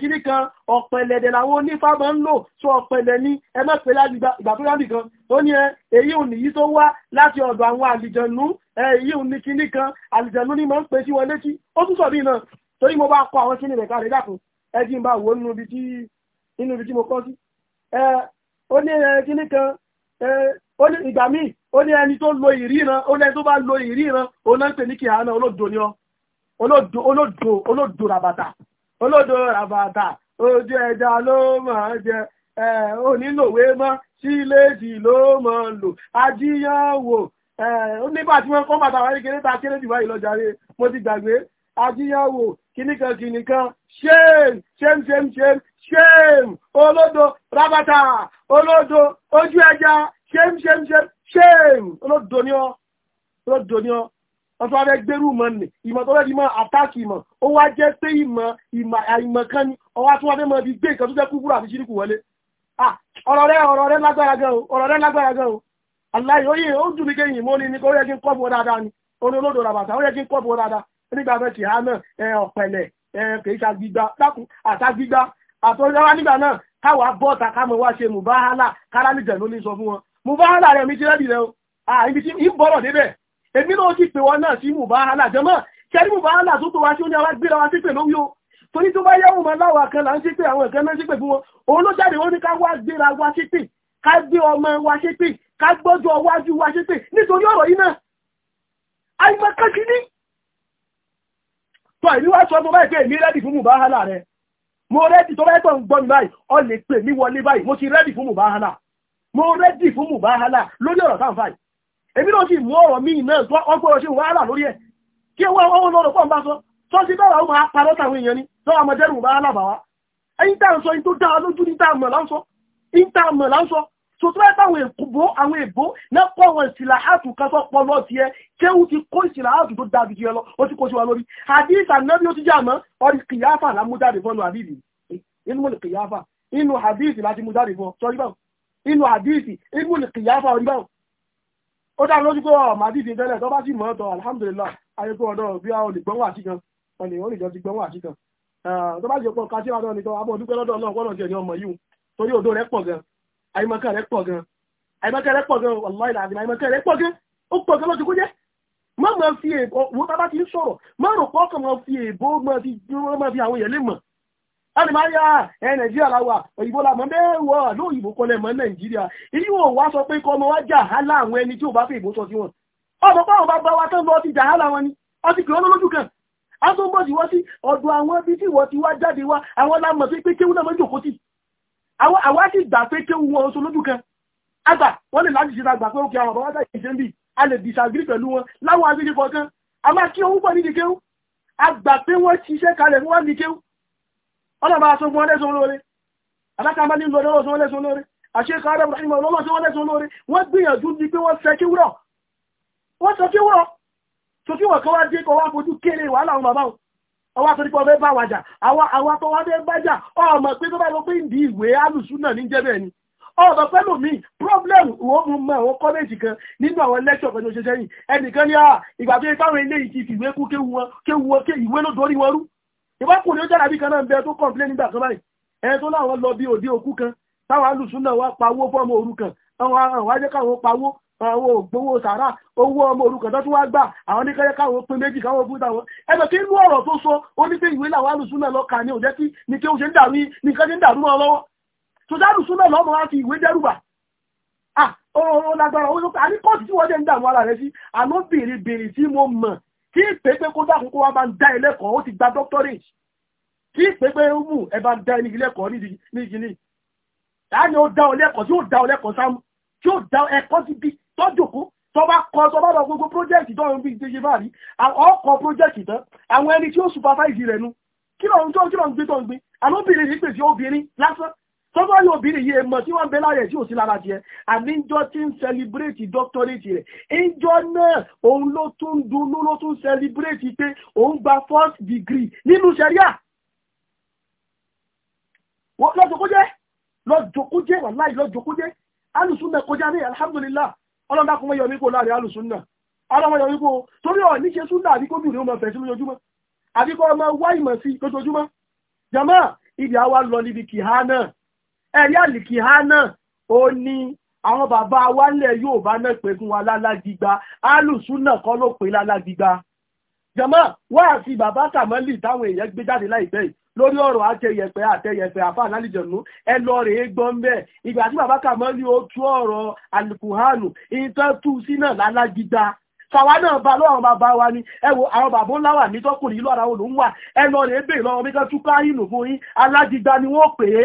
kíní kan ọ̀pẹ̀lẹ̀dẹ̀ làwọn onífá máa ń lò so ọ̀pẹ̀lẹ̀ ni ẹ má pè lágbígbá ìgbà tó yábì kan ó ní ẹ èyí ò nìyí tó wá láti ọ̀dọ̀ àwọn àlìjẹ̀nú èyí ò ní kíní kan àlìjẹ̀nú ni máa ń pè sí wọn létí ó tún sọ bí náà torí mo bá kọ àwọn kíní rẹ̀ káre dàkún ẹ jí n bá wò nínú ibi tí mo kọ́ sí ó ní kíní kan ó ní ẹni tó lo ìríran ó ní ẹni tó bá lo ìríran ó náà ń pè ní kí àánà olódo ni ọ olódo olódo olódo ràbàtà olódo ràbàtà ojú ẹja ló máa jẹ ẹ onílòwé mọ síléèdì ló máa lò ajíyànwò ẹ nígbà tí wọn kọ́ bàtà wáyé kéré ta kéré jù báyìí lọ́jà mo ti gbàgbé ajíyànwò kìnìkan kìnìkan shame shame shame shame shame olódo ràbàtà olódo ojú ẹja shame shame shame. shame olódo ni ọ́ olódo ni ọ́ wọ́n tún wá fẹ́ gbérú ìmọ̀ nì ìmọ̀ tó fẹ́ di mọ́ àtàkì ìmọ̀ ó wá jẹ́ pé ìmọ̀ ìmọ̀ kan ni ọwá tún wá fẹ́ mọ́ ibi gbé nǹkan tó jẹ́ kúkúrú àti ṣíríkù wọlé rẹ ọ̀rọ̀ rẹ lágbára gan o ọ̀rọ̀ rẹ lágbára gan o aláì ó yẹ ó dùn mí kéyìn ni ni kò yẹ kí n kọ́ dáadáa ni olódò ó yẹ kí n kọ́ dáadáa nígbà náà dákun nígbà náà ká wá ṣe mùbáhálà rẹ̀ mi ti rẹ́dì rẹ̀ o àìbí tí ń bọ̀rọ̀ débẹ̀ èmi náà ti pè wọ́n náà sí mùbáhálà jẹ́mọ́ kẹrí mùbáhálà tó tó wá sí ó ní àwọn gbéra wá sí pè lórí o torí tó bá yẹ́wò máa láwà kan là ń sí pé àwọn ìkan náà sí pè fún wọn òun ló jáde ó ní ká wá gbéra wá sí pè ká gbé ọmọ wá sí pè ká gbọ́jú ọwájú wá sí pè nítorí ọ̀rọ̀ yìí náà àìmọ̀ kankí ní tó ìlú wá sọ mo bá yẹ mo rẹ́dì fún mùbáhálà lórí ọ̀rọ̀ táǹfàì èmi náà sì mú ọ̀rọ̀ míì náà tó ọgbọ́n ṣe wàhálà lórí ẹ̀ kí wọ́n wọ́n lọ́rọ̀ pọ̀ ń bá sọ tó sí bẹ́ẹ̀ wọ́n máa parọ́ táwọn èèyàn ni tó wà mọ̀jẹ́rù mùbáhálà bà wá ẹ̀yìn tá à ń sọ in tó dá lójú ní tá à mọ̀ láńsọ in tá à mọ̀ láńsọ tó tó bẹ́ẹ̀ táwọn èbó àwọn èbó náà kọ́ àwọn ìsìlà áàtù kan sọ pọ̀ lọ tiẹ̀ kéwù ti kó ìsìlà áàtù tó dáa jù lọ ó ti kó sí wa lórí hadith ànábì ó ti jẹ́ àmọ́ inú hadith láti mú jáde fọ́ sọ́rí báwọn inú àdìsí ibú ni kìyàfà oníbà ó dá lójú pé ọmọ àdìsí tẹ́lẹ̀ tó bá sì mọ́ ọ̀tọ̀ alhamdulillah ayé pé ọ̀dọ̀ bí wọn lè gbọ́nwà sí kan wọn lè wọn lè jọ ti gbọ́nwà sí kan ah, tó bá sì pọ̀ kásí wa náà nìkan abọ́ dúpẹ́ lọ́dọ̀ náà kọ́nà tiẹ̀ ní ọmọ yìí torí odò rẹ̀ pọ̀ gan àyèmọ̀kà rẹ̀ pọ̀ gan àyèmọ̀kà rẹ̀ pọ̀ gan wàláì làbí àyèmọ̀kà rẹ̀ pọ̀ gan ó pọ̀ gan lọ́sọ̀kọ́ jẹ́ má máa fi èèbó wọ́n bá ti ń sọ̀rọ̀ má rò pọ́ kàn máa fi èèbó máa fi àwọn èèyàn lè mọ̀ ẹni máa yá ah, ẹ nàìjíríà láwà òyìnbó la mọ̀ mẹ́wọ̀ lóyìnbó kọlẹ̀ mọ́ nàìjíríà èyí ò wá sọ pé kọ́ ọmọ wa jà hálà àwọn ẹni tí ò bá fi ìbò sọ sí wọn ọmọ báwọn bá bá wa tán lọ ti jà hálà wọn ni ọtí kìí olólójú kan agbóngbòsí wọ́n sí ọ̀dọ̀ àwọn ibi tí wọ́n ti wá jáde wá àwọn lámọ̀ sí pé kéwú náà mọ́ jòkó sí àwọn sì gbà pé kéwú wọn oṣù lójú kan àgbà wọ́n lè láti ṣe àgbà pé ó kí àwọn ọ̀bọ̀wọ́dá ìṣẹ́ ń bì a lè disagree pẹ̀lú wọn láwọn agbègbè kọ̀ọ̀kan àmọ́ kí owó pọ̀ nídìí kéwú àgbà pé wọ́n ṣiṣẹ́ kalẹ̀ wọ́n ní kéwú ọlọ́ba aṣogun ọlẹ́sùn olóore alákàmbá ní ìlú ọlọ́sùn ọlẹ́sùn olóore àṣíkà arábùrù ìmọ̀ ọlọ́sùn ọlẹ́sùn olóore wọ́n gbìyànjú ní pé wọ́n sẹ́kí wúrọ̀ wọ́n sọ kí wúrọ̀ tó kí wọ́n kọ́ wá dé kọ́ wá fojú kéré wàhálà àwọn bàbá problem ah, wọn ìbákùnrin ó jára bí kan náà ń bẹ tó kọ̀m̀plé nígbà kan báyìí ẹni tó láwọn lọ bí òde òkú kan táwọn alùsùn náà wá pawó fọ́ọ̀mù òrukàn àwọn àwọn ajẹ́kàwọn pawó àwọn ògbówó sàárà owó ọmọ òrukàn tó wá gbà àwọn oníkẹ́yẹ káwọn méjì káwọn fún ẹgbẹ́ kí sọ ó ní pé ìwé làwọn lọ kà ní òjẹ́ kí ó ṣe ń dàrú ń dàrú mọ́ kí ìpépé kó dákun kó wá bá ń dá ilé kan ó ti gba doctorate kí ìpépé mú ẹ bá ń dá ilé lẹ́kọ̀ọ́ ní ìjìnlẹ̀ láàrin ó dá ọ lẹ́kọ̀ọ́ tí ó dá ọ lẹ́kọ̀ọ́ sáàmù tí ó dá ẹ̀kọ́ sí bí tọ́jòkó tó bá kọ tó bá lọ gbogbo projẹ́ẹ̀tì tó ń bí ṣe bá rí ọkọ̀ projẹ́ẹ̀tì tán àwọn ẹni tí ó supervise rẹ̀ nu kí lọ́run tó kí lọ́run gbé tó ń gbé àlóbìnrin yìí pèsè obìnrin lásán tó bá yóò bìrì yìí mọ̀ tí wọ́n bẹ láàrẹ̀ tí ò sí lára jẹ́ àní ìjọ tí ń celebrate doctorate rẹ̀ ìjọ náà òun ló tún dunú ló tún celebrate pé òun gba first degree nínú sẹ́ríà lọ́jọ́kújẹ́ lọ́jọ́kújẹ́ wàláì lọ́jọ́kújẹ́ alùsùnà kọjá ní alhamdulillah ọlọ́dàkùnmọ́ yọ̀ nípò láàrin alùsùnà ọlọ́mọ yọ̀ nípò torí ọ̀ ní ṣe súnà àbíkóbìnrin ọmọ fẹ̀sí lójoojúmọ́ àbíkọ́ ọmọ wáìmọ̀ sí lójoojúmọ́ jama ibi àwa lọ níbi kìhá ẹ̀rí àlìkìhá náà ó ní àwọn bàbá wa nílẹ̀ Yorùbá náà pè fún wa lálágbígba alùsùn náà kọ́ ló pè lálágbígba jọmọ́ wá àti bàbá kàmọ́lì táwọn èèyàn gbé jáde láìpẹ́ yìí lórí ọ̀rọ̀ àtẹyẹpẹ àtẹyẹpẹ àfa àlálìjọ̀nù ẹ lọ rè é gbọ́n bẹ́ẹ̀ ìgbà tí bàbá kàmọ́lì ó tú ọ̀rọ̀ alùkùhánù ìtàn tú sí náà ba lọ́wọ́ bàbá wa ni ẹ wo àwọn bàbá ńlá wà ní tọkùnrin ìlú ara ẹ lọ rè é bèèrè lọ́wọ́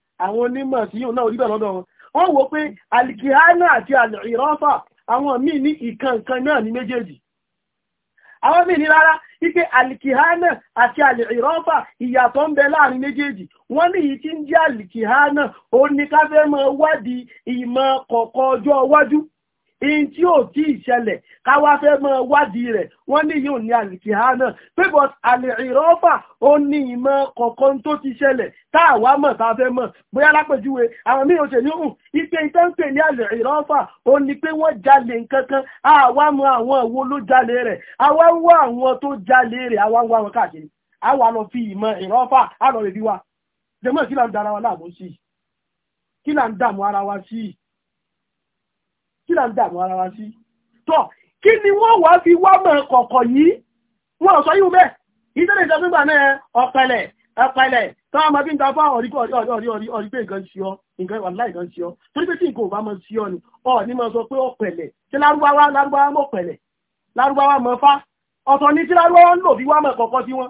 àwọn onímọ̀ sí yóò náà oríbẹ̀ lọ́dọ̀ wọn wọ́n wò pé alikihana àti alìrọ́fà àwọn míì ní ìkankan náà ní méjèèjì àwọn míì ní rárá wípé alikihana àti alìrọ́fà ìyàtọ̀ ń bẹ láàrin méjèèjì wọ́n ní èyí tí ń jẹ́ alikihana ó ní ká fẹ́ mọ wádìí ìmọ̀ kọ̀ọ̀kan ọjọ́ iwájú in tí ò tí ì ṣẹlẹ̀ káwá fẹ́ mọ wádìí rẹ̀ wọ́n ní yóò ní àlìkìhá náà pébọ̀ àlìrọ́fà ó ní ìmọ̀ kọ̀ọ̀kan tó ti ṣẹlẹ̀ táàwá mọ̀ tá a fẹ́ mọ̀ bóyá lápèjúwe àwọn míì ò ṣe ní hùn ipe ìtẹ́ ń pè ní àlìrọ́fà ó ní pé wọ́n jalè nǹkan kan àwa mọ àwọn ìwo ló jalè rẹ̀ àwa ń wá àwọn tó jalè rẹ̀ àwa ń wá wọn káàkiri kí là ń dààmú ara wa sí. tọ́ kí ni wọ́n wá fi wá mọ̀ kọ̀kọ̀ yìí wọ́n sọ yíò bẹ́ẹ̀ ìtẹ́lẹ̀ ìjọba gbà náà ọ̀pẹ̀lẹ̀ ọ̀pẹ̀lẹ̀ tó wọ́n máa fi ń ta fún ọ̀rí ọ̀rí pé nǹkan sí ọ nǹkan wàlá nǹkan sí ọ torí pé tí nǹkan ò bá mọ sí ọ ni ọ ní mọ sọ pé ọ̀pẹ̀lẹ̀ tí lárúbáwá lárúbáwá mọ̀ pẹ̀lẹ̀ lárúbáwá mọ̀ fá ọ̀tọ̀ ni tí lárúbáwá ń lò bí wá mọ̀ kọ̀kọ́ sí wọn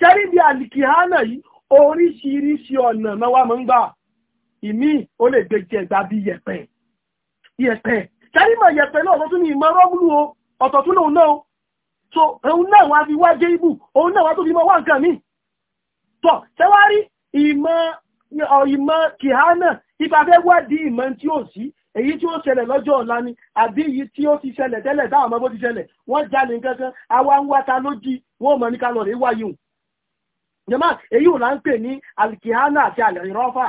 kẹrí bí àlìkìhánà yìí oríṣiríṣi ọ̀nà náà wá mọ̀ ń gbà ìmí ó lè gbé jẹ gbà bí yẹ̀pẹ̀ yẹ̀pẹ̀ kẹ́rìmọ̀ yẹ̀pẹ̀ náà ọ̀tọ̀ ní ìmọ̀ rọ́gùlù lòun náà so òun náà wá fi wá jẹ́ ibù òun náà wá tó fi mọ́ wá nǹkan mi tọ̀ tẹ́wárí ìmọ̀ kìhánà ipa fẹ́ wá di ìmọ̀ tí ó sí èyí tí ó ṣẹlẹ̀ lọ́jọ́ ọ̀la ni àbí èyí tí ó ti ṣẹlẹ̀ tẹ́lẹ̀ táwọn ọmọ bó ti ṣẹlẹ̀ wọ́n jalè kankan àwa ń wá ta lójí wọ́n mọ̀ ní kálọ̀ rẹ̀ wáyé o jẹ́mọ́ èyí ò là ń pè ní alikihana àti alẹ́rọ́fà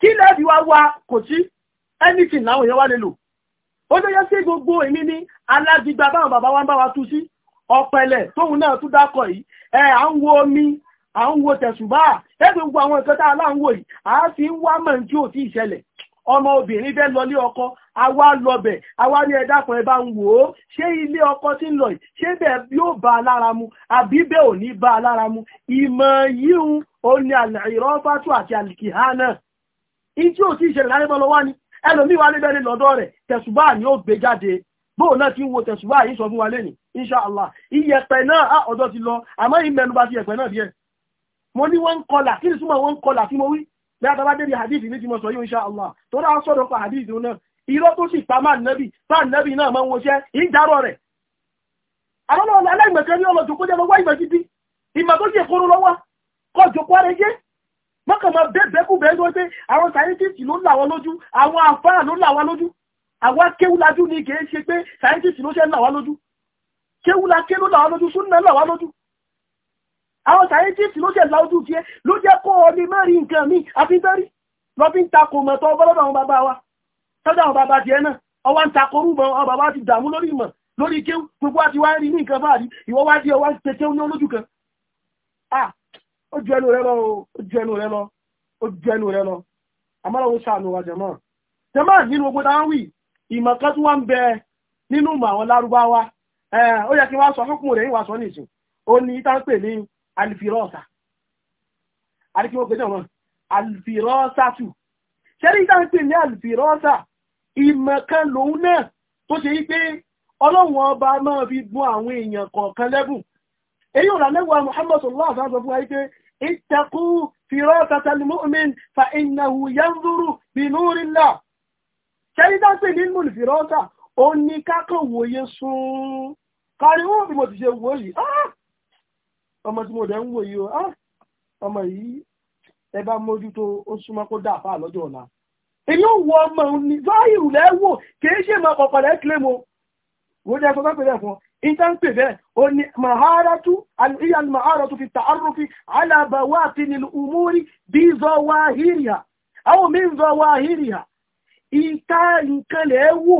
kí lẹ́ẹ̀dì wá wá kò sí anything láwọn èèyàn wá lè lò ó si sí gbogbo èmi ní alágbígbà báwọn bàbá wa ń bá wa tú sí ọ̀pẹ̀lẹ̀ tóun náà tún dákọ̀ yìí ẹ̀ à ń wo omi à ń wo tẹ̀sùbá gbogbo àwọn a yìí à fi ń wá mọ̀ tí ò tí ì ṣẹlẹ̀ ọmọ obìnrin fẹ́ lọ ọkọ ní ẹ bá ń wò ó ṣé ilé ọkọ tí ń lọ yìí ṣé yóò bá a lára mu àbí bẹ́ẹ̀ a lára mu yíhun òun ni àti àlìkìhánà ìtí ò tí ni e wá níbẹ̀ ní lọ́dọ̀ rẹ̀ tẹ̀sùbá ni ó gbé jáde bóun náà ti ń wo tẹ̀sùbá yìí sọ fún wa lẹ́nu inṣàlá iyẹ̀pẹ̀ náà á ọ̀dọ́ ti lọ àmọ́ ìmẹ́nu bá ti yẹ̀pẹ̀ náà díẹ̀ mo ní wọ́n ń kọlà kí ni túmọ̀ wọ́n ń kọlà tí mo wí lẹ́yìn bá débi hadith ti mo sọ yìí inṣàlá tó dáa sọ̀rọ̀ pa hadith náà irọ́ tó sì pa náà ń mọ́kàn máa bẹ́ẹ̀bẹ́kù bẹ́ẹ̀ ló pé àwọn sáyẹ́ntìsì ló làwọn lójú àwọn àfáà ló làwọn lójú àwọn akéwúlájú ni kìí ṣe pé sáyẹ́ntìsì ló ṣe làwọn lójú kéwúláké ló làwọn lójú súnmọ́ làwọn lójú àwọn sáyẹ́ntìsì ló ṣe làwọn lójú tiẹ̀ ló jẹ́ kó o ní mẹ́rin nǹkan mi àfitẹ́rí lọ fi ń takò mọ̀tọ́ ọbọ̀lọ́dọ̀ àwọn bàbá wa tọ́jú àwọn bàbá tiẹ̀ náà ọwọ́ ń takorú mọ́ ọ bàbá ti dààmú lórí ìmọ̀ lórí kéwú gbogbo àti wá ń rí ní nǹkan báyìí ìwọ wá di ọwọ́ ń tẹ̀tẹ̀ ní olójú kan ó ju ẹnu rẹ lọ ó ẹnu rẹ lọ ó ẹnu rẹ lọ àmọ́lọ́wọ́ sàánú wa nínú kan tí wọ́n ń bẹ nínú àwọn lárúbáwá ó yẹ kí sọ fún rẹ̀ ìwà sọ nìsín ó ní ìtànpè ní alifirọ́ọ̀sà àríkíwọ́ pé jẹ̀mọ́ alifirọ́ọ̀sà tù ṣẹ́rí ìtànpè ní kan lòun náà tó ṣe yí pé ọlọ́run ọba máa fi bùn àwọn èèyàn kọ̀ọ̀kan lẹ́bùn èyí ò lálẹ́wà muhammad sallallahu alaihi wa sallam wáyé pé ìtẹ̀kù fìrọ́tàtà lùmọ́mìn fa ìnáwó yanzuru bìnúrìlá ṣẹ́yídá sí ní mùlù fìrọ́tà ó ní kákan wòye sun kárí wọn bí mo ti ṣe wò yìí ah! ọmọ tí mo dẹ̀ ń wò yìí ah! ọmọ yìí ẹ bá mójútó ó súnmọ́ kó dà lọ́jọ́ ọ̀la èyí ò wọ ọmọ ní báyìí rẹ̀ wò kì í ṣe máa ìtànpè bẹ́ẹ̀ o ní maharatu aliyal maharatu fi ta'arrufi ala bawatini al-umuri bí zawahiriha aw min zawahiriha ìta nǹkan lè wò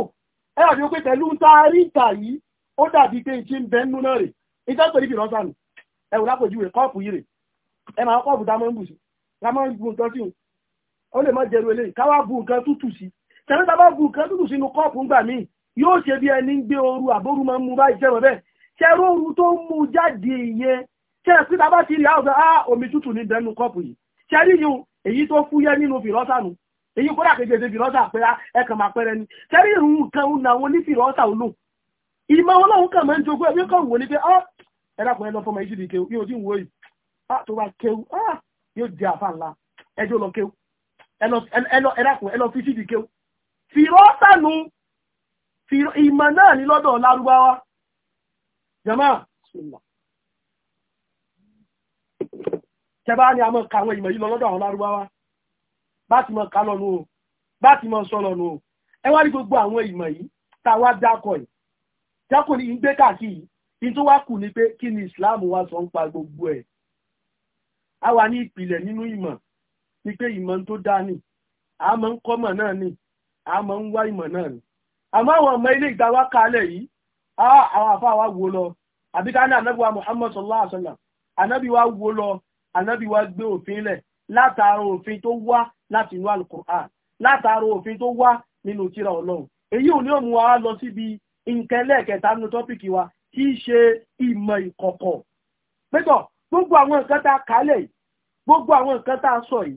ẹ̀rọ ni ó pé pẹ̀lú taari ìta yìí ó dàbí pé ìtí ń bẹ nínú náà rè ìtànpè níbi lọ́sànù ẹ̀rù lápòjúwe kọ́ọ̀pù yìí rè ẹ̀ máa kọ́ọ̀pù tá máa ń bù sí tá máa ń bù nǹkan sí ó lè má jẹ́rú eléyìí káwá bù nǹkan tútù sí tẹ̀lé yóò ṣe bí ẹni ń gbé ooru àbóru máa ń mu báyìí ṣẹ́wọ̀n bẹ́ẹ̀ ṣẹ́rú ooru tó ń mu jáde ìyẹn ṣẹ́rẹ̀ sí tábà ti rí àwọn ah, omi tútù ní bẹ́nu kọ́ọ̀pù yìí ṣẹ́rí yìí èyí tó fúyẹ́ nínú fìrọ́sà nù èyí kó dàkejì èdè fìrọ́sà pé ah, ẹkàn máa pẹ́rẹ́ ni ṣẹ́rí ìrùn nǹkan làwọn onífìrọ́sà ò lò ìmọ̀ ọlọ́run kàn máa ń jogún ẹ̀mí kan wò ní pé ah, ẹ̀dàkùn ẹ̀ lọ fọmọ ìṣìdì kéwù yóò tí ń wo yìí tó bá kéwù fìrọ́sà nù ìmọ̀ náà ní lọ́dọ̀ lárúbáwá jama tẹbá ni a mọ́ ka àwọn ìmọ̀ yìí lọ́dọ̀ àwọn lárúbáwá bá ti mọ́ ká lọ́nu o bá ti mọ́ sọ lọ́nu o ẹ wá rí gbogbo àwọn ìmọ̀ dákọ̀ dákọ̀ ní gbé káàkiri tó wá kù ní pé kí ni Islam wá sọ ń pa gbogbo ẹ̀ a wà ní ìpìlẹ̀ nínú ìmọ̀ ni pé ìmọ̀ tó dá ni ni a ń wá ìmọ̀ àmọ́ àwọn ọmọ ilé ìdáwà kalẹ̀ yìí àwọn àfa wa wo lọ àbí ká ní ànábì Muhammad sallallahu alaihi wasallam ànábì wa wo lọ ànábì wa gbé òfin lẹ̀ látara òfin tó wá láti inú alukur'an látara òfin tó wá nínú tírà Ọlọ́run èyí ò ní òun wa lọ síbi nǹkan lẹ́ẹ̀kẹta nínú tọ́pìkì wa kì í ṣe ìmọ̀ ìkọ̀kọ̀ pẹ́tọ̀ gbogbo àwọn nǹkan tá a kálẹ̀ yìí gbogbo àwọn nǹkan tá a sọ yìí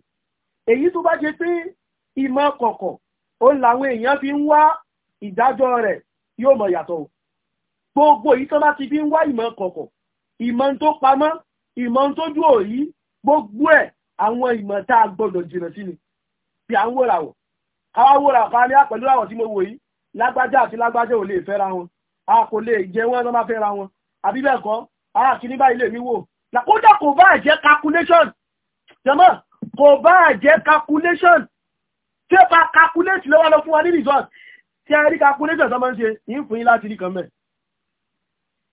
èyí tó bá ṣe pé ìmọ̀ kọ̀kọ̀ òun làwọn èèyàn fi ń wá ìdájọ́ rẹ̀ yóò mọ̀ yàtọ̀ o gbogbo yìí tó bá ti fi ń wá ìmọ̀ kọ̀kọ̀ ìmọ̀ tó pamọ́ ìmọ̀ tó dúró yìí gbogbo ẹ̀ àwọn ìmọ̀ tá a gbọ́dọ̀ jìnà sí ni bí à ń wòrà wọ̀ káwá wòrà ká ní àpẹ̀lú àwọ̀ tí mo wò yìí lágbájá àti lágbájá ò lè fẹ́ra wọn a kò lè jẹ wọn lọ́mọ fẹ́ra wọn àbí bẹ́ẹ̀ kọ́ ara kìíní báyìí lè mí wò kódà kò bá jẹ́ calculation jọmọ́ kò bá jẹ́ calculation tí ó bá calculate lọ́wọ́ lọ fún wa ní result tí a rí calculation tó máa ń ṣe yìí fún yín láti rí kan mẹ́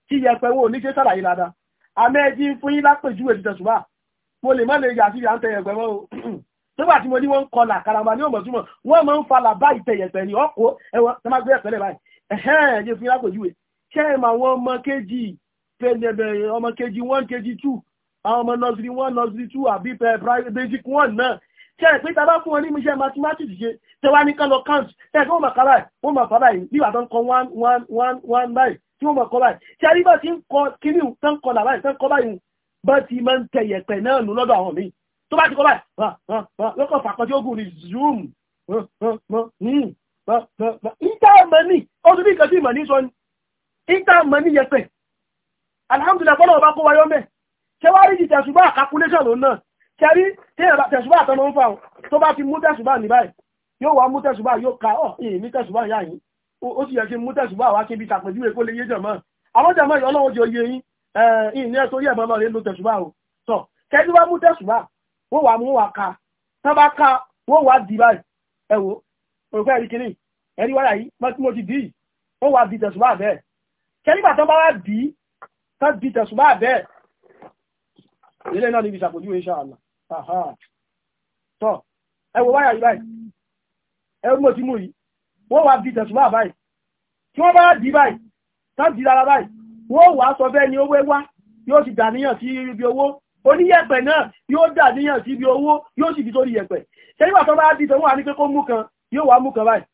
kí yẹpẹ wo ní ṣe sàlàyé dáadáa àmẹ́ẹ̀dí fún yín lápèjúwe ti tẹ̀sùbà mo lè má lè yà sí ìyàntẹ̀ yẹpẹ mọ́ o nígbà tí mo ní wọ́n ń kọlà karama ní ọmọ túmọ̀ wọ́n máa ń falà bá ìtẹ̀ yẹpẹ ní ọkọ̀ ẹwọ́n tó máa gbé ẹ̀pẹ́ lẹ̀ báyìí ẹ̀hẹ́n one kéjì two àwọn one nursery two àbí eh, basic one ṣe é pé tàbá fún wọn ní iṣẹ́ mathematics ṣe tẹ wá ní kán lọ count ṣe é pé wọ́n máa kábàáyì wọ́n máa fàbáyì bí wàá tó ń kọ one one one one báyìí tí wọ́n máa kọ báyìí ṣe é rí bá ti ń kọ kíní tó ń kọ làbáyìí tó ń kọ báyìí bá ti máa ń tẹ yẹ̀pẹ̀ náà nù lọ́dọ̀ àwọn míì tó bá ti kọ báyìí lọ́kọ̀ fàkọ́jọ́ ogun ni zoom ìtàmọ́ni ọdún bí ìkàtí ìmọ̀ ní sọ ni ìtàmọ́ni yẹ̀pẹ̀ alhamdulillah fọ́lọ́wọ́ bá kó wáyọ́ mẹ́ ṣe wá rí ìjà ṣùgbọ́n àkàkúlẹ́ṣọ̀ lónà kẹrí tí ẹ̀rọ tẹ̀sùbá àtọmọ ń fà ó tó bá ti mú tẹ̀sùbá ní báyìí yóò wá mú tẹ̀sùbá yóò ka ọ̀ ìyìn ní tẹ̀sùbá yá yìí ó sì yẹ kí mú tẹ̀sùbá wá kí n bí tàpẹ̀júwe kó lè yé jẹ̀mọ́ àwọn jẹ̀mọ́ yìí ọlọ́wọ́ jẹ́ oyè yín ìyìn ní ẹ̀ torí ẹ̀mọ́ rẹ̀ lo tẹ̀sùbá o tọ̀ kẹ́jú bá mú tẹ̀sùbá wọ́n wá mú wá ka tán bá ka wọ́n wá di báyìí ẹ wo òrùka ẹ̀rí kìíní ẹ̀rí wáyà yìí mo ti dì í wọ́n wá di tẹ̀sùbá bẹ́ẹ̀ kẹ́nígbà tán bá wá dì í tán di tẹ̀sùbá bẹ́ẹ̀ ilé náà níbi ìṣàpòjú insha Allah tọ́ ẹ wo wáyà yìí báyìí ẹ mọ̀ tí mú yìí wọ́n wá di tẹ̀sùmá báyìí tí wọ́n bá di báyìí tán di lára báyìí wọ́n wá sọ bẹ́ẹ̀ ni owó wá yóò sì dàníyàn sí ibi owó oníyẹ̀pẹ̀ náà yóò dàníyàn sí ibi owó yóò sì fi sórí yẹ̀pẹ̀ ṣé nígbà tó bá di tẹ̀wọ́n wà ní pé kó mú kan yóò wá mú kan báyìí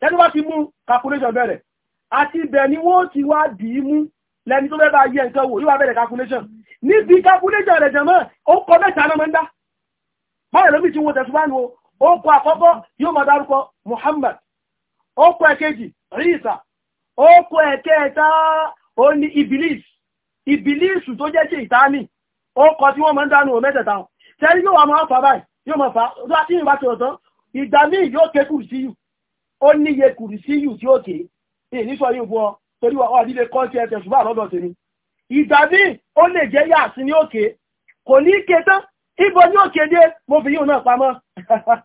ṣé tó bá ti mú calculation bẹ̀rẹ̀ àti ibẹ̀ lẹni tó mẹ́bàá yẹ nǹkan wò yíwá bẹ̀rẹ̀ calculation níbi calculation rẹ̀ jẹ̀mọ́ ó kọ mẹ́ta náà mẹ́ta báyẹ̀ lómi tí wọ́n tẹ̀síwájú ó kọ àkọ́kọ́ yóò máa dárúkọ Muhammad ó kọ ẹ̀kejì Isa ó kọ ẹ̀kẹta ó ní Ibilis Ibilis tó jẹ́ sí ìtaní ó kọ tí wọ́n máa ń dánú mẹ́tẹ̀ta tẹ́lí yóò wá máa fà báyìí yóò máa fà ó láti ìrìn bá ti ọ̀tán ìgbà míì yóò ké kùrìsíyù ó níye kùrìsíyù tí ó ké ìníṣọ́ yóò bú ọ torí wà wà nílé kọ́ọ̀tì ẹ̀tẹ̀ ṣùgbọ́n àlọ́dọ̀ tèmi ìgbà míì ó lè jẹ́ yàásí ní òkè kò ní ké tán ibo ní òkè dé mo fi yíò náà pamọ́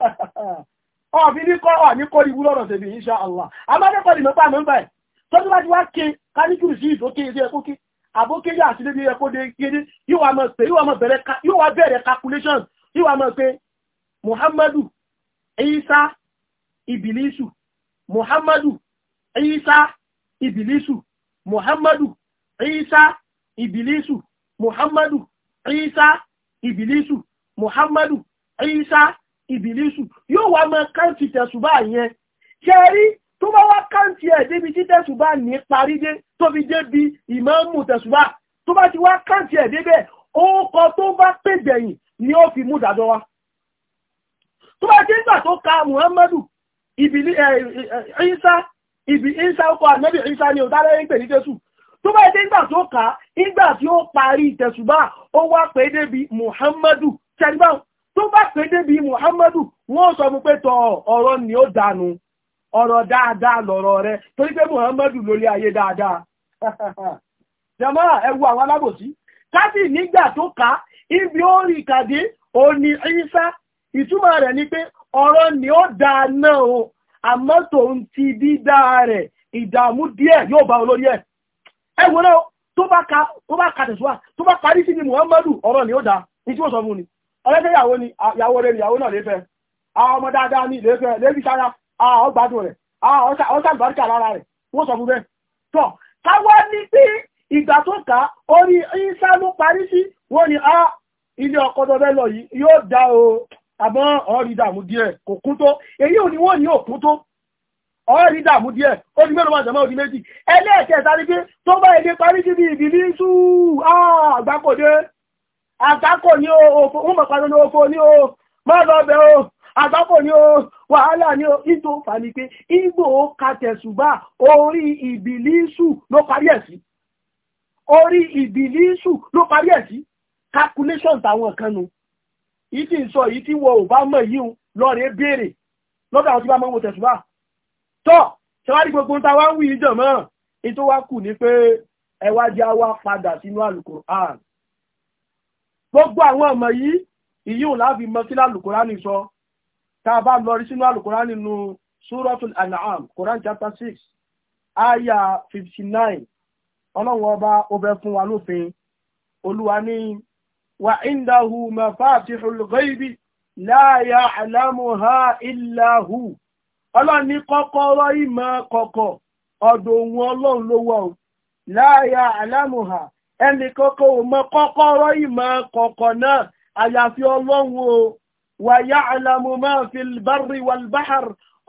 ọ̀bí ní kọ́ ọ̀ ní kó ibú lọ́rọ̀ tèmi insha Allah amádẹ́kọ̀ ni mọ́pá mọ́ báyìí tọ́jú bá ti wá ké káníkùrù sí ìdókè ilé ẹ̀kọ́ ké àbókè yàásí lé ẹ̀kọ́ dé kéde yóò wá bẹ̀rẹ̀ calculation yóò wá mọ̀ pé Muhammadu Isa Ibilisu Muhammadu Isa ìbìlísù muhammadu isa ìbìlísù muhammadu isa ìbìlísù muhammadu isa ìbìlísù yóò wá máa káǹtì tẹ̀sùbá yẹn ṣe rí tó bá wá káǹtì ẹ̀ débi tí tẹ̀sùbá ní parí dé tó fi dé bi ìmáàmù tẹ̀sùbá tó bá ti wá káǹtì ẹ̀ débẹ̀ orúkọ tó bá pè gbẹ̀yìn ni ó fi mú dájọ́ wá tó bá ti ń gbà tó ka muhammadu ìbìlí ẹ̀ ẹ̀ ẹ̀ ẹ̀ ẹ̀ ibi ìsá ọkọ ànábì ìsá ni ò dálẹ́ ń pè ní jésù tó bá dé pari tó kà á tí muhammadu ṣẹ́gbọ́n tó bá pé débi muhammadu wọ́n sọ mú pé tọ ọ̀rọ̀ ni ó dànù ọ̀rọ̀ dáadáa rẹ torí muhammadu lórí ayé dáadáa jama ẹwu àwọn alábòsí káàsì nígbà tó kà ibi ó rí ìkàdé ìtumọ̀ ni pé ọ̀rọ̀ ni ó àmọ́ tòun ti dídá rẹ̀ ìdààmú díẹ̀ yóò bá olórí ẹ̀ ẹ wò náà tó bá ka tó tó bá parí sí ni Muhammadu ọ̀rọ̀ ni ó dáa ní tí ó sọ fún ni ọlẹ́fẹ́ ìyàwó ni ìyàwó rẹ̀ ìyàwó náà lẹ́fẹ́ ọmọ dáadáa ni lẹ́fẹ́ lẹ́bí sára àwọn gbádùn rẹ̀ àwọn sàbáríkà lára rẹ̀ wọ́n sọ fún bẹ́ẹ̀ tọ́ káwọ́ ní pé ìgbà tó kà orí ìsá ló parí sí wọ́n ni o àmọ́ ọ̀rí dààmú díẹ̀ kò kún tó èyí ò ní wọ́n ní òkún tó ọ̀rí dààmú díẹ̀ ó ní mẹ́rin máa ó méjì ẹlẹ́ẹ̀kẹta ní pé tó bá ilé parí síbi ìbílí ní òfò o mọ́lọ́bẹ̀ o àgbákò ní o wàhálà ní o ìtò fà ní pé ìgbò katẹ̀sùbà orí ìbílí sú ló parí ẹ̀ sí orí ìbílí sú ló parí ẹ̀ sí calculation kan nu yìí tí ń sọ yìí tí wọ ò bá mọ̀ yìí lọ́rẹ̀ béèrè lọ́dọ̀ àwọn tí bá mọ́ wo tẹ̀sùbá tọ́ ṣẹwádìí gbogbo ń ta wá ń wí ìjọ mọ́ in tó wá kù ní pé ẹwájú wa padà sínú alukoran gbogbo àwọn ọmọ yìí ìyíhùn láàfi mọ sí alukoran sọ tá a bá lọ rí sínú alukoran nínú suratul an'am quran chapter six aya fifty nine ọlọ́run ọba ó fẹ́ fún wa lófin olúwa ní وعنده مفاتح الغيب لا يعلمها إلا هو ọlọ́run ní kọ́kọ́rọ́ ìmọ̀ kọ̀kọ̀ ọ̀dọ̀ òun ọlọ́run ló wà ó la ya'lamuha ẹnì kọ́kọ́ ò mọ kọ́kọ́rọ́ ìmọ̀ kọ̀kọ̀ náà àyàfi ọlọ́run o wa ya'lamu ma fil barri wal bahr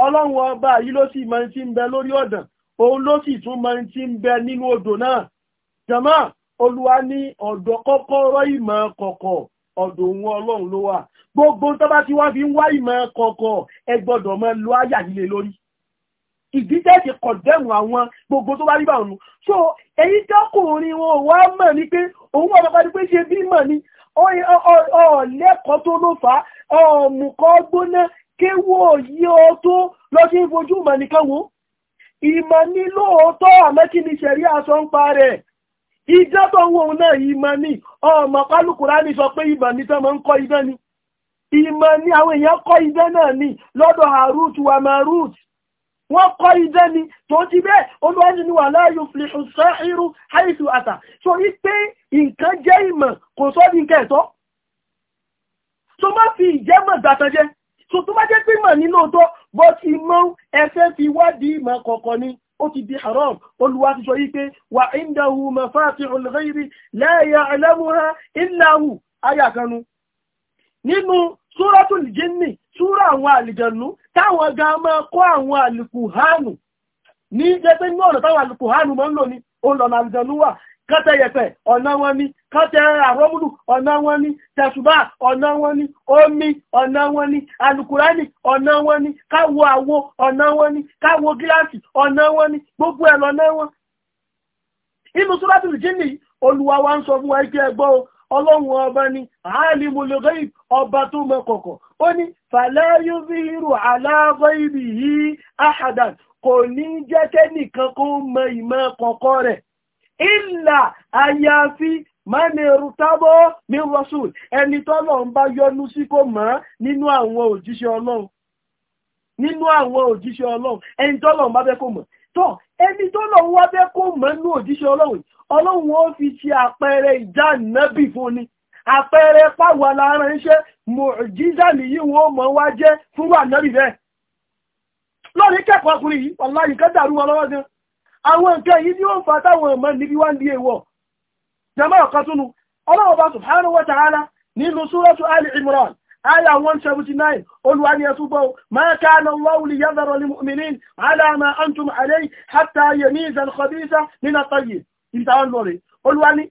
ọlọ́run ọba yìí ló sì máa ti ń bẹ lórí ọ̀dàn òun ló sì tún máa ti ń bẹ nínú odò náà jàmáà olúwa ní ọ̀dọ̀ kọ́kọ́rọ́ ìmọ̀ kọ̀kọ̀ ọ̀dọ̀ òun ọlọ́run ló wà gbogbo tó bá ti wá fi ń wá ìmọ̀ kọ̀kọ̀ ẹ gbọ́dọ̀ mọ́ lo àyà líle lórí ìdíjẹ́jì kọ̀dẹ́mù àwọn gbogbo tó bá rí báwọn so èyí tọkùnrin wọn ò wá mọ̀ ní pé òun wà bàbá ni pé ṣe bí mọ̀ ni ọ̀lẹ́kọ̀ọ́ tó ló fà á ọ̀mùkọ́ gbóná kéwò yí ọ tó lọ́sí fojú mọ̀ nìkan wò ìmọ̀ ní lóòótọ́ àmẹ́kí ni ṣẹ̀rí aṣọ ń pa rẹ̀ ìjọ tó ń wòun náà ìmọ̀ ní ọmọ pálùkùrá ní sọ pé ìbọn ní tọ́mọ ń kọ́ idán ni ìmọ̀ ní àwọn èèyàn kọ́ idán náà ní lọ́dọ̀ harut wa marut wọ́n kọ́ idán ni tó ti bẹ́ẹ̀ olúwẹ́ni ni wà láàyò fìlìṣù sáírù sọ́ ní ó ti di haram olúwa ti sọ yí pé wà indahu mafatihul ghaybi la ya'lamuha illa hu ayàkanu nínú suratul jinni súra àwọn àlìjẹ̀nú táwọn ga máa kọ́ àwọn àlìkùhánù ní jẹ́ pé ní ọ̀nà táwọn àlìkùhánù máa ń lò ní olùlọ́nà àlìjẹ̀nú wà kátẹ́ yẹ̀pẹ̀ ọ̀nà wọn ni kátẹ́ àrọ́mùlù ọ̀nà wọn ni tẹ̀sùbá ọ̀nà wọn ni omi ọ̀nà wọn ni alukurani ọ̀nà wọn ni káwo àwo ọ̀nà wọn ni káwo gíláàsì ọ̀nà wọn ni gbogbo ẹ̀ lọ́nà wọn. inú suratul jinni olùwà wa ń sọ fún wa ike ẹgbọ́ ọlọ́run ọba ni alimul ghaib ọba tó mọ kọ̀kọ̀ ó ní fala yuziru ala ghaibihi ahadan kò ní jẹ́kẹ́ nìkan kó mọ ìmọ̀ kọ̀kọ̀ rẹ̀ ìlà àyàfi mẹ́lẹ̀rù tábọ́ ní rasul ẹni tọ́lọ́run bá yọ́nú sí kò mọ́ nínú àwọn òjíṣẹ́ ọlọ́run nínú àwọn òjíṣẹ́ ọlọ́run ẹni tọ́lọ́run bá fẹ́ kò mọ̀ tọ́ ẹni tọ́lọ́run wá fẹ́ kò mọ́ nínú òjíṣẹ́ ọlọ́run ọlọ́run ó fi ṣe àpẹẹrẹ ìjà nábì fún ni àpẹẹrẹ pàwọ̀ láàrin iṣẹ́ mọ̀jíjà nìyí wọn mọ̀ wá jẹ́ fún wà nábì bẹ́ẹ̀ lọ́rin kẹ́kọ̀ọ́ àwọn nǹkan yìí ni ó ń fa táwọn ọmọ níbi wá ń di èwọ̀ jẹmọ́ ọ̀kan túnú ọlọ́ọ̀bá subhanahu wa ta'ala nínú súrọ́tù ali imran aya 179 olúwa ni ẹ̀túbọ̀ ma kana Allahu liyadhara lilmu'minin ala ma antum alayhi hatta yamiza al-khabitha min at-tayyib ìtàwọn lọ́rẹ̀ olúwa ni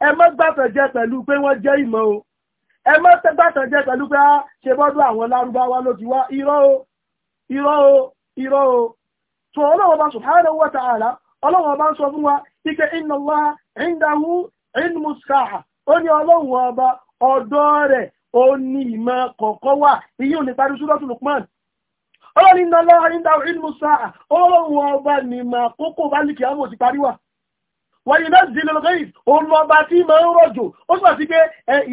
ẹ má je pẹ̀lú pé wọ́n jẹ́ ìmọ̀ o ẹ má gbàtànjẹ pẹ̀lú pé á ah, ṣe awon àwọn lárúbáwá ló ti wá irọ́ o irọ́ o irọ́ o tó ọlọ́wọ́ bá subhanahu wa ta'ala ọlọ́wọ́ bá wa ike inna Allah ilmu sa'a ó ní ọlọ́wọ́ ọba ọ̀dọ́ rẹ̀ ó ní ìmọ̀ kọ̀ọ̀kọ́ wà iye ò ní parí ilmu sa'a ọba ní ìmọ̀ àkókò bá pariwa. wọ́n yìí náà zìlẹ̀ lọ́gọ́ yìí òun lọ bá tí máa ń rọ̀jò ó sì pàtí pé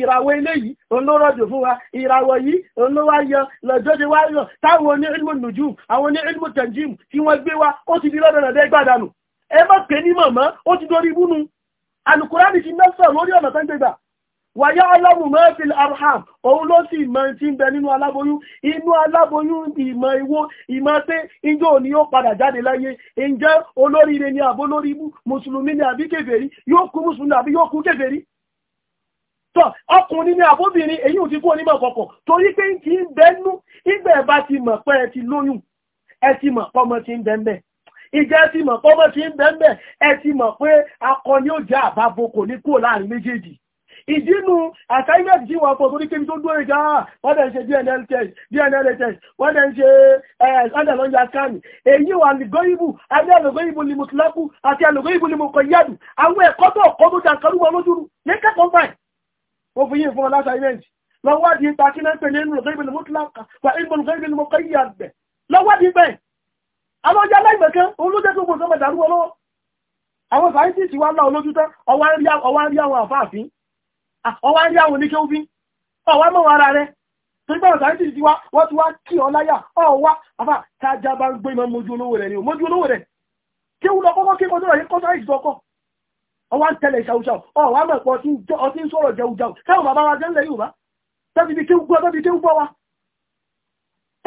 ìràwọ̀ eléyìí òun ló rọ̀jò fún wa ìràwọ̀ yìí òun ló wá yan lọ́jọ́ ti wá yan táwọn oní ilmu nùjú àwọn oní ilmu tanjim tí wọ́n gbé wa ó ti di lọ́dọ̀ nàdẹ́ gbàdánù ẹ má pè ní màmá ó ti dorí ibú nu àlùkùránì ti mẹ́sàn lórí ọ̀nà tó ń gbégbà wàyá alámù mẹ́fìl arham òun ló sì mọ tí ń bẹ nínú aláboyún inú aláboyún ìmọ̀ ìwó ìmọ̀ pé ìjọ òní yóò padà jáde láyé ǹjẹ́ olóríire ni àbó lórí ibú mùsùlùmí ni àbí kèfèrí yóò kú mùsùlùmí àbí yóò kú kèfèrí tọ́ ọkùnrin ní àbóbìnrin èyí ò ti fún onímọ̀ kọ̀kọ̀ torí pé ti ń bẹ́nu ìgbà ẹ̀ bá ti mọ̀ pé ẹ ti lóyún ẹ ti mọ̀ pọ́mọ ti ń bẹ́ńbẹ́ ìjẹ́ ti mọ̀ pọ́mọ ti ń bẹ́ńbẹ́ ẹ ti mọ̀ pé akọ ni ó jẹ́ àbáboko ní kúrò láàrin méjèèjì ìdínú assignment tí wà fún torí kí n tó dúró ìjà ah, wọ́n dẹ̀ ń ṣe dnl test dnl test wọ́n dẹ̀ ń ṣe eh, ọ̀dẹ̀lọ́yà scan èyí wà lùgọ́yìnbù àti àlùgọ́yìnbù ni mùtìlákù àti àlùgọ́yìnbù ni mùkọ̀yàdù àwọn ẹ̀kọ́ tó ọ̀kọ́ tó jà kọlu wọn lójúrú ní kẹ́kọ̀ọ́ báyìí mo fi yín fún ọ lásàìmẹ́ǹtì lọ́wọ́dì ipa kí náà ń pè ní lùgọ́yìnbù ni mùtìlákù wà ní lùgọ́yìnbù ni mùkọ̀yàdù lọ́wọ́dì bẹ́ẹ̀ àwọn ọjà aláìmọ̀kẹ́ olójẹ́ tó gbọ́n sọ́mọ̀ dàrú ọlọ́wọ́ àwọn sáyẹ́ntìsì wa lá olójútọ́ ọwọ́ ń rí Ah, ọwá ń rí àwọn oníkẹ́ òfin ọwá mọ̀ ara rẹ̀ tó ń gbọ́nà sáyẹ́ntì ti wá wọ́n ti wá kí ọ láyà ọwá àfà tájá bá ń gbé mọ́ mojú olówó rẹ̀ ni ò mojú olówó rẹ̀ kí wọ́n kọ́kọ́ kí kọjọ́ rẹ̀ kọ́ sáyẹ́ntì ọkọ̀ ọwá ń tẹ̀lé ṣàwùṣàwù ọwá mọ̀ pọ̀ ọtí ń sọ̀rọ̀ jẹujàù sẹ́wọ̀n bàbá wa jẹ́ ńlẹ̀ Yorùbá tẹ́bi bí kéwù gbọ́ tẹ́bi kéwù tọ́ wa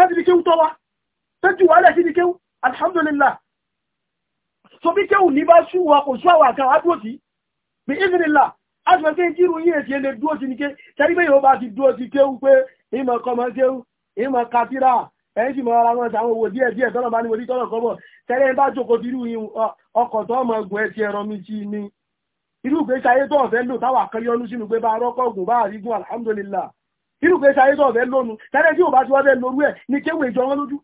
tẹ́bi bí kéwù tọ́ wa tẹ́jú wa lẹ̀ sí bí kéwù alhamdulillah so bí kéwù ní bá ṣú wa kò ṣú àwọn àkàrà dúró sí bí ìzìnlá a ti mọ̀ pé kí irun yìí èsì ẹlẹ́ dúró sí ni ké sẹ́rí pé yóò bá ti dúró sí kéwú pé ìmọ̀ kọmọ kéwú ìmọ̀ katira ẹ̀yìn sì mọ ara wọn sàwọn owó díẹ̀ díẹ̀ tọ́nà bá ní wòlí tọ́nà kọ́bọ̀ sẹ́rí ẹ̀ bá jókòó sí irú ọkọ̀ tó ọmọ ogun ẹ̀sìn ẹ̀rọ mi sí ni irú ìgbésí ayé tó ọ̀fẹ́ lò táwa kan sínú pé bá rọ́kọ̀ bá àrígùn alhamdulillah irú ìgbésí ayé tó ọ̀fẹ́ lónú sẹ́rẹ́ tí ò bá ti wọ́n fẹ́ lórú ẹ̀ ní kéwù ìjọ wọn lójú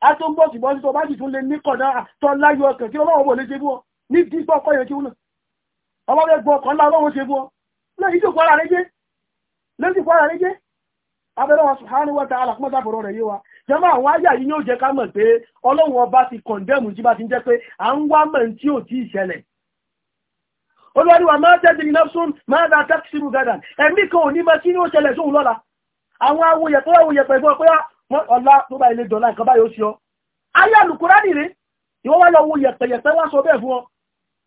a tó ń bọ̀ sí bọ́ tó bá sì tún lè ní kọ̀dá tó láyọ̀ ọkàn kí ọlọ́run bò lè ṣe fún ọ ní dípọ̀ kọ́yọ̀ kí ó náà ọlọ́rẹ́ gbọ́ ọkọ̀ ńlá ọlọ́run ṣe gbọ́ lẹ́yìn tó fara rẹ jẹ́ lẹ́yìn fara rẹ jẹ́ abẹ́rẹ́ wa subhanahu wa ta'ala fún ọ̀sàfọ̀rọ̀ rẹ̀ yé wa jẹ́mọ́ àwọn ayà yìí yóò jẹ́ ká mọ̀ pé ọlọ́run ọba ti kọ̀ndẹ́mù tí bá ti jẹ́ pé à ń wá mọ̀ tí ò tí ì ṣẹlẹ̀ olùwàdíwà máa tẹ́bi ní nafsun máa da taxiru gadan ẹ̀mí kan ò ní mọ kí ni ó ṣẹlẹ̀ sóhun lọ́la àwọn awoyẹ tó wáwoyẹ pẹ̀lú ọpẹ́ ah, ọlá tó bá ilé dọ̀la nǹkan báyìí ó ṣe ọ ayé àlùkùrá nìre ìwọ́n wá lọ wo yẹ̀pẹ̀yẹ̀pẹ̀ wá sọ bẹ́ẹ̀ fún ọ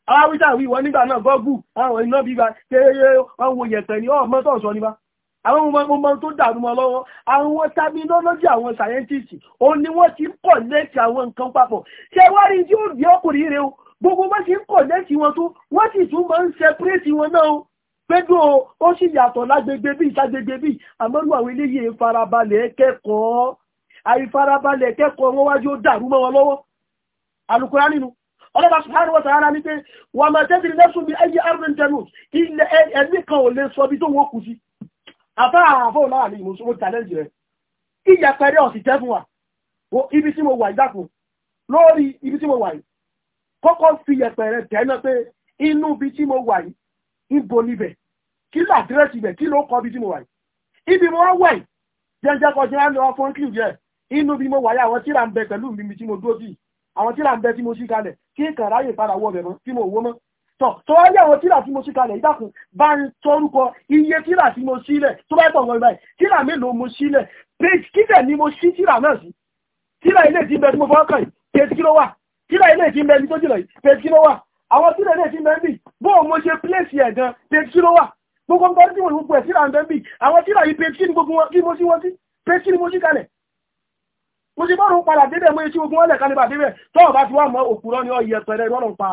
awáwíjà wíwọ nígbà náà gọ́gù àwọn iná bíbá kéré wọn wo yẹ̀tẹ̀ ní ọmọ tó sọ nípa àwọn ọmọ tó dàrú mọ́ lọ́wọ́ àwọn terminology àwọn scientists ó ní wọ́n ti ń kọ̀lẹ́tì àwọn nǹkan papọ̀ ṣé wọ́n rí tí ó bí ọkùnrin rẹ̀ o gbogbo wọ́n ti ń kọ̀lẹ́tì wọn tó wọ́n sì tún máa ń separate wọn náà o péjú ó sì yàtọ̀ lágbègbè bíi ságbègbè bíi àmọ́lú àwọn eléyìí ìfarabalẹ̀ kẹ́kọ̀ọ́ àìfarabalẹ̀ kẹ́kọ̀ọ́ wọn wájú ó dàrú mọ́ wọn lọ́wọ́ àlùkùrá nínú ọlọ́pàá sùhárù wọ́n sàárà ní pé wà máa tẹ́sí ní lẹ́sùn bí ayé arúgbó ìtẹ́nu ilẹ̀ ẹ̀mí kan ò lè sọ bí tó wọ́n kù sí afá àfọ́ ní ìmọ̀sọ́wọ́ challenge rẹ̀ wa ibi tí mo wà ìdákun lórí ibi tí mo wà yìí kọ́kọ́ fi yẹ̀pẹ̀rẹ̀ tẹ́ná pé inú ibi tí mo wà yìí ibo ibi tí mo wà yìí ibi mo wá wà yìí jẹ́jẹ́ kọjá lọ fún kí tíra ń bẹ pẹ̀lú mi tí mo dó sí àwọn tíra ń bẹ tí mo sí kalẹ̀ kí kàn ráyè padà wọ bẹ̀mọ́ tí mo wó mọ́ tọ̀ tó wá yẹ àwọn tíra tí mo sí kalẹ̀ ìdákun bá ń tọrúkọ iye tíra tí mo sílẹ̀ tó bá pọ̀ wọn báyìí tíra mélòó mo sílẹ̀ page kíkẹ̀ ni mo sí tíra náà sí tíra ilé tí ń bẹ tí mo fọwọ́ kàn yìí page kí ló wà tíra ilé tí ń bẹ ní tó jìnà yìí page kí ló wà àwọn tíra ilé tí ń bẹ ń bì bóò mo ṣe pléṣì ẹ̀ àwọn tíra yìí page kí ni gbogbo wọn kí mo sí wọn sí page kí ni mo sí kalẹ̀ mo ṣe bọ́rùn padà débẹ̀ mú iṣẹ́ ogun ọlẹ̀ kanibà débẹ̀ tó ọ̀bá ti wá mọ́ òkúrọ́ ní ọyẹ pẹ̀rẹ̀ rọ́rùn pa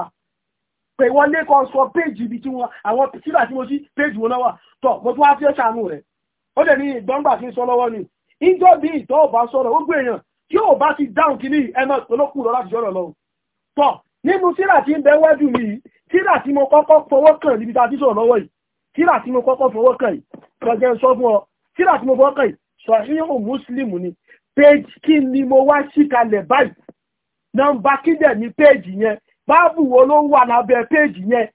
pé wọ́n lé kan sọ péjì ibi tí wọn àwọn sílà tí mo sí péjì wọn wà tọ̀ mo tún wá fi ṣàánú rẹ̀ ó dẹ̀ ní ìgbọ́ngbà tí ń sọ lọ́wọ́ ni ìjọ bí ìtọ́ ọba sọ̀rọ̀ ó gbé èèyàn tí ò bá ti dáhùn kí ní ẹmọ olókù lọ láti jọ́rọ̀ lọ tọ̀ nínú sílà tí ń bẹ wẹ́dù mi sílà tí mo kọ́kọ́ fọwọ́ kàn níbi tá a ti sọ̀rọ̀ lọ́wọ́ yìí sílà tí mo kọ́kọ́ fọwọ́ kàn yìí kọjá ń sọ fún ọ sílà tí mo fọwọ́ kàn yìí sọ̀rọ̀ sí Muslim ni page kí ni mo wá síkalẹ̀ báyìí nọ́mbà kí dẹ̀ ní page yẹn báàbù wo ló wà lábẹ́ page yẹn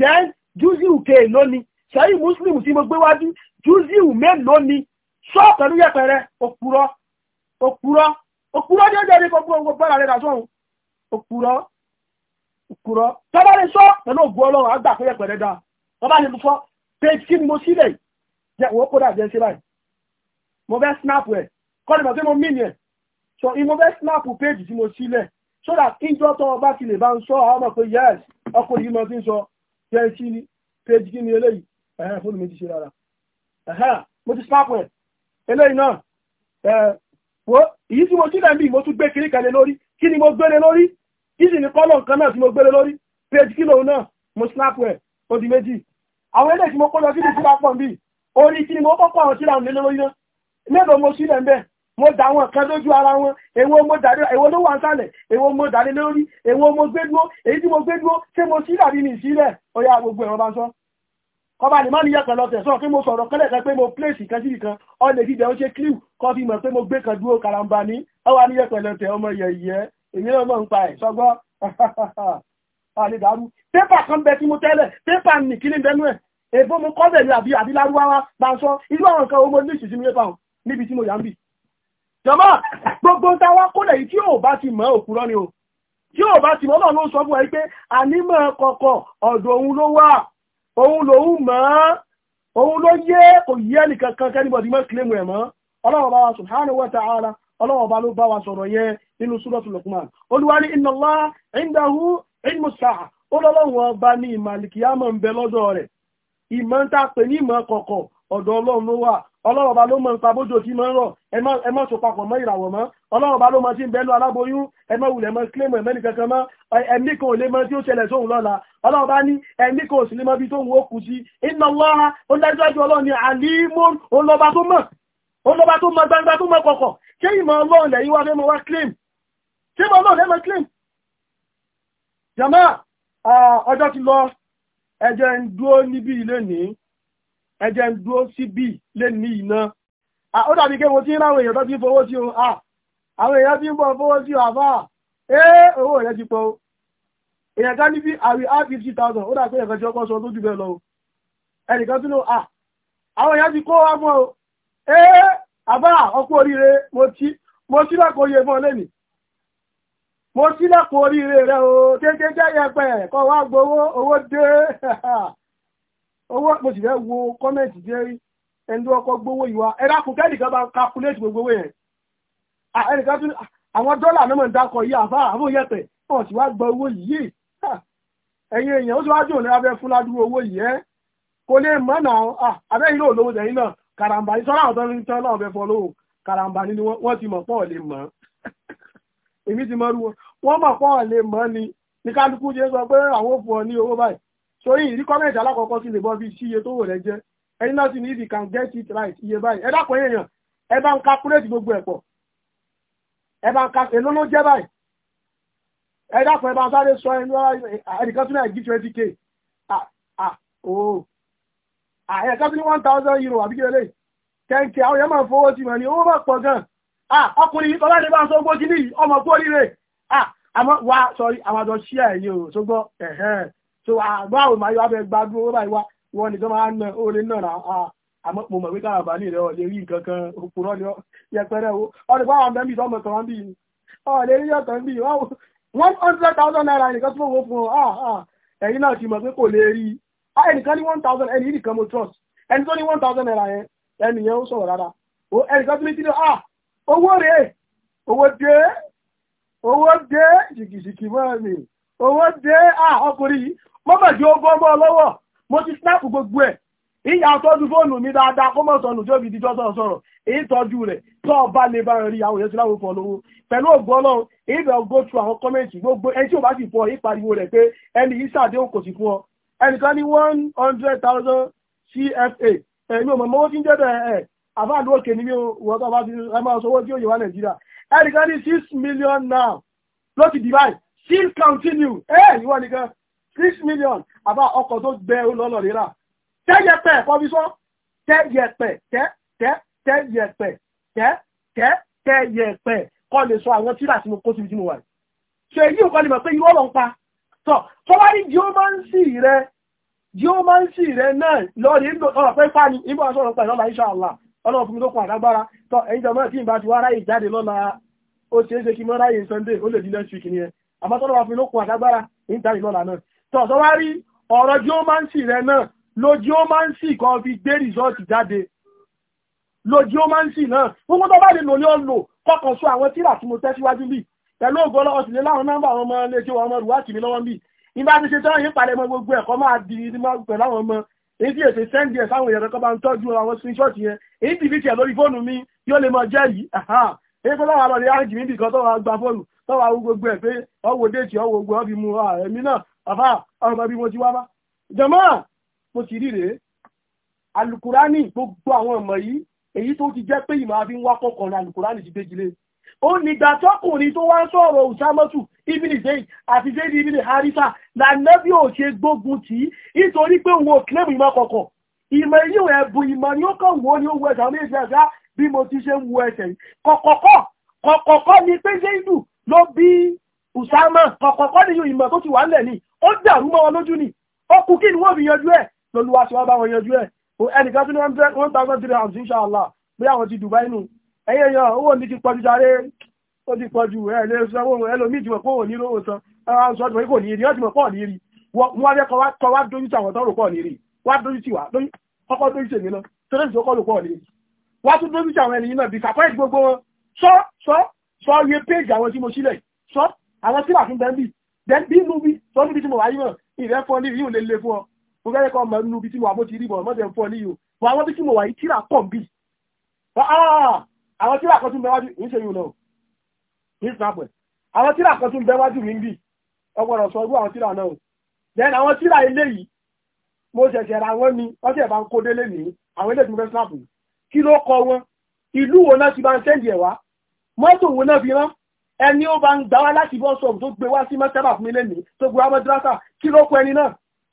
then júzíù ke lónìí sẹ́yìn muslim tí mo gbé wájú júzíù mélòó ni ṣọ́ọ̀kan ló yẹpẹrẹ òpùrọ́ òpùrọ́ òpùrọ́ jẹ́jẹ́ ní gbogbo ogun bọ́lá rẹ̀ dàsọ́hùn òpùrọ́ òpùrọ́ tọ́bá lè sọ pẹ̀lú ògùn ọlọ́run àgbà tó yẹpẹrẹ dáa tọ́bá lè sọ page kí ni mo sílẹ̀ jẹ́ wọ́n kó dà jẹ́ sí báyìí mo fẹ́ snap ẹ̀ kọ́ni mọ̀ pé mo mìn so ìmọ̀ bẹ́ẹ̀ snap page tí mo sílẹ̀ so that ìjọ tó ọba ti lè bá ń sọ àwọn ọmọ pé yes ọkùnrin yìí mọ̀ sí ń sọ yẹn sí ni page kí ni eléyìí ẹ̀hẹ́ fóònù mi ti ṣe rárá ẹ̀hẹ́ mo ti snap ẹ̀ eléyìí náà ẹ̀ wo èyí tí mo sílẹ̀ ń bí mo tún gbé kiri kan lé lórí kí ni mo gbélé lórí kí sì ni kọ́lọ̀ nǹkan náà tí mo gbélé lórí page kí lòun náà mo snap ẹ̀ ó di méjì àwọn eléyìí tí mo kọ́ lọ sí ti síra pọ̀ ń bí orí kí ni mo kọ́kọ́ àwọn síra òun lé lórí náà mélòó mo dà wọn kan lójú ara wọn èwo mo dàrí èwo ló wà sálẹ̀ èwo mo dàrí lórí èwo mo gbé dúró èyí tí mo gbé dúró ṣé mo sí dàbí mi sílẹ̀ ó yá gbogbo ẹ̀rọ bá sọ kọba lè má ní yẹ̀kọ̀ lọ tẹ̀sán pé mo sọ̀rọ̀ kọ́lẹ̀ kan pé mo pléèsì kan síbi kan ọ lè fi ṣe clew kọ́ fi mọ̀ pé mo gbé kan dúró karamba ní ọwà ní yẹ̀kọ̀ lọ tẹ̀ ọmọ yẹ̀yẹ́ èmi náà mọ̀ ń pa ẹ̀ sọgbọ́ mo tẹ́lẹ̀ níbi tí mo yà ń bì jọmọ́ gbogbo ń táwá kódà yìí tí yóò bá ti mọ ni o tí yóò bá ti mọ náà ló sọ fún ẹ pé ànímọ̀ kọkọ ọ̀dọ̀ òun ló wà òun lòun òun ló yé kò yé ẹnìkan kan kẹ́nìbọ̀dì mọ́ kílẹ̀mù ẹ̀ mọ́ ọlọ́wọ́ bá wa ọlọ́wọ́ bá ló bá wa sọrọ yẹn nínú ń bẹ lọ́dọ̀ ta pè ní ìmọ̀ ọ̀dọ̀ ọlọ́run ló wà ọlọ́run ọba ló mọ̀ nípa bójú tí máa ń rọ̀ ẹ má so papọ̀ mọ́ ìràwọ̀ mọ́ ọlọ́run ọba ló mọ̀ sí ń bẹ́nu aláboyún ẹ má wulẹ̀ mọ́ kílẹ̀mù ẹ̀mẹ́ni kankan mọ́ ẹ̀mí kan ò lè mọ tí ó ṣẹlẹ̀ sóhun lọ́la ọlọ́run ọba ní ẹ̀mí kan ò sì lè mọ bí tóhun ó kù sí iná lọ́ra ó dájúdájú ọlọ́run ní àlímọ́n olọ́ba tó mọ̀ olọ́ba tó mọ̀ gbangba tó mọ̀ kọ̀kọ̀ ṣé ìmọ̀ ọlọ́run lẹ́yìn wá fẹ́ mọ wá claim ṣé ìmọ̀ ọlọ́run lẹ́mọ claim jama ọjọ́ ti lọ ẹjẹ́ ń dúró níbí ilé ẹ jẹ́ ń dúró síbí lè ní iná ó dàbí kéwo tí láwọn èèyàn tó ti fowó sí o àwọn èèyàn ti ń bọ̀ fowó sí àfà ee owó rẹ̀ ti pọ̀ o èèyàn ká ní bí àwì á fifty thousand ó dàbí èèyàn tí ọkọ̀ sọ lójú bẹ́ẹ̀ lọ o ẹnìkan tún ló à àwọn èèyàn ti kó wá fún o ee àbá ọkọ̀ oríire mo sí lẹ́kọ̀ọ́ iye fún ọ lẹ́nìí mo sí lẹ́kọ̀ọ́ oríire rẹ o kékeré jẹ́ yẹpẹ̀ kọ́ wá gbowó owó dé owó mo sì fẹ́ wo kọ́mẹ̀ntì jẹ́ ẹni tó kọ́kọ́ gbowó yìí wá ẹ dákun kẹ́nìkan bá calculate gbogbo owó yẹn ẹnìkan tún àwọn dọ́là náà mọ̀ ń dákọ̀ yìí àfa àfọ yẹpẹ̀ wọn sì wá gba owó yìí ẹ̀yin èèyàn ó sì wá dùn ní abẹ́ fún ládùúgbò owó yìí ẹ́ kò lè mọ́ náà abẹ́yìn náà olówó tẹ̀yìn náà karambà ní sọ́lá ọ̀tọ́ ní tán náà fẹ́ fọ́ lóhùn karambà ní ni wọ́n ti mọ̀ pọ̀ lè mọ̀ èmi ti mọ̀ rú wọn mọ̀ pọ̀ lè mọ̀ ni ní kálukú jẹ́ sọ pé àwọn ò fún ọ ní sórí ìrí kọ́mẹ̀ntì alákọ̀ọ́kọ́ sí lè bọ́ sí iye tó wò lẹ́jẹ́ ẹni náà sì ní if you can get it right iye báyìí ẹ dákọ̀ èèyàn ẹ bá ń gbogbo ẹ̀ pọ̀ ẹ bá ń ka èló ló jẹ́ báyìí ẹ dákọ̀ ẹ bá ń sáré sọ ẹni ẹnìkan tún náà give twenty k ah ẹ̀ka tún ní one thousand euro àbí kí lélẹ̀ ten k àwọn yẹn máa fowó sí mọ̀ ní owó pọ̀ gan ah ọkùnrin yìí tọ́lá bá ń sọ ọmọ kórìíre ah àmọ́ wa sọ àwọn àjọ ṣíà so àgbáwò ah, máa yọ abẹ́ gbádùn owó báyìí wá wọn nìkan máa ń ná oore náà rà á ah, àmọ́ mo mọ̀ pé káàbà ní ìrẹ́ ọ̀lẹ́ rí nǹkan kan òpùrọ̀ ni yẹpẹrẹ o ọ̀rẹ́ báwọn ọ̀dọ́ mi sọ́mọ̀ tán bí ọ̀lẹ́ rí ọ̀tán bí one hundred thousand naira nìkan tó wọ́n fún ọ ah, ẹ̀yin náà ti mọ̀ pé kò lè rí ẹnìkan ní one thousand ẹni nìkan mo trust ẹni tó ní one thousand naira yẹn ẹni yẹn ó sọ̀rọ̀ rárá ẹnìkan tó ní tí owó rèé owó dé owó dé jìkìjìkì mọ́ mi owó dé ọkùnrin yìí mọ́bàjì ó gbọ́mọ́ lọ́wọ́ mo ti snap gbogbo ẹ̀ ìyá tọ́jú fóònù mi dáadáa kó mọ̀ sọnù tó fi dijọ́ sọ̀rọ̀ sọ̀rọ̀ èyí tọ́jú rẹ̀ tó ọba lè bá rí àwọn èèyàn tí láwọn fọ̀ lówó pẹ̀lú ògbọ́n náà èyí bẹ̀ go through àwọn kọ́mẹ̀ntì gbogbo ẹni tí ò bá sì fọ èyí pariwo rẹ̀ pé ẹni yìí ṣàdéhùn kò sí fún ọ ẹnìkan ní one hundred thousand CFA ẹ̀mí ò mọ̀ mọ́wọ́ tí ń jẹ́ bẹ́ẹ̀ ẹ̀ àbáàdó òkè ní wọ́n tó bá ti ẹ máa sọ owó tí ó yẹ wá six million now ló divide still continue ẹ ìwọ nìkan six million àbá ọkọ̀ tó gbẹ olólọ rírà tẹ́ yẹpẹ̀ kọ́bí sọ tẹ́ yẹpẹ̀ tẹ́ tẹ́ tẹ́ yẹpẹ̀ tẹ́ tẹ́ tẹ́ yẹpẹ̀ kọ́ lè sọ àwọn tíra tí mo kó síbi tí mo wà rẹ̀ ṣe yí òkan ni mọ̀ pé irú ọ̀rọ̀ ń pa tọ́ tó bá rí geomancy rẹ geomancy rẹ náà lọ́ọ̀rì ọ̀rọ̀ pé fani ìbọn aṣọ ọ̀rọ̀ pẹ̀lú ọ̀la inshallah ọlọ́run fún mi tó kún àdágbára tọ́ ẹ̀yin jọmọ́ tí ìbá ti wá ráyè jáde lọ́la ó ṣeé ṣe kí mọ́ ráyè Sunday ó lè di next week nìyẹn àbátọ́rọ̀ wa fi ló kún àdágbára ìntàrí lọ́la náà tọ̀tọ̀ wá rí ọ̀rọ̀ geomancy rẹ náà lo geomancy kan fi gbé rìsọ́ọ̀tì jáde lo geomancy náà gbogbo tó bá lè lò ní ọlò kọkàn sọ àwọn tíra tí mo tẹ́ síwájú bí pẹ̀lú ògbọ́n lọ́wọ́ sílé láwọn nọ́mbà àwọn ọmọ ilé tí wọ́n mọ̀ rúwá kìí lọ́wọ́ bí nígbà tí ṣe tọ́ yín palẹ̀ mọ́ gbogbo ẹ̀kọ́ máa èyí tí èsè sẹ́ndì ẹ̀ sáwọn èèyàn kan ń tọ́jú àwọn screenshot yẹn èyí tí fi tiẹ̀ lórí fóònù mi yóò lè mọ jẹ́ yìí èyí tó lọ́wọ́ lọ́rẹ̀ ájì mi bìkan tó wà gba fóònù tọ́wọ́ àwọn gbogbo ẹ̀ pé ọwọ́ déètì ọwọ́ gbogbo ọ́ fi mu ẹ̀mí ah, náà bàbá ọmọ bí mo ti wá bá. jọ̀mọ́ mo sì rí rèé alukurani gbogbo àwọn ọmọ yìí èyí tó ti jẹ́ pé ìmọ̀ àfi ń wá kọ̀ọ̀kan ní alukurani ti gbéjìlé ó nígbà tọkùnrin tó wá ń sọ̀rọ̀ òsámọ́tù ibìlì zayn àti zayn ibìlì harisa lànàbí ò ṣe gbógun tì í nítorí pé òun ò kílẹ̀mù ìmọ̀ kọ̀ọ̀kan ìmọ̀ yíò ẹ̀bùn ìmọ̀ ni ó kàn wọ́n ní owó ẹ̀sà méjì ẹ̀sà bí mo ti ṣe ń wo ẹsẹ̀ kọ̀kọ̀kọ̀ kọ̀kọ̀kọ̀ ni pé zaidu ló bí Usama kọ̀kọ̀kọ́ ní yóò ìmọ̀ tó ti wà ń lẹ̀ ní ó dàrú mọ́ wọn lójú ni ó kú kí ni wọ́n fi yanjú ẹ̀ lọ́lúwa sí wọn bá wọn yanjú ẹ̀ ẹnìkan tó ní one thousand three hundred inshallah bí àwọn ti Dubai nù ẹ̀yẹ́ yan owó mi ti pọ̀jù jàre ó ti pọ̀jù ẹ̀ lè sanwó ẹlòmíì ti mọ̀ pé òní lówó san ẹ̀rọ sọ ti mọ̀ pé kò ní rí wọ́n ti mọ̀ pọ̀ ní rí wọ́n wá fẹ́ kọ́ wá dójú tí àwọn tó rò pọ̀ ní rí wá dójú tí wà kọ́kọ́ dójú tèmi náà tẹ́lẹ̀ tí ó kọ́ lò pọ̀ ní rí wá tún dójú tí àwọn ẹni náà bí kàpẹ́ ìgbogbo wọn sọ́ sọ́ sọ iye péjì àwọn tí mo sílẹ̀ sọ àwọn tí wà fún bẹ́ẹ̀ bì bẹ́ẹ̀ bí inú bí sọ níbi tí mo wà yìí náà ìrẹ́ fún ọ ní yìí ò lè le fún ọ mo fẹ́ kọ́ ọmọ inú bí tí mo wà mo ti rí bọ̀ mọ́tẹ̀ fún ọ ní yìí wọ àwọn tí mo wà tíra pọ̀ bì àwọn tíra kan bẹ́ẹ̀ wájú ń ṣe yìí náà ní ìsàpẹ̀ àwọn tíra kan bẹ́ẹ̀ wájú mi ń bì ọgbọ̀rọ̀ sọ irú àwọn tíra náà o then àwọn tíra ilé yìí mo ṣẹ̀ṣẹ̀ ra wọn ni wọ́n sì ẹ̀ bá ń kó délé nìyí àwọn ilé mọ́tò wo náà fi rán ẹni ó bá ń gbá wá láti bọ́ sọ̀rọ̀ tó gbé wá sí mọ́tẹ́bà fún mi lẹ́nu tó gbé wá mọ́tẹ́bà kí ló kọ ẹni náà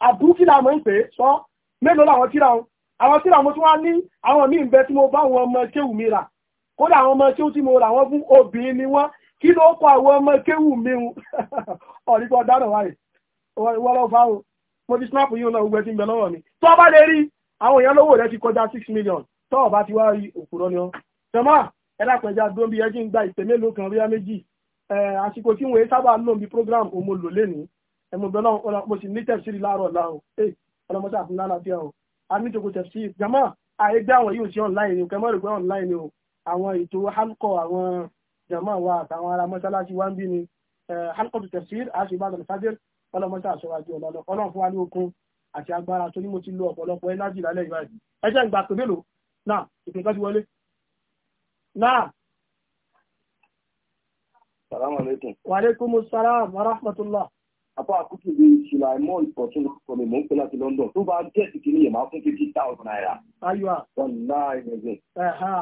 àbúkí làwọn ń pè é sọ mélòó làwọn tíra wọn àwọn tíra wọn tí wọ́n ní àwọn míì ń bẹ tí mo bá àwọn ọmọ kéwù mi rà kódà àwọn ọmọ kéwù tí mo rà wọ́n fún obìnrin ni wọ́n kí ló kọ àwọn ọmọ kéwù mi hùn ọ̀rígbọ́ dáná wáyé wọ́n lọ fáwọn mo ti snap yìí náà gbẹ tí ń bẹ lọ́wọ́ mi tó bá lè rí àwọn èèyàn lówó rẹ ti kọjá six million tó bá ti wá rí òkúrọ́ ni ọ́ tẹ̀mọ́ ẹ̀dàpẹ̀já dóbi ẹjí ń gba ìpè mélòó kan ríà méjì àsìkò tí wọ́n sábà lò bí program òmo lò lẹ́nu ẹ̀mọ̀gbẹ́ náà mo sì ní tẹ̀síìrì láàárọ̀ láàárọ̀ ẹ̀ eh, ọlọmọdé àti lálàáfíà o a ní tòkó tẹ̀síìrì jama àìgbé àwọn yìí ò sí online ni kẹmọ́ rẹ̀ pé online ni o àwọn ètò halkọ àwọn jama wa àtàwọn ará mọ́sálásí wa ń bí ni halkọ tó tẹ̀síìrì àti ìbàdàn fàdé ọlọmọdé àṣọwájú ọlọ́run fún wa ní okun àti agbára tó ní mo ti lo ọ̀pọ̀lọpọ̀ ẹ̀ láti ìlàlẹ́ Náà. Salaam alaikum. Wa alaikumus salaam wa rahmatullah. Apá àkútù bíi Ṣùláìmọ́ ìpọ̀tún lórúkọ mi, mò ń pè láti London. Tó bá jẹ́ ìsìnkì ní ìyẹ̀má fún fifty thousand naira. Ayọ̀ à. Wàláì lẹ́sìn.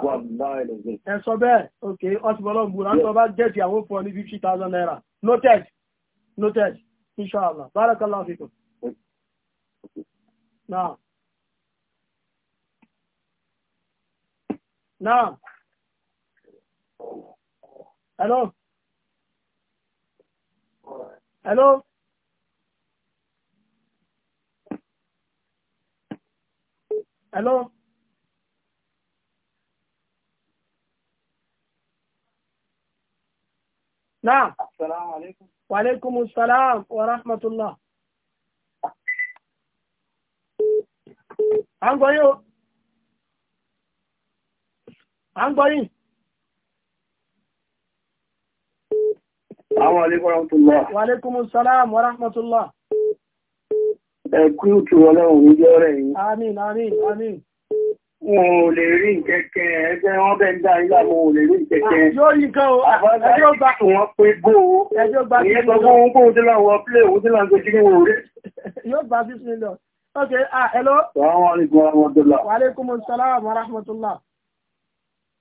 Wàláì lẹ́sìn. Ẹ sọ bẹ́ẹ̀, Okay. ọ̀sibọ́lọ́ gbùrà ń tọ́ bá jẹ́ ti àwọn fún ọ ní fifty thousand naira. Noted, noted, inshallah. Barakallahu fikum. Náà. Náà. Hello? Hello? Hello? نعم السلام عليكم وعليكم السلام ورحمة الله à ń gbọ́ yín o à ń gbọ́ yín Àwọn àlékún rahmatullah. Wa alaikumus salam wa rahmatullah. Ẹkú kí wọ́n lọ́rùn ní jẹ́ rẹ̀ yìí. Àmín, àmín, àmín. Wọn ò lè rí ìkẹ́kẹ́ ẹgbẹ́ wọn bẹ́ ń dá ilá wọn ò lè rí ìkẹ́kẹ́. Ah, yóò yí kan o, ẹjọ́ gbà kí wọ́n pé bó o. Ẹjọ́ gbà kí wọ́n pé bó o. Ìyẹn sọ fún òun tó láwọ pílẹ̀ òun tó láwọ jírí wọn rí. Yóò gbà 6 million. Okay, ah, hello. Wa alaikum wa rahmatullah. Wa alaikumus salam wa rahmatullah.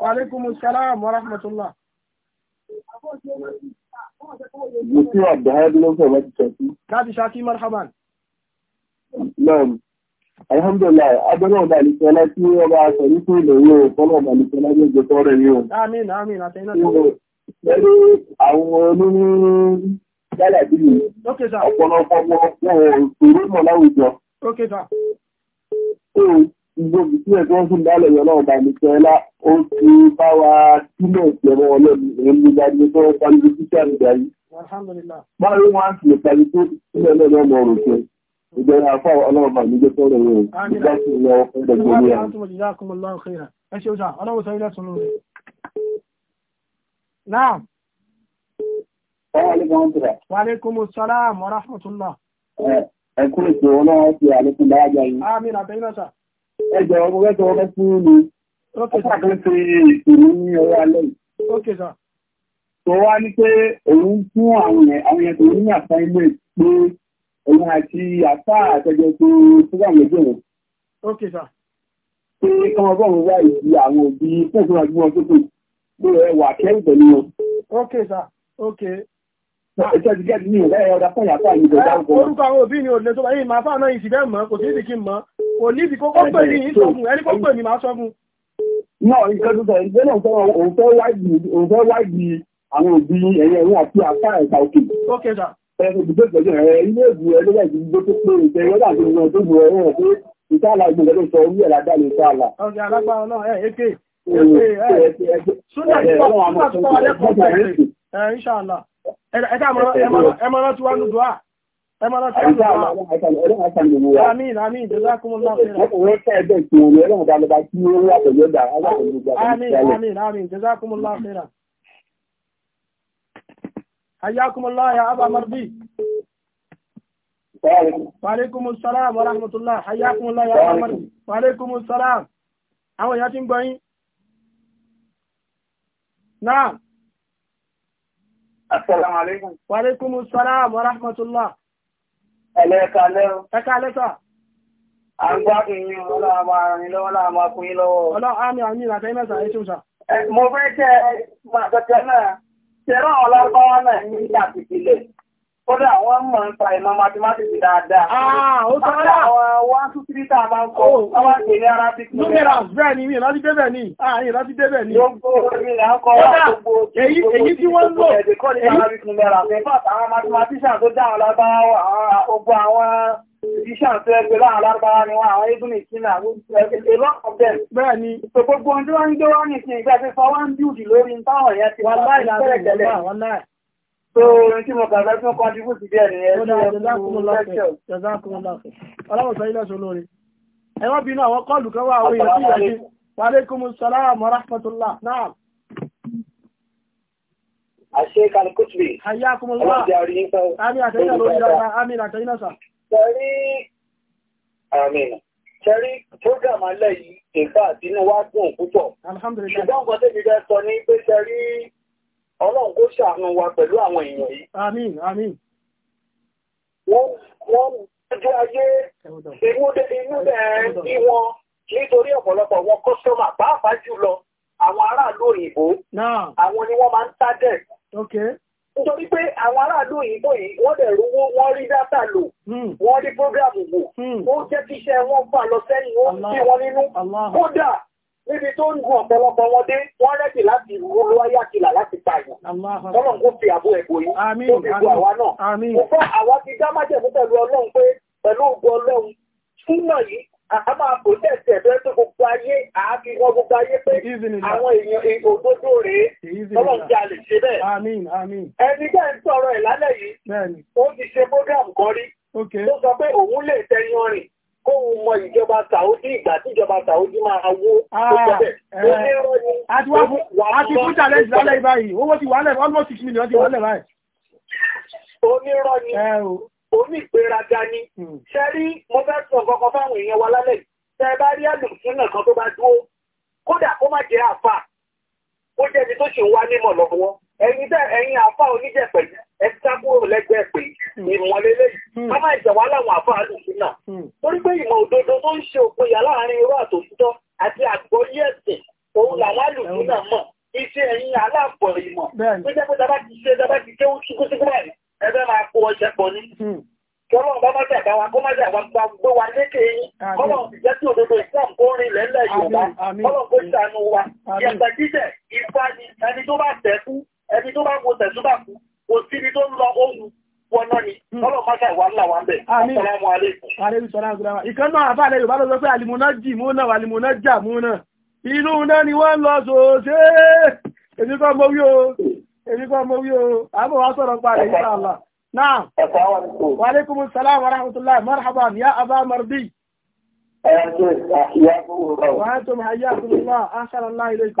Wàlékùmù sálàmù warahmatullah. Yusuf Abdulhadi ló fẹ́ láti ṣàtí. Láti ṣàtí n'oge Naam. Alhamdulillah, Adọ́nà ọba Àlìsọ́lá tí wọ́n bá sọ ní fún ilẹ̀ yóò fọ́nà ọba Àlìsọ́lá ní ọjọ́ tọ́rẹ̀ yóò. Àmín, àmín, àtẹ́yìnà tó. gbogbo tí ẹ̀kọ́ ń fún dálẹ̀ yọ̀ náà bàmí sẹ́lá ó ti bá wa sílẹ̀ ìjọba ọlọ́run èyí ní gbàgbé tó ń parí títà nígbà yìí. báwo wọn á sì parí tó sílẹ̀ náà lọ́mọ ọ̀rọ̀ ṣe ìjọ àfa ọlọ́run ọlọ́run sọ ilé ẹ̀sùn lórí. náà. wa ẹ kúrò sí ọlọ́run ti àlékún dáadáa yìí. àmín àtẹ̀yìn ẹjọ́ ọmọ mẹ́ta ọmọ fún mi ọ̀sà kan ṣe ìṣòro ní ọwọ́ alẹ́ yìí. tó wá ní pé òun fún àwọn àwọn ẹ̀tọ́ ní assignment pé òun àti àfà àtẹjọ tó program lọ́jọ́ wọn. pé kí wọ́n bọ̀rọ̀ wá ìdí àwọn òbí fún ìfúnra gbọ́n tó kù pé ẹ wà kẹ́rù pẹ̀lú wọn. Ìjọ́ ti gẹ́gẹ́ ní ìrẹ́ ọ̀dà fún ìyàtọ̀ àyíkọ̀ ìdáhùn. Orúkọ àwọn òbí ni òdìlẹ̀ tó bá máa fáwọn náà ìsìnkẹ́ mọ́, kò sí ìsìnkí mọ́. kò níbi kó kó pè mí ẹni kó pè mí máa náà nǹkan tó sọ ìgbẹ́ náà sọ òun fẹ́ wáìdì òun fẹ́ wáìdì àwọn òbí ẹ̀yẹ ẹ̀yẹ àti àká ẹ̀ka òkè. ok sir. ẹ̀rọ ìdìbò ìgbẹ́jọ rẹ̀ ilé ìbù ẹlẹ́yà ìdìbò tó pé ìgbẹ́ yọ́dà tó ń tó Àmín, àmín, jazakumullahu khairan. Hayyakumullah ya Aba Mardi. Wa alaikumus salam wa rahmatullah. Hayyakumullah ya Aba Mardi. Wa alaikumus salam. Àwọn èèyàn ti ń gbọ́ yín. Naam. Assalamu alaikum. Wa alaikumus salam wa ẹlẹ́ẹ̀kalẹ́ o. ẹ̀kalẹ́ sà. à ń gbá kí yín ọlọ́run máa ràn yín lọ́wọ́ láwọn máa kún yín lọ́wọ́. ọlọ́run á àmì ìràtẹ́ mẹ́ta ẹ̀ ṣùn sà. mo fẹ́ kẹ́ ẹ máa tọ́jú náà ṣe rán ọlọ́run ní ìdàpìpìlẹ̀. Kọ́dá àwọn ọmọ ń pa ìmọ̀ mathematics dáadáa. Ah, ó tọ́lá. Àwọn wá tún tí tàà máa ń kọ́, àwọn tí ní Arabic. Númẹ́ra bẹ́ẹ̀ ni, ìyìn láti débẹ̀ ni, ààyìn láti débẹ̀ ni. Yóò gbó orí ìlà ọkọ̀ gbogbo. Èyí tí wọ́n ń lò. Ẹ̀dẹ̀ kọ́ ní Arabic númẹ́ra. In fact, àwọn mathematician tó dáhùn lágbára, ogbó àwọn Ìṣàn tó ẹgbẹ́ láàrín lárúbáwá ni wọ́n àwọn ibùn ìsinmi àwọn ẹgbẹ́ ọ̀bẹ̀n. Bẹ́ẹ̀ ni. Ìpò gbogbo ohun tí wọ́n ń gbé wá Ẹwọ́n bínú àwọn kọlù kan wà àwọn èèyàn tí ìyàjí. Wa alaikumus salam wa rahmatullah. Naam. Àṣẹ́ Kàlùkùtùbì. Hayyakumullah. Ọlọ́dẹ̀ àríyìn sọ. Àmì àtẹ́yìn lórí dáadáa. Àmì àtẹ́yìn sọ. Ṣẹ̀rí, àmì. Ṣẹ̀rí, program alẹ́ yìí, ìfà àtinú wá gùn púpọ̀. Alhamdulillah. Ṣùgbọ́n ọlọ́run kó ṣàánú wa pẹ̀lú àwọn èèyàn yìí. àmín àmín. wọ́n wọ́n ojú ayé inú dẹ̀ bí wọn nítorí ọ̀pọ̀lọpọ̀ wọn kọ́sọ́mà pàápàá jùlọ àwọn aráàlú òyìnbó àwọn ni wọ́n máa ń tájẹ̀. nítorí pé àwọn aráàlú òyìnbó yìí wọ́n dẹ̀ rówó wọ́n rí dátà lò hmm. wọ́n rí prógráàmù wò hmm. ó jẹ́ kí iṣẹ́ wọn fà lọ sẹ́yìn ó ń bí wọn nínú kódà níbi tó ń gun ọ̀pọ̀lọpọ̀ wọn dé wọ́n rẹ́dì láti rúrú ayákìlà láti pààyàn ọlọ́run kó fi àbò ẹ̀bò yìí tó fi bu àwa náà mo fẹ́ àwa ti dá májẹ̀mú pẹ̀lú ọlọ́run pé pẹ̀lú ògùn ọlọ́run súnà yìí a máa kò tẹ̀sẹ̀ bẹ́ẹ̀ tó gbogbo ayé àáfi wọn gbogbo ayé pé àwọn èèyàn òdodo rèé ọlọ́run ti a lè ṣe bẹ́ẹ̀ ẹni bẹ́ẹ̀ ń sọ̀rọ̀ ẹ̀ lálẹ́ yìí ó ti ṣe program kan ó sọ pé òun lè tẹyin ọrìn kó o mọ ìjọba Saudi ìgbà tí ìjọba Saudi máa wó àti ah, eh, fún challenge lálẹ́ ìbáyìí owó ti wálẹ̀ almost six million ti wálẹ̀ báyìí. onírọ́ ni eh, onígbéraga ni hmm. ṣe rí mo fẹ́ sọ kankan fáwọn èèyàn wa lálẹ́ tẹ bá rí àlùfín náà kan tó bá dúró kódà kó má jẹ́ àfà ó jẹ́ ẹni tó ṣì wá nímọ̀ lọ́wọ́ ẹ̀yin àfà oníjẹ̀pẹ̀jẹ̀ ẹ sá kúrò lẹ́gbẹ̀ẹ́ pé hmm. ìmọ̀lélẹ́ yìí hmm. ká má ìjà wá láwọn àfáàlù sí náà hmm. torí pé ìmọ̀ òdodo tó ń ṣe òpinya láàrin irọ́ àtòtítọ́ àti àgbọ́yé ẹ̀sìn òun làwọn àlùkù náà mọ̀ iṣẹ́ ẹ̀yìn aláàpọ̀ ìmọ̀ tó jẹ́ pé dábàá ti ṣe dábàá ti kéwú ṣíkúṣíkú báyìí ẹ fẹ́ máa kó ọṣẹ pọ̀ ní kọ́lọ́n bá bá jàgbá wa kó má jàgbá gba gbé wa lékè yín kọ́lọ́n sì jẹ́ kí òdodo islam kó rin lẹ́lẹ̀ yorùbá kọ́lọ́n kó ṣàánú wa yàtọ̀ jíjẹ ìfani ẹni tó bá tẹ̀kú ẹni tó bá wo tẹ̀sùbà kú kò síbi tó ń lọ oòrùn wọná ni hmm. ọlọ́run máṣá ńlá wa ń bẹ̀ ọ̀sán wọn alẹ́. ààrẹ ìṣọ́ra àgùdà ìkan náà àbá àlẹ́ yorùbá ló pé àlìmọ́nà jì mú náà àlìmọ́nà jà mú náà inú náà ni wọ́n ń lọ sòòṣe èmi kọ́ mo wí o èmi kọ́ mo wí o àbọ̀ wa sọ̀rọ̀ pa àlẹ́ insha Allah náà wa salaam wa rahmatullahi marhaban ya aba mardi. ẹ̀ẹ́dẹ̀ àyàkùn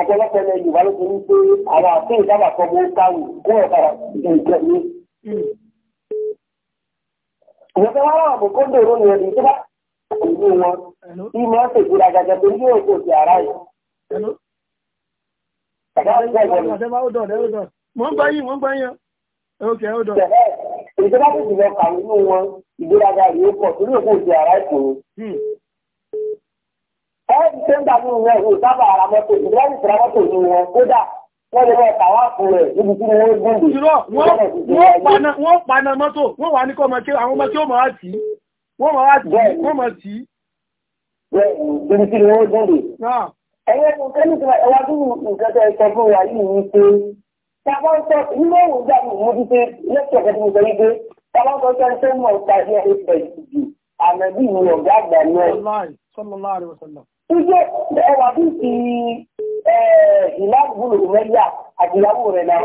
ọ̀pọ̀lọpọ̀ ilẹ̀ yorùbá ló ti ní pé àwọn àfẹ́ ìdábà kan mú káwù kó ọ̀pá ìjọ ní. ìyẹn wá láwọn àbòkó dèrò ní ẹni tó bá ìlú wọn bí mo ń tètè ra gàgà tó yóò kò sí ara yìí. Okay, hold on. Ìjọba tó ti lọ kàwé nínú wọn, ìgbéraga yìí pọ̀ torí òkú òsì àrá ìkòrò ẹ̀ẹ́dì tó ń gbà nínú wọn ìlú sábà ara mọ́tò ìdílẹ́yìn ìtura mọ́tò ní wọn kódà wọ́n lè wọ́n tàwa fún rẹ̀ níbi tí wọ́n gbòòdì. irọ́ wọ́n paná mọ́tò wọ́n wà ní kọ́ ọmọ àwọn ọmọ tí ó mọ̀ á tì í wọ́n mọ̀ á tì í wọ́n mọ̀ tì í. níbi tí wọ́n gbòòdì. ẹ̀yẹ́ nǹkan ní ìtura ẹ̀wá tó wù nǹkan tẹ́ ẹ sọ fún wa yìí ní pé tàbá ń sọ ilé ìwé gbà mí mo ti Iye ẹwà bí ti ìlàgbùlù mẹ́yà àdìyàwó rẹ̀ náà.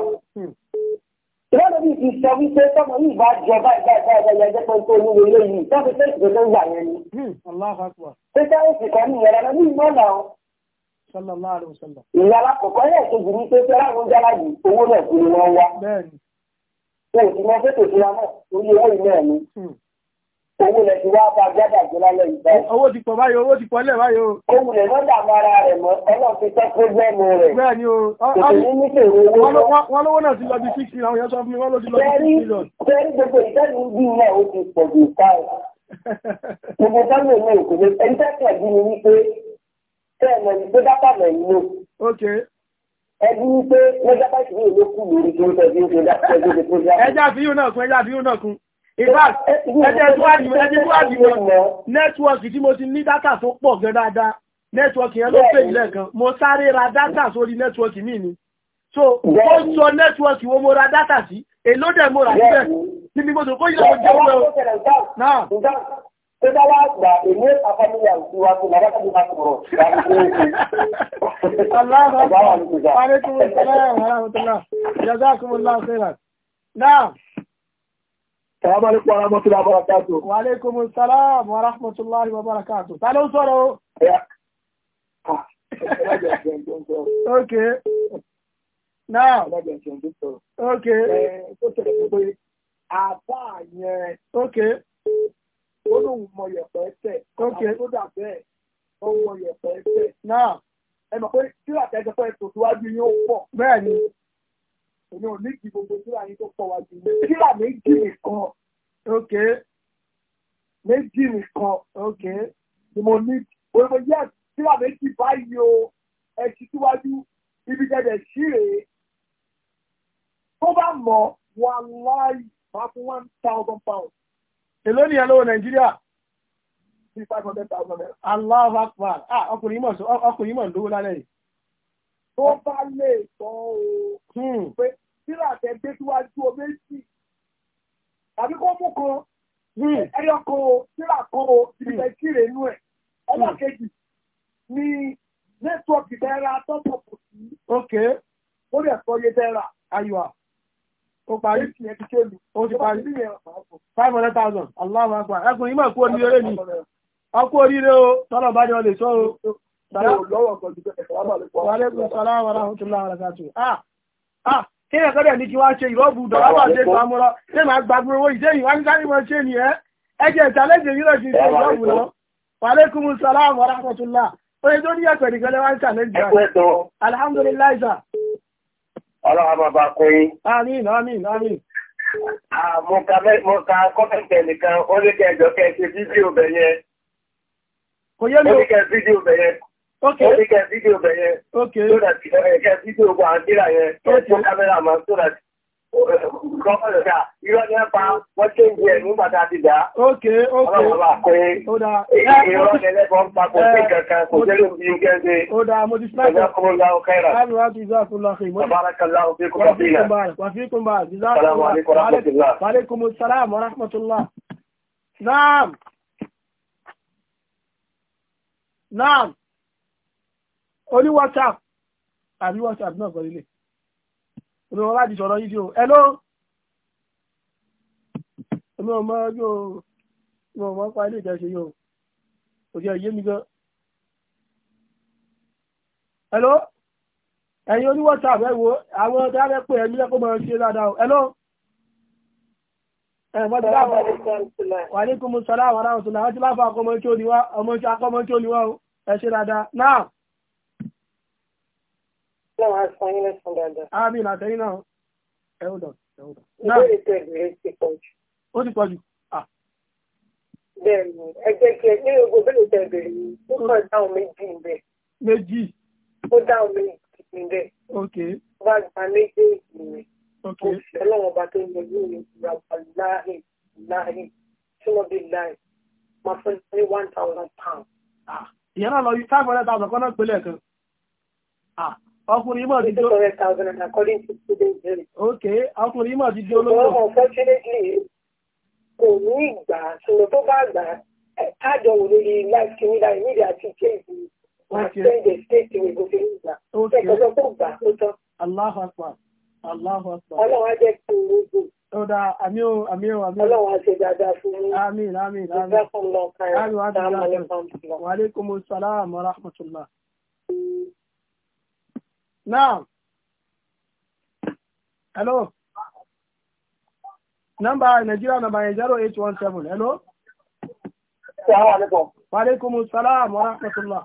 Ìlànà bí ti sọ wípé tọ́mọ yìí bá jọ báyìí báyìí báyìí báyìí ẹjẹ́ pé tó ní ilé yìí tọ́bi pé ìgbé tó ń gbà yẹn ni. Hmm, ṣé táwọn sì kọ́ ní ìyẹn lọ ní ìmọ̀ náà? Ìyá alákọ̀ọ́kọ́ yẹ̀ kejì ní pé fẹ́ràn àwọn jálá yìí owó náà kiri wọn wá. Bẹ́ẹ̀ni. Ṣé Owó lẹ̀ ti wá bá gbádà jẹ́ lálẹ́ ìgbà. Owó ti pọ̀ báyìí, owó ti pọ̀ lẹ̀ báyìí o. Ohun lè lọ́dà mara rẹ̀ mọ́, ọlọ́run ti tẹ́ pírọ́gbẹ́mù rẹ̀. Bẹ́ẹ̀ni o. Wọ́n lówó náà ti lọ bí six million, àwọn èèyàn sọ fún mi, wọ́n ló ti lọ bí six million. Bẹ́ẹ̀ni gbogbo ìtẹ́nu bí náà ó ti pọ̀ jù ká ẹ̀. Gbogbo táwọn èèyàn òkú ni, ẹni tẹ́kẹ̀ bí mi wípé tẹ́ẹ̀mọ̀ ní pé dápà mẹ̀ ń lò. Ẹbí wípé lọ́jọ́ bá ìṣòro ìlókù lórí kí ó tẹ̀ bí ó ṣe dá ẹjá fi yóò náà kún ẹjá fi yóò náà kún. Nẹ́tíwọ́kì eh, eh, eh, tí mo ti ní dátà tó pọ̀ gan dáadáa, nẹ́tíwọ́kì yẹn ló pè ìlẹ̀ kan, mo sáré ra dátà sórí nẹ́tíwọ́kì mi ni. So, ó sọ nẹ́tíwọ́kì wo mo ra dátà sí, èló dẹ̀ mo rà síbẹ̀, tí mi gbọ́dọ̀ kó yẹ kó jẹ́ ọmọ náà. Tó bá wá gbà èmi àfọmíyà ìwà tó lára tó bá sọ̀rọ̀. Aláàbọ̀ Aláàbọ̀ Aláàbọ̀ Aláàbọ̀ Aláàbọ̀ Aláàbọ̀ Assalamu alaikum warahmatullahi wabarakatuh. Wa alaikumus salam warahmatullahi wabarakatuh. Ta ló ah. sọ̀rọ̀? Okay. Now. Okay. Àbá yẹn. Okay. Ó lóun mọ yẹ̀pẹ̀ tẹ̀. Okay. Àbúrò dà bẹ́ẹ̀. Ó mọ yẹ̀pẹ̀ tẹ̀. Now. Ẹ mọ̀ pé kí làtẹ́jọ́ pẹ́ tòṣíwájú yóò pọ̀. Bẹ́ẹ̀ ni èmi ò ní kí gbogbo síra yín tó pọ̀ wá jù lé síra méjì nìkan ok méjì nìkan ok ni mo ní òyìnbó yẹ síra méjì báyìí o ẹ ti síwájú ibi jẹjẹ sí rèé tó bá mọ̀ wà láì máa fún one thousand pounds. èló ni ẹ lọ́wọ́ nàìjíríà. bí five ah ọkùnrin mọ̀ ọkùnrin mọ̀ ń dówó lálẹ́ yìí tó bá lè sọ o hmm. pé síra tẹ gbé síwájú o méjì tàbí kó mú kan hmm. ẹyọ kan o síra kan o ìbílẹ̀ hmm. kíre inú ẹ̀ ọlọ́kejì ni nẹ́tíwọ́ọ̀kì bẹ́ẹ̀rẹ̀ atọ́pọ̀ kò sí. ok ó lè sọ iye bẹ́ẹ̀rẹ̀ ayọ̀ à ó parí ó ti parí five hundred thousand aláwọ̀ àgbà ẹkùn yìí mà kú oríire ni ọkú oríire o tọ́lọ̀ bá ní ọ lè sọ o. Ah, ah, kí ẹ̀kọ́ dẹ̀ ní kí wá ṣe ìrọ́bù dọ̀láwà ṣe pàmúra tí máa gbàgbé owó ìdé ìwá ń sáré wọn ṣe ní ẹ́ ẹjẹ́ ìtàlẹ́jẹ̀ yíò ṣe ṣe ìrọ́bù lọ. Wàlékún sàlámù wa rahmatullah. Oye tó ní ẹ̀pẹ̀ nìkẹ́lẹ́ wá ń sàlẹ́jẹ̀. Alhamdulillah. Ọlọ́run máa bá kó yín. Àmín, àmín, àmín mo ka mo ka kọ́mẹ̀ntẹ̀ nìkan ó ní kẹjọ kẹ ṣe fídíò bẹ̀ yẹn. kò yé mi o ó ní kẹ fídíò bẹ̀ yẹn ok ó ní kẹ́ fídíò bẹ̀ yẹn ok so that eh, kẹ́ fídíò bọ̀ àǹdíra yẹn kẹ́ fún kámẹ́rà mọ́ eh, wọ́n ṣe ń jẹ nígbà tá a ok ok ọlọ́run bá pé irọ́ ní sí eh, kankan kò sí lóun bí n mo ti sinai kan ọkọ lọ ọkọ ẹ̀rọ. láti wá bí ìzáàkú lọ kì í mọ́. barakala o fi kún bá oní whatsapp àbí whatsapp náà kọ́ nílé olùwọ́n láti sọ̀rọ̀ yìí sí o hello omi ọmọ yóò omi ọmọ pa ilé ìjọ ṣe yóò òjì ẹ̀yẹ mi gan hello ẹ̀yin oní whatsapp ẹ̀ wo àwọn ọ̀dọ́ abẹ́ pé ẹ̀mí lẹ́kọ̀ọ́ máa ń ṣe dáadáa o hello. Wàlékùmù sọ́lá àwọn ará òtún náà, wọ́n ti láfa ọkọ̀ ọmọ tí ó ní wá, ọmọ tí ó ní wá o, dáadáa. Náà. Ọlọ́run á sọ yín lẹ́sùn dáadáa. Àmì ìlànà ẹ̀yìn náà ẹ ó dọ̀ ẹ ó dọ̀. Ìbéèrè tó ìbéèrè ti pọ̀ jù. Ó ti pọ̀ jù. Ah. Bẹ́ẹ̀ni, ẹ jẹ́ kí ẹ ní gbogbo bẹ́ẹ̀ tẹ̀ bẹ̀rẹ̀ yìí, ó kàn dáhùn méjì ń bẹ̀. Méjì. Ó dáhùn méjì ń bẹ̀. Ok. Bá a gba méjèèjì rẹ̀. Ok. Ọlọ́run ọba tó ń yọjú mi ìyàwó láàyè láàyè tí wọ́n bí láàyè máa fún ní one thousand pounds. Ah. Ìyẹn náà lọ yí five hundred thousand kan náà pélé Ah ọkùnrin mọ̀ ti di olóògbò. ok ọkùnrin mọ̀ ti di olóògbò. unfortunately kò ní ìgbà ṣòro tó bá gbà kájọ wò lórí life kí nígbà ìmídìí àti kéèkì wà sẹ́ńdẹ̀ stéèkì wẹ̀ kó fi gbà. ok ẹ̀kọ́ tó gbà tó tán. Allahu Akbar Allahu Akbar. ọlọ́run á jẹ́ kí n ní gbò. Ọ̀dà àmì o àmì o àmì o. Ọlọ́run àti dáadáa fún mi. Àmín àmín àmín. Ìgbà kan lọ kan. Àmín wa dàgbà. Wa alaykum salaam wa rahmatullah. Now, hello. Number Nigeria number zero eight one seven. Hello. Assalamu alaikum. Wa alaikumus wa rahmatullah.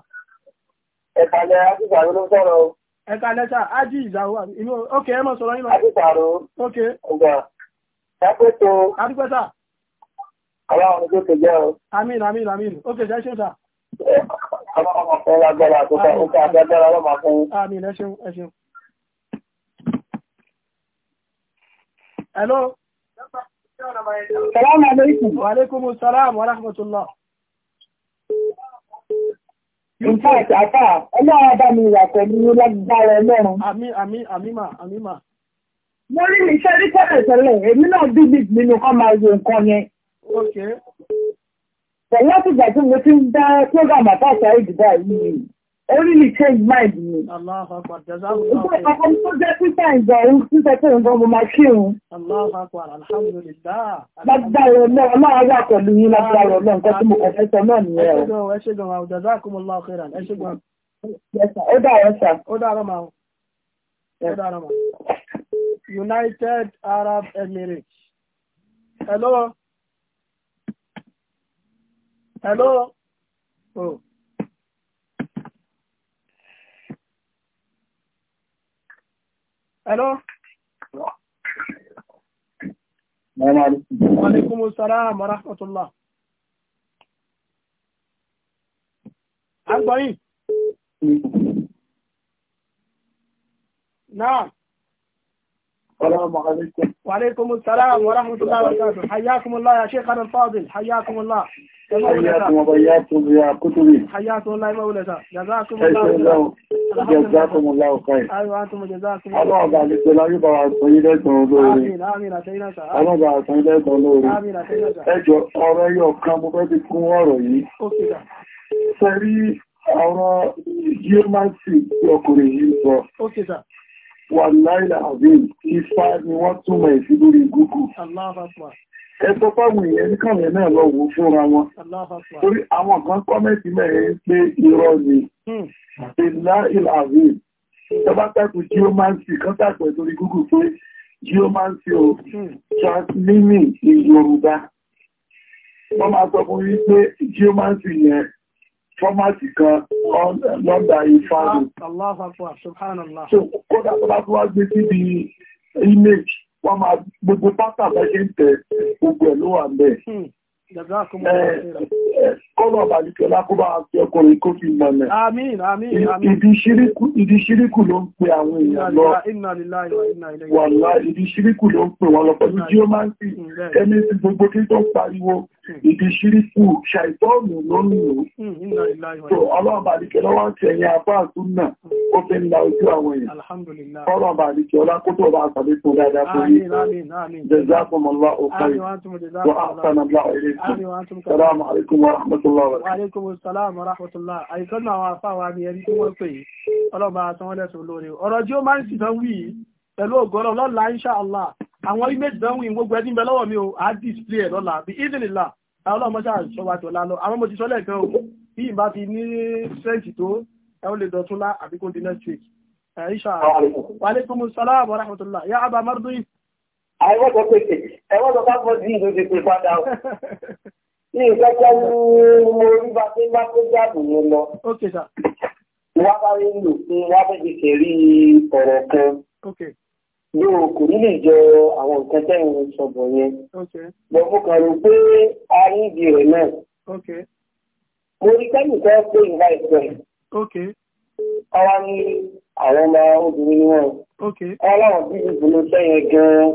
Ẹ̀kàlẹ̀ Ajíṣà ló ń o. Ẹ̀kàlẹ̀ sà Ají ìzàwà. Ok, ẹ mọ̀ sọ̀rọ̀ yín lọ. Ajíṣà ló. Ok. Ọgbà. Ẹ̀pẹ́ tó. Adúpẹ́ sà. o. Amin, amin, amin. Ok, ṣe é ṣe Ọlọ́run fún lágbára tó ká ó ká agbára ọlọ́run fún. Àmì ẹ ṣeun ẹ Hello. Salaam alaikum. Wa alaikum salaam wa rahmatullah. Ìfà àti àfà, ọlọ́run bá mi rà pẹ̀lú lágbára ọlọ́run. ami àmì ami ma. àmì mà. Mo rí iṣẹ́ rí tẹ́lẹ̀ tẹ́lẹ̀, èmi náà bí mi nínú kọ́ máa wo nǹkan yẹn. Okay pẹ̀lú àtìgbà tí mo ti ń dá program àtàkà ìdìbò yìí ó rí lè change mind mi. ìgbà ọkọ tó jẹ́ títà ìgbà òun tí sọ pé nǹkan mo máa kí òun. lágbára ọ̀nà ọlọ́run wà pẹ̀lú yín lágbára ọ̀nà nǹkan tí mo kàn fẹ́ sọ náà nìyẹn o. ẹ ṣe gan àwọn ọ̀dàdà kó mo lọ ọ̀kẹ́rà ẹ ṣe gan. ó dàrọ sà. ó dàrọ mà ó. ó dàrọ mà. United Arab Emirates. Hello hello oh. hello. Alaikum salam wa rahmatullah. Agbọ́yìn. Náà. Wa alaikum salam wa rahmatullah wa barakatuh. Hayyakumullah ya Sheikh Al-Fadil, hayyakumullah. حياكم وبياكم يا كتبي حياكم الله مولانا جزاكم الله جزاكم الله خير ايوه انتم جزاكم الله الله عليك لا يبقى سيدة تنظوري امين امين سيدة الله سيدة تنظوري امين سيدة ẹjọ́ ọ̀rọ̀ yóò kan mo fẹ́ fi kún ọ̀rọ̀ yìí sẹ́rí ọ̀rọ̀ yíọ́mánsì tí ọkùnrin yìí sọ wà láìlà àbí ìfà ni wọ́n túnmọ̀ ìfibúrí gúgù ẹgbọ́ fáwọn èèyàn ní kàwẹ̀ náà lọ wò fúnra wọn torí àwọn kan kọ́mẹ́tì mẹ́rin pé irọ́ ni ìlà ìlàrí ìjọba tàkù geomancy kan tàkù torí Google pé geomancy o transmini hmm. ní Yorùbá wọ́n máa sọ fún yín pé geomancy yẹn fọ́mátì kan lọ́dà ìfàdù kódà tó bá tó wá gbé síbi image wọ́n máa gbogbo pátá lẹ́yìn ń tẹ̀ gbogbo ẹ̀ ló wà hmm. bẹ́ẹ̀. Kọ́lọ̀ àbàlìkẹ́ lákúbà àti ọkùnrin kó fi mọ̀ mẹ́. Ìdí ṣíríkù ló ń pe àwọn èèyàn lọ. Wàlá ìdí ṣíríkù ló ń pe wọn lọ pẹ̀lú jíọ́mántì. Hmm, Ẹni gbogbo kí tó pariwo ìdí ṣíríkù ṣàìtọ́ọ̀nù ló ń lò so ọlọ́ọ̀bà àdìkẹ́ lọ́wọ́ ń tẹ̀ ẹ̀yìn apá àtún náà ó fi ń la ojú àwọn èèyàn ọlọ́ọ̀bà àdìkẹ́ ọlákótó ọba àtàlẹ́ fún dáadáa fún yìí jazakumullahu khairan wa ahsana ilaykum salamu alaykum wa rahmatullahi pẹ̀lú ògọ́rọ̀ lọ́la insha Allah àwọn image dánwò ìwógbó ẹni bẹ lọ́wọ́ mi o á display ẹ̀ lọ́la bí ìdìnnìlá àwọn ọlọ́mọṣà ṣọwàtò lálọ́ àwọn mo ti sọ lẹ́ẹ̀kan o bí ìbá fi ní strength tó ẹ̀wọ́n lè dọ̀tún lá àbí kó di next week insha Allah wa alaikum salaam wa rahmatullah ya aba marduyi. àwọn ọkọ pèsè ẹwọn lọ bá bọ sí ìlú ti pè padà o ní ìgbẹ́jẹ́ ní mo rí bá pé bá pé jáàbù yẹn lọ. wá bá rí lò fún wá bẹ́ẹ̀ ti kẹ̀rí ọ̀rọ̀ kan yóò kò ní lè jẹ àwọn nǹkan tẹ́ ìwé sọ̀bọ̀ yẹn. Mo mú kan rò pé a ní ìdí rẹ̀ náà. Mo rí kẹ́yìn kan pé ìwà ìpẹ́. Àwa ní àwọn ọmọ obìnrin wọn. Àwa láwọn bí ìbùnú sẹ́yìn gan-an.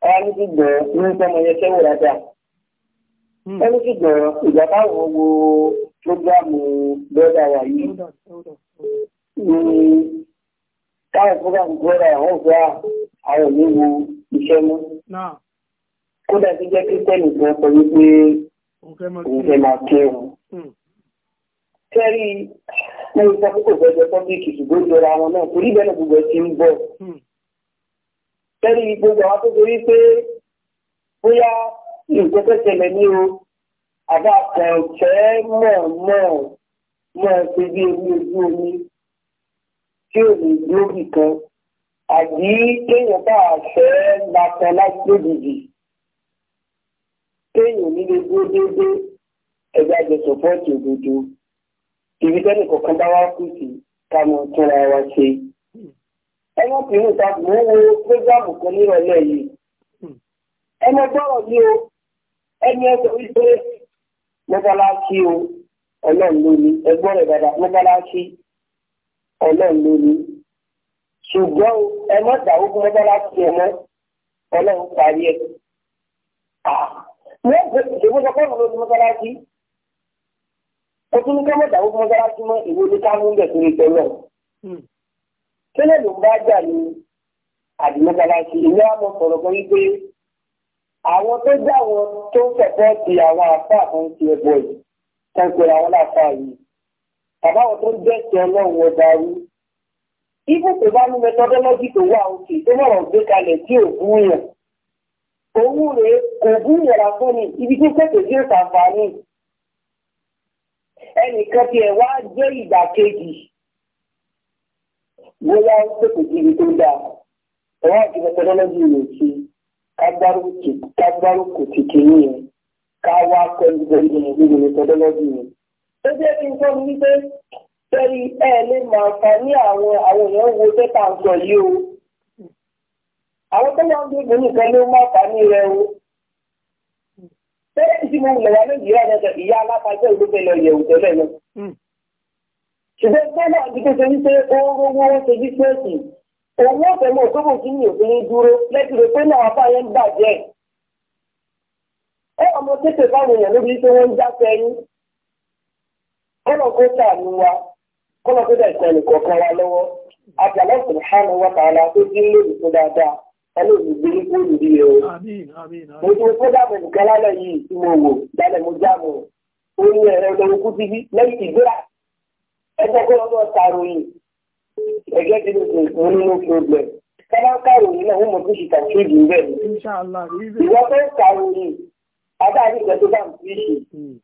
Àwa hmm. ní gbígbọ̀n ní sọmọ yẹn sẹ́wò dáadáa. Ẹni hmm. gbígbọ̀n ìgbà táwọn wo prógráàmù bọ́dà wà yìí káwọn program gbọ́dọ̀ àwọn òfin àwọn òní wo iṣẹ́ kódà tó jẹ́ kírísítẹ́nì kan sọ wípé òun fẹ́ máa kí ẹ̀rù. sẹ́rí hmm. mo sọ pé kò fẹ́ jẹ ìjọra wọn náà torí bẹ́ẹ̀ gbogbo ẹ̀ ti ń bọ̀. sẹ́rí hmm. gbogbo àwọn tó torí pé bóyá nǹkan tó ṣẹlẹ̀ ní o àbá kan fẹ́ mọ̀ mọ̀ mọ̀ ṣe bí omi ojú omi tí ò ní lórí kan àbí kéèyàn bá fẹ́ lakan láti lójijì kéèyàn nílé dúró déédéé ẹgbẹ́ àjọsọ pọ́ọ̀tì òdodo ibi tẹ́lẹ̀ kọ̀ọ̀kan bá wá kù sí ká mọ túnra wa ṣe. ẹ má fi hùn tàbí mò ń wo prógámù kan nírọ̀lẹ́ yìí. Hmm. ẹ mọ gbọ́rọ̀ ní o ẹni ẹ sọ wípé mọ́sálásí o ọlọ́run ló ní ẹgbọ́n rẹ̀ dáadáa mọ́sálásí ọlọ́run ló ní ṣùgbọ́n ẹ má dàwó fún ọjọ́ láti ẹ mọ́ ọlọ́run parí ẹ̀. wọ́n gbé ìṣèwọ́sọ kọ́ọ̀nù ló ní mọ́sálásí ó tún ní ká má dàwó fún mọ́sálásí mọ́ ìwé ní ká mú bẹ̀ tó ní tẹ́lẹ̀. kílẹ̀ ló ń bá jà ní àdìmọ́sálásí ìwé àmọ́ sọ̀rọ̀ kan wípé àwọn tó jáwọn tó ń fẹ̀fọ́ àwọn àfáà kan ti ẹ̀bọ̀ yìí kan pèrè àwọn àfáà yìí bàbá wọn tó ń gbẹ̀sẹ̀ ọlọ́run ọba rú. ibù tó bá ní methodology tó wà òkè tó mọ̀rọ̀ gbé kalẹ̀ tí ò bú yàn. òun rèé kò bú yàrá fún ni ibi tí pèsè tí ó ṣàǹfààní. ẹnìkan tiẹ̀ wá jẹ́ ìgbà kejì. bóyá ó pèsè ibi tó dáa ẹ̀wá àti methodology rẹ̀ sí kágbárùkù kékeré yẹn ká wá pẹ̀lú pẹ̀lú methodology yẹn. ó jẹ́ kí n kọ́ mi wípé sẹ́rí ẹ lè máa kan ní àwọn àwọn èèyàn wo yìí o àwọn tó ń gbé nìkan ló máa ní o sẹ́yìn tí mo wá rẹ̀ ìyá ìlú fẹ́ lọ yẹ̀wò tẹ́lẹ̀ hmm. ṣùgbọ́n wípé ó rówó òun mọ̀ kò sí ní òfin dúró lẹ́tìrì pé náà afáyé ń bàjẹ́. ẹ ọmọ tètè kọ́nà kó n'uwa wa kọ́nà kó dẹ̀ sẹ́ni kọ̀ọ̀kan wa lọ́wọ́ àjàlọ́ subhanahu wa ta'ala tó dín lórí tó dáadáa ẹni ìlú gbélé kó lórí rẹ o. mo ti fẹ́ dàbẹ̀ nìkan lálẹ́ yìí tí mo wò lálẹ́ mo já mo ó ní ẹ̀rọ lọ́wọ́ kú síbí lẹ́yìn mo náà wọ́n mọ̀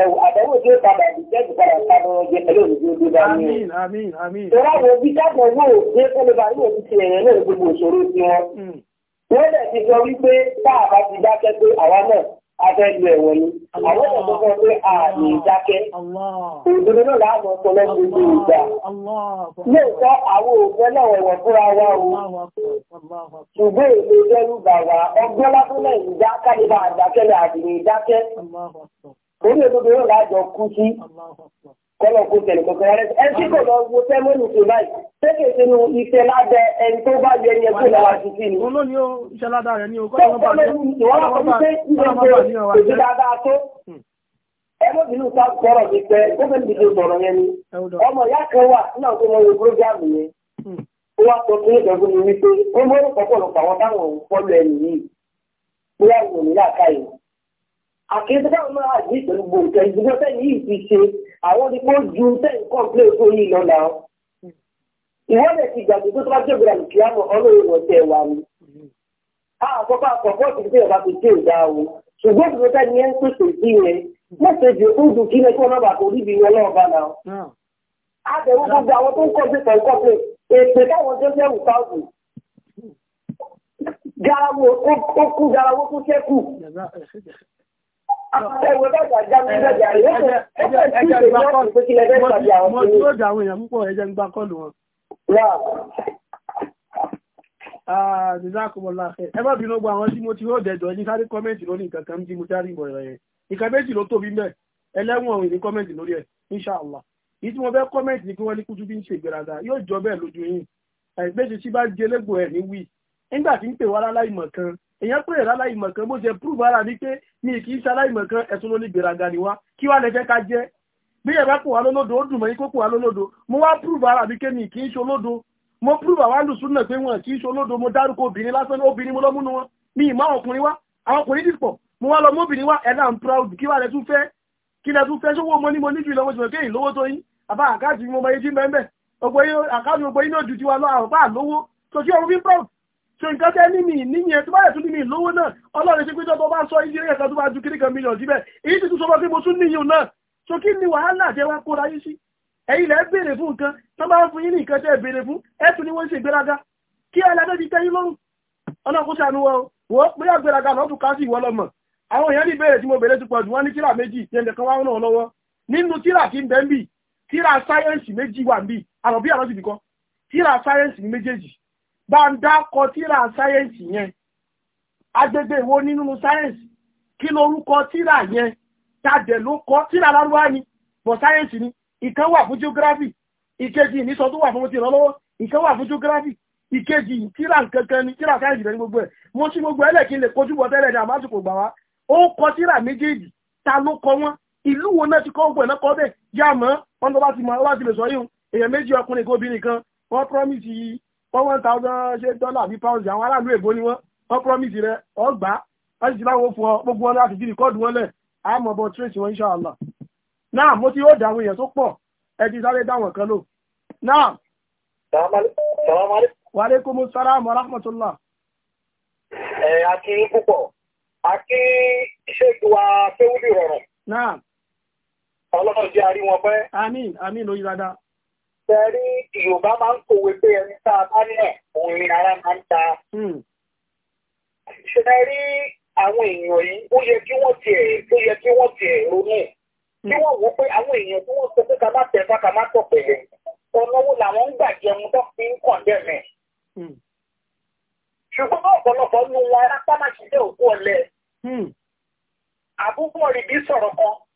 ẹ̀wọ̀ àtẹ̀wò tí ó padà di jẹ́jù padà sábà ọjọ́ pẹ̀lú òní tí ó dé bá ní o. ìrọ̀ àwọn òbí dábọ̀ owó òde kọ́lé bá yóò ti ẹ̀yẹ lórí gbogbo òṣòro tí wọn. Hmm. wọ́n dẹ̀ ti sọ wípé tá a bá ti dákẹ́ pé àwa náà a fẹ́ lu ẹ̀wọ̀n ni àwọn náà sọ pé a lè dákẹ́. òdodo náà láàmú ọpọlọ gbogbo ìgbà. lóòótọ́ àwọn òògùn ẹlẹ́wọ̀n ẹ̀wọ̀n fúnra wa o. ṣùgbọ́n èlé dẹ́rù bà ọgbọ́n lábúlẹ̀ ìdákẹ́ orí òdodo yóò láàjọ kú sí kọlọ kó tẹlẹ kọkọ rẹ ẹni tí kò lọ wo sẹmọnì tó báyìí tẹkẹ sínú iṣẹ́ lábẹ́ ẹni tó bá yẹ ẹni ẹgbẹ́ làwọn ti sí ni. olóòní o iṣẹ́ ládàá rẹ ni o kọlọ bá ní ìwọ́n bá ní pé ìṣe òjì hmm. sọ fún ìjọba mi wípé ó mọ orúkọ àwọn táwọn òun fọ́lọ́ ẹni yìí bóyá ìròyìn láàká yìí àkíyèsí táwọn máa àdí pẹ̀lú gbòǹkẹ́ ìdúgbò tẹ́yìn yìí ti ṣe àwọn ti kó ju tẹ́yìn kọ́ńplé tó yìí lọ náà. ìwọ́lẹ̀ ti gbàgbé tó tó bá jẹ́ ìgbàlù kí á mọ̀ ọlọ́run wọ̀ tẹ̀ wá ni. àkọ́kọ́ àkọ́kọ́ ti fi ìjọba ti dé ìdá o ṣùgbọ́n ìdúgbò tẹ́yìn yẹn ń pèsè sí yẹn mẹ́sẹ̀jì ó dùn kí lẹ́kọ́ náà bàtà oríbi wọn náà bá náà. àbẹ̀wò gbogbo àwọn tó ń kọ́ Mo dúró dà àwọn èèyàn púpọ̀ ẹjẹ́ ń gbá kọlù wọn. Àdìsákùnmọ̀lá ah, ẹ má bínú gba àwọn tí mo ti ró dẹ̀jọ́ ní sáré kọ́mẹ́ǹtì lórí nǹkan kan tí mo ti rí ìbọ̀rẹ̀ yẹn. Nǹkan méjì ló tóbi mẹ́ ẹlẹ́wọ̀n òun ní kọ́mẹ́ǹtì lórí ẹ̀ inṣàlá. Ìyí tí mo fẹ́ kọ́mẹ́ǹtì ni pé wọ́n ní kútú bí ń ṣe ìgbéraga yóò jọ bẹ́ẹ̀ lójú yín. Àìgbéjì tí bá jẹ légbò ẹ̀ ní wí. Nígbà tí ń pè wá láláìmọ̀ kan, èèyàn pè láláìmọ̀ kan bó ṣe prúfù ara ní pé mi kì í ṣaláìmọ̀ kan ẹ̀sùn lóní gbèrágà ni wá kí wá lẹ́fẹ́ ká jẹ́ bí ẹ̀bá pò wá lólódo ó dùn yín kó pò wá lólódo mo wá prove ara mi kémi kì í ṣe olódo mo prove àwọn àlùsùn náà pé wọn kì í ṣe olódo mo dárúkọ obìnrin lásán obìnrin mo lọ́múnu wọn mi ì má ọkùnrin wá àwọn ọkùnrin dìpọ̀ mo wá lọ mọ́bìnrin wá ẹ̀ náà proud kí wá lẹ́tún fẹ́ kí lẹ́tún fẹ́ ṣówó mo ní mo ní ju ìlọ́wọ́ sọ̀rọ̀ kéyìn lówó tó yín àbá àkáàtì mo mọ iye jí mẹ́mẹ́ àkáàtì gbogbo náà ju tiwa lọ àwọn bá lówó so ọ̀run bí proud ṣe nǹkan tẹ́ ní mi níyẹn tó bá yẹ tún ní mi lówó náà ọlọ́run ṣe pé tó bá sọ iye ẹ̀ka tó bá ju kíríkà mílíọ̀n síbẹ̀ èyí ti tún sọ pé mo tún níyìn náà so kí ni wàhálà jẹ́ wá kóra yín sí ẹ̀yin lẹ́ béèrè fún nǹkan tó bá fún yín ní nǹkan tẹ́ béèrè fún ẹ̀ tún ni wọ́n ṣe ìgbéraga kí ẹlẹ́dẹ́ ti tẹ́yìn lọ́rùn ọlọ́run kó ṣàánú wọn wọ́n pé àgbéraga lọ́tún ká sí ìwọ lọ́mọ àwọn èèyàn ní ìbéèrè tí mo béèrè ti pọ̀ jù wọ́n ní tíra méjì yẹn nìkan wá ràn lọ́wọ́ bàǹdà kọtíra sáyẹ́ǹsì yẹn agbègbè wo nínú sáyẹ́ǹsì kí lorúkọ tíra yẹn tàdé ló kọ tíra lárúbá ni bọ̀ sáyẹ́ǹsì ni ìkan wà fún geography ìkejì ìnísọ tó wà fún ti ìrànlọ́wọ́ ìkan wà fún geography ìkejì tíra kankan ni tíra sáyẹ́ǹsì rẹ̀ ní gbogbo ẹ̀ mo sí gbogbo ẹlẹ́kí lè kojú bọ̀ tẹ́lẹ̀ ní àmásùkò gbà wá ó kọ tíra méjèèjì ta ló kọ wọn ìlú wo náà ti kọ́ gbọ̀ náà kọ́ bẹ́ẹ̀ yá mọ́ wọn tó bá ti mọ wọn bá ti lè sọ yìí èèyàn méjì ọkùnrin kó obìnrin kan wọn promise yìí wọ́n one thousand ṣe dọ́là àbí pounds àwọn aráàlú èbó ni wọ́n wọ́n promise rẹ̀ ọgbà wọ́n sì ti láwọn fún ọ gbogbo wọn láti jírí kọ́ọ̀dù wọn lẹ̀ àmọ́ bọ́ trace wọn insha Allah náà mo ti yóò dá àwọn èèyàn tó pọ̀ ẹ ti sáré dá wọn kan lò náà. wa alaikumus salam wa rahmatullah. ẹ a kí púpọ̀ a kí ṣéèkì wa fẹ́wúdì rọrùn. náà. ọlọ́run jẹ́ àrí wọn pẹ́. àmín àmín Sẹ́rí Yorùbá máa ń kòwé pé ẹni tá a bá nẹ̀ òun ni ara máa ń ta. Sẹ́rí hmm. àwọn èèyàn yìí ó yẹ kí wọ́n tiẹ̀ ó yẹ kí wọ́n tiẹ̀ ronú. Kí wọ́n wò pé àwọn èèyàn tí wọ́n sọ pé ká má tẹ̀fá ká má tọ̀ pẹ̀lẹ́. Ọ̀nà làwọn ń gbà jẹun tó fi ń kàn dẹ̀mẹ̀? Hmm. Ṣùgbọ́n ọ̀pọ̀lọpọ̀ nu wọn arápá òkú ọ̀lẹ. Hmm. Àbúkù ọ̀rìbí sọ̀rọ̀ kan.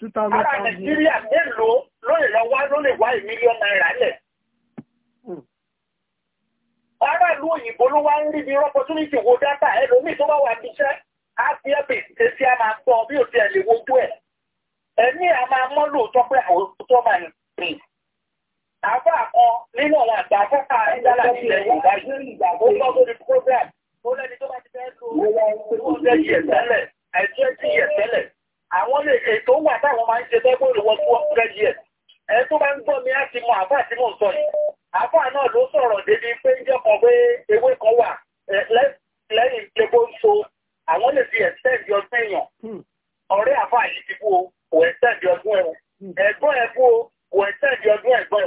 two thousand. ara nàìjíríà mélòó ló lè lọ wá ló lè wá mílíọ̀nù náírà lẹ̀. Hmm. aráàlú òyìnbó ló wá ń rí bí opportunity wo dátà ẹlòmíì tó bá wà níṣẹ́ á fi ẹ̀ bèèrè tí a máa gbọ́ bí òtí ẹ̀ lè wojú ẹ̀. ẹ̀mí a máa mọ́ lóòótọ́ pé àwọn òtítọ́ máa ń pè. àbá kan nínú àwọn àgbà afọ́fà ìdálà nílẹ̀ yorùbá yìí ó lọ sórí program ó lẹ́ni tó bá ti fẹ́ lo two hundred years tẹ́lẹ̀ ẹ̀ àwọn ètò wà táwọn máa ń ṣe tẹ́gbọ́n lọ́wọ́ tí wọ́n fẹ́ yẹ ẹ tó bá ń gbọ́ mi á ti mọ àbá tí mò ń sọ yìí náà ló sọ̀rọ̀ débi pé ń jẹ́kọ̀ pé ewé kan wà lẹ́yìn epo ń àwọn lè fi ẹ̀sẹ̀ǹdì ọdún èèyàn hmm. ọ̀rẹ́ àbá yìí ti kú o kò ẹ̀sẹ̀ǹdì ọdún hmm. o kò ẹ̀sẹ̀ǹdì ọdún ẹ̀gbọ́n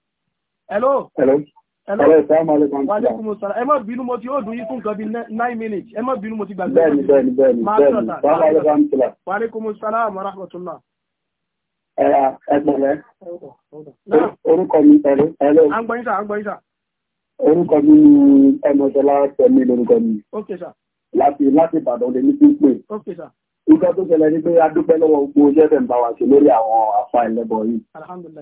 hello. hello. hello. wàlékùmù sọ̀rọ̀ ẹ má bínú mo ti ó dùn yín fún nǹkan bíi nine minutes ẹ má bínú mo ti gbàgbé. bẹ́ẹ̀ni bẹ́ẹ̀ni bẹ́ẹ̀ni bẹ́ẹ̀ni wàlékùmù sọ̀rọ̀ àmọ́ rahmatullah. ẹ ẹ gbọ̀ngẹ́ orúkọ mi ẹ̀rọ. à ń gbọ́ yín sà à ń gbọ́ yín sà. orúkọ mi ni ẹmọ̀ṣọ́lá tẹ̀mí lórúkọ mi. ok sà. láti láti Ìbàdàn lè ní kí n pè. ok sà ìgbà tó ṣẹlẹ̀ ni pé adúpẹ́ lọ́wọ́ gbogbo jẹ́bẹ̀ ń bá wa ṣe lórí àwọn afa ẹlẹ́bọ yìí.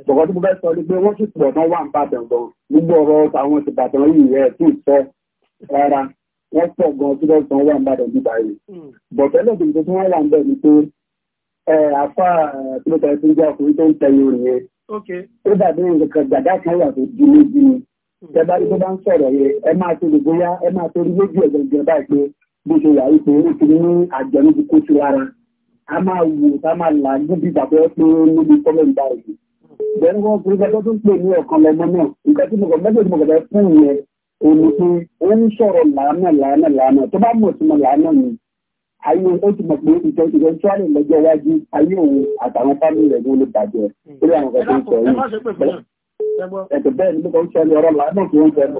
bọ̀kọ́ tí mo fẹ́ sọ ni pé wọ́n sì pọ̀ tán wà ń bàtàn gan gbogbo ọ̀rọ̀ àwọn ìbàdàn yìí ẹ̀ tí ì sọ rárá wọ́n pọ̀ gan tí wọ́n tán wà ń bàtàn gbígbà yìí. Hmm. bọ̀tẹ́lẹ̀ tó tó wọ́n wà ń bẹ̀ ni pé afa pílọ̀tà ẹ̀sìn jẹ́ ọkùnrin tó ń tẹ yorùn yẹn. ó dàbí nǹkan gbàdá kan wà tó di méjì ni. Hmm. tẹ bá rí tó bá ń sọ̀rọ̀ yẹn ẹ máa tó lè bóyá ẹ máa tó rí méjì bó ṣe wà wípé ó ti ní àjọ níbi kó sí lára a máa wò tá máa là níbi bàbá ẹ pé níbi kọ́mẹ̀ntì báyìí bẹ́ẹ̀ni wọ́n fi ẹjọ́ tó ń pè ní ọ̀kan lọ́mọ náà nǹkan tí mo kàn mẹ́jọ tí mo kàn fún yẹn òní pé ó ń sọ̀rọ̀ làánà làánà làánà tó bá mọ̀ sí mo làánà mi ayé ó ti mọ̀ pé ìjọ ìjọ tí wọ́n lè lọ́jọ́ iwájú ayé òun àtàwọn fámìlì rẹ̀ ló lè bàjẹ́ lórí àwọn kan tó ń sọ yìí. Ẹ̀tọ̀ bẹ́ẹ̀ ni lókọ̀ ń ṣẹlẹ̀ ọ̀rọ̀ láàrín òkè oúnjẹ ẹ̀mọ̀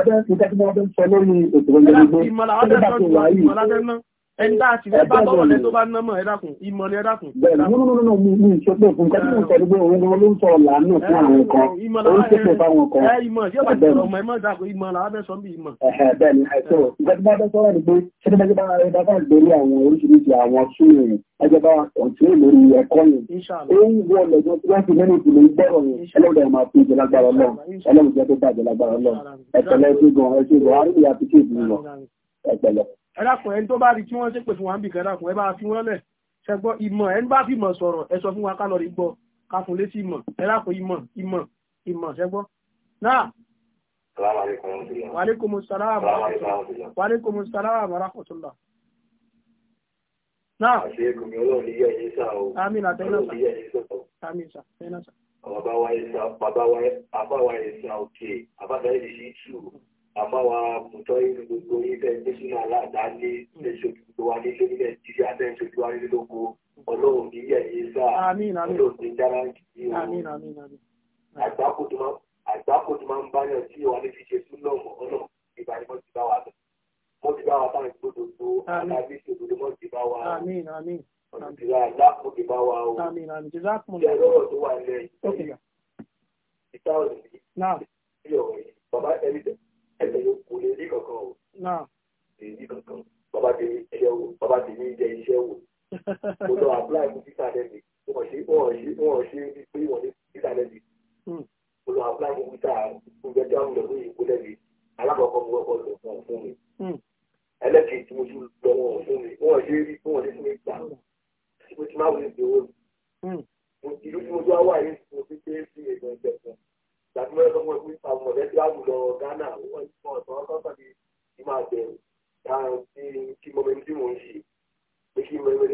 ọ̀dẹ́ ìtẹ́kùn ọdún ṣẹlẹ̀ ní ètò ìgbẹ̀lẹ́gbẹ̀ ẹni bá ti rẹ̀ bá lọ́wọ́ lẹ́ tó bá ná mọ̀ ẹ̀dàkùn ìmọ̀ ni ẹ̀dàkùn. bẹ́ẹ̀ ní nínú nínú mi ìṣe pé fún kẹ́kẹ́ mú tẹ̀lé pé òun ló ń sọ làánù fún àwọn kan òun ṣe pé fáwọn kan. ìmọ̀ yóò bá ti sọ̀rọ̀ ọmọ ẹ̀mọ́ ìdàkùn ìmọ̀ làwọn fẹ́ sọ bí ìmọ̀ ẹ̀dàkùn ẹni tó bá rí tí wọ́n ṣépè fún wa ń bì kẹ́dàkùn ẹ bá fi wọ́n lẹ̀ ṣẹgbọ́ ìmọ̀ ẹni bá fi mọ̀ sọ̀rọ̀ ẹ sọ fún wa ká lọ rí gbọ́ ká fún létí ìmọ̀ ẹ̀dàkùn ìmọ̀ ìmọ̀ ìmọ̀ ṣẹgbọ́. náà wàlékùmù sàlámù wàlékùmù sàlámù arákùtùlà. náà àmì làtẹ́nà sà àmì sà tẹ́nà sà. bàbá wa ẹ̀ sà bàbá wa ẹ̀ sà òkè àbájáde ṣe é àbáwa kùtọ́ inú gbogbo yín fẹ́ gbé sínú aláàdá ní lẹ́sọ̀tù tó wà ní lórí nàìjíríà fẹ́ sojú wa nínú oko ọlọ́run ní yẹ̀yẹ́ sáà ọlọ́run ní dára jù ú àgbákò tó máa ń báyọ̀ tí wà ní fi ṣe tún lọ́mọ ọ̀nà ìbánimọ́ ti bá wa lọ. mo ti bá wa táwọn ìgbódò tó alábí ti òdodo mọ́ ti bá wa ọ̀nà ti bá aláàpò ti bá wa o. ìyá lọ́rọ̀ tó wà lẹ́yìn. ìta ọ̀sìn ẹsẹ̀ yóò kò lè rí kankan o lè rí kankan bàbá ti ní iṣẹ́ wò bàbá ti ní jẹ iṣẹ́ wò mo lọ apply fún títà lẹ́bi wọ́n ṣe wọ́n ṣe wọ́n ṣe ní pé wọ́n ní títà lẹ́bi hmm. mo lọ apply fún títà fún gbẹdẹ àwọn ọmọ ìyẹn kó lẹ́bi alákọ̀ọ́kọ́ mo kọ́kọ́ lọ fún fún mi hmm. ẹlẹ́kẹ̀ẹ́ tí mo tún lọ wọ́n fún mi wọ́n ṣe rí fún wọn ní sinmi gbà mo ti máa wọlé ìdíwọ́ mi hmm. ìlú tí mo tún wá wà yìí mo ti ṣe é sí ètò ìjẹ̀kùn tàbí wọ́n lọ́wọ́ ìwé ìfàmù ọ̀lẹ́dí àwùjọ Ghana wọ́n ti fọ ọ̀tọ̀ ọ̀tọ̀ ti ti máa bẹ̀rù kí kí mọ ẹni tí mò ń ṣe pé kí mọ ẹni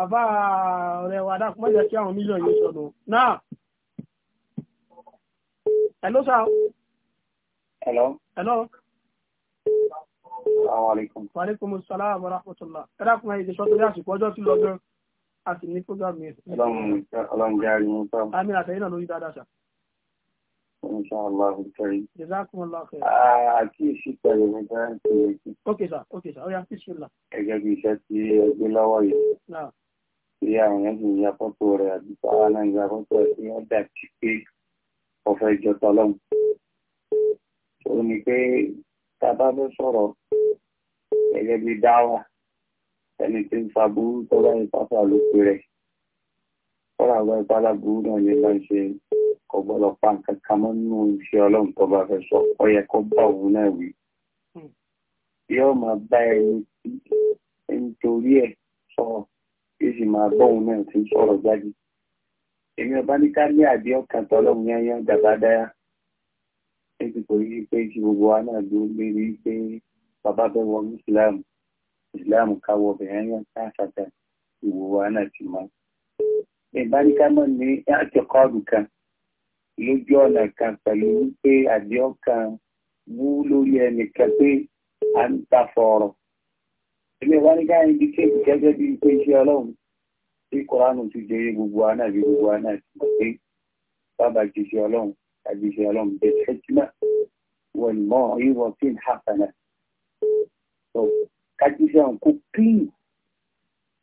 àbá ọ̀rẹ́ wa dákun mọ́jà kí àwọn mílíọ̀nù yìí sọ̀rọ̀ náà. Hello, Hello. Hello. Assalamualaikum. Waalaikumsalam warahmatullah. Era kun ayi so to ya si pojo ti lojo. A sì ní program mi. Ọlọ́run Ọlọ́run jari mo so. Àmì la tayin lórí dáadáa sa. Inshallah karim. Jazakumullah khair. Ah aki si pẹ̀lú mi gan ti. Okay sir. Okay sir. Oya bismillah. Ege bi se ti ẹgbẹ́ lọ́wọ́ yìí. Na. Ìyá àwọn yẹn ti ń ya ó ní pé tábà fẹ́ sọ̀rọ̀ gẹ́gẹ́ bí dáwà ẹni tí ń fa burú tó bá ipa fà lópin rẹ̀ fọ́nà àwọn ipa aláburú náà ní bá ń ṣe kò gbọ́dọ̀ pa nǹkan kan mọ́ nínú iṣẹ́ ọlọ́run tó bá fẹ́ sọ ọ yẹ kó bá òun náà wí. Hmm. yóò máa bá ẹni tí nítorí ẹ̀ sọ̀rọ̀ yóò sì máa bọ́ òun náà tí ń sọ̀rọ̀ jáde. èmi ọba ní ká ní àdéhùn kan tọ́lọ́run yányán dàbádáyà ẹ ti kò yí pé kí gbogbo wa náà dúró lérí pé bàbá bẹ wọ islam islam káwọ bẹ̀rẹ̀ yẹn káàkàtà ìwò wa náà ti mọ. ìbánikàmọ́ ní àtẹ̀kọ́ọ̀dù kan lójú ọ̀nà kan pẹ̀lú pé àdéhùn kan wú lórí ẹnìkan pé à ń ta fọ̀ọ̀rọ̀. ilé ìbánikà yẹn di kéèkì gẹ́gẹ́ bí pé iṣẹ́ ọlọ́run tí ti jẹ́ gbogbo wa náà bí gbogbo wa náà ti mọ̀ pé bàbá ti ṣe tàbí ṣe ọlọ́run bẹ́ẹ̀ hikma wal maw'izati hasana kájíṣẹ́ àwọn kó clean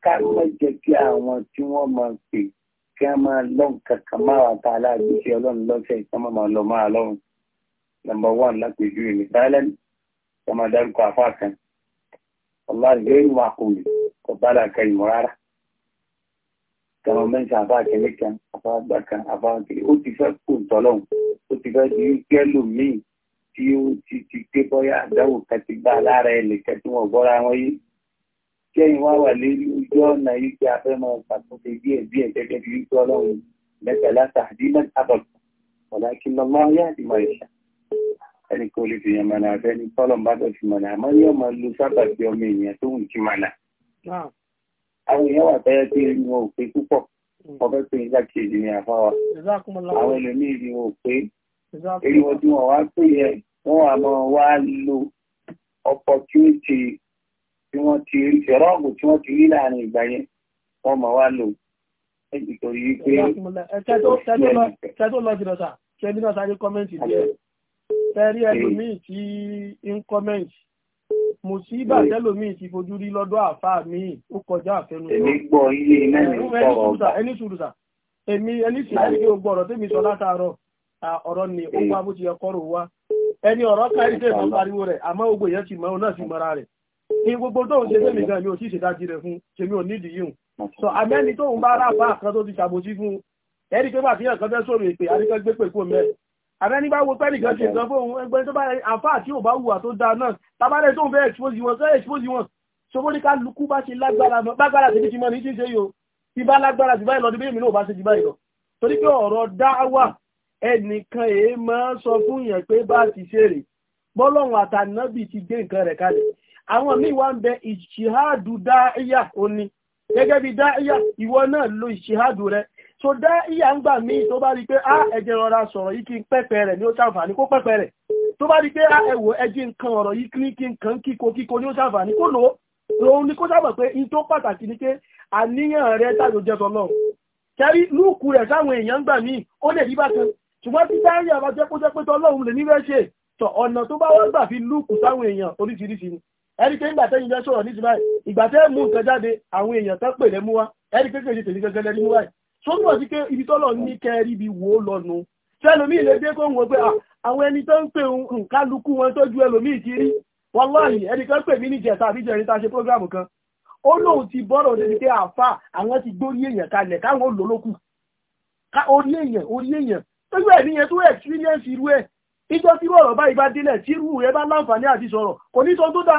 ká má jẹ́ kí àwọn tí wọ́n máa pè kí wọ́n máa lọ́n kankan máa wà tá a láàbí ṣe ọlọ́run lọ́sẹ̀ kí wọ́n máa lọ máa lọ́run nọmba one lápèjú ìlú thailand kí wọ́n máa dárúkọ àfáà kan ọ̀la ìgbéyìí wà kò lè kò bá làkà ìmọ̀ rárá kàwọn mẹ́ta àbá àkẹ́lẹ́ kan àbá àgbà kan àbá àkẹ́lẹ́ ó ti fẹ́ kó tọ́lọ́hún ó ti fẹ́ di pẹ́lú míì tí ó ti ti gbé bọ́yá àdáwò kan ti gbá lára ẹnìkan tí wọ́n gbọ́ra wọn yé kẹ́yìn wá wà lórí ojú ọ̀nà yìí pé a fẹ́ máa ṣàtúnṣe díẹ̀ díẹ̀ gẹ́gẹ́ bí wípé ọlọ́run mẹ́ta láta àdínà àbọ̀tún ọ̀la kí n lọ máa yá àdìmọ̀ ìṣà ẹnì kan lè fìyàn mọ̀nà àfẹ́ni tọ́lọ̀ ń bá bẹ̀ fi mọ̀nà àmọ́ ní ọmọ lu sábà bí ọmọ ènìyàn tó ń kí mọ̀nà àwọn èèyàn wà tẹ́lẹ̀ pé ní mm. wọn ò pé púpọ̀ mm. ọbẹ̀ pé nígbà kejì ni àfa wa àwọn ẹlòmíì ni wọn ò pé èyí wọn tí wọn wá pé yẹ wọn wà máa wá lo opportunity tí wọn ti rí ṣẹrọọgù tí wọn ti rí láàrin ìgbà yẹn wọn máa wá lò nítorí pé. tẹ́tọ́ lọ jìnnà sá ṣe bí náà sáré kọ́mẹ́ǹtì díẹ̀ tẹ́rí ẹlòmíì tí ń kọ́mẹ́ǹtì. mùsíbà tẹ́lòmí ti fojú rí lọ́dọ̀ àfáà mi ó kọjá àfẹnusọ. èmi gbọ́ iye iná mi sọ̀rọ̀ ọ̀gá. ẹni sùúrù sà èmi ẹni sì láti gbé ogbó ọrọ tẹ́mi sọ látàárọ̀ ọ̀rọ̀ ni ó wá bó ti yẹ wá. ẹni ọ̀rọ̀ kárí tẹ̀ fún pariwo rẹ̀ àmọ́ yẹn ti àbẹ́ni bá wo pẹ́nì kan ṣe nǹkan fún ẹgbẹ́ tó bá àfá àti ò bá wùwà tó dáa náà tàbálẹ̀ tó ń fẹ́ expose wọn sọ expose wọn ṣogbó ní ká lukú bá ṣe lágbára bágbára sí ti mọ́ ní ṣíṣe yóò ti bá lágbára sí báyìí lọ níbi ìmìnà ò bá ṣe jù báyìí lọ torí pé ọ̀rọ̀ dáwà ẹnìkan èé máa ń sọ fún yẹn pé bá ti ṣe rè bọ́lọ́run àtànábì ti gbé nǹkan rẹ̀ kalẹ̀ àwọn míì wá ń bẹ ìṣìhádù dáíyà òní gẹ́gẹ́ bí dáíyà ìwọ náà lo ìṣìhádù rẹ̀ so dá ìyá ń gbà míì tó bá rí pé á ah, ẹjẹ rọra sọ̀rọ̀ yìí kí n pẹ́pẹ́ rẹ̀ ní ó ṣàǹfààní kó pẹ́pẹ́ rẹ̀ tó bá rí pé á ah, ẹ̀wò ẹjẹ nǹkan ọ̀rọ̀ yìí kí kí nǹkan kíko kíko ní ó ṣàǹfààní kó lò ó òun ni kó sábà pé in tó pàtàkì ni pé àníyàn rẹ̀ tàbí jẹ́ tọ́lọ́ kẹrí lúùkù rẹ̀ sáwọn èèyàn gbà míì ó lè rí bákan ṣùgbọ́n tí dáhìí àbá jẹ́ kó jẹ́ pé tọ́lọ́run lè nífẹ̀ẹ́ ṣe tọ̀ ọ̀nà tó bá wọ́n gbà fi lúùkù sáwọn èèyàn oríṣiríṣi ni ẹni pé ìgbà tẹ́yìn jẹ́ sọ̀rọ̀ ní ti báyìí ìgbà tẹ́ mú nǹkan jáde àwọn èèyàn tán pè lẹ́mú wá ẹni pé kèjì tèmi gẹ́gẹ́ lẹ́mú wáyìí sọ́dún wà sí pé ibi tọ́lọ̀ ní kẹrí ibi wò ó lọ́nu tẹ́lómi ilé dé kó ń wọ pé ah, àwọn ẹni tó ń pè ń wọn tó ju ẹlòmíì ti rí wàláhì ẹnìkan pè mí ní jẹta àbí jẹrin tá a ṣe prógráàmù kan ó lóun ti bọ́rọ̀ ní pé àáfà àwọn ti gbórí èèyàn kalẹ̀ káwọn olólókù orí èèyàn orí èèyàn tó gbé ẹ̀mí yẹn tó experience irú ẹ̀ ìjọ tí irú ọ̀rọ̀ báyìí bá délẹ̀ tí irú rẹ̀ bá láǹfààní àti sọ̀rọ̀ kò ní sọ tó dá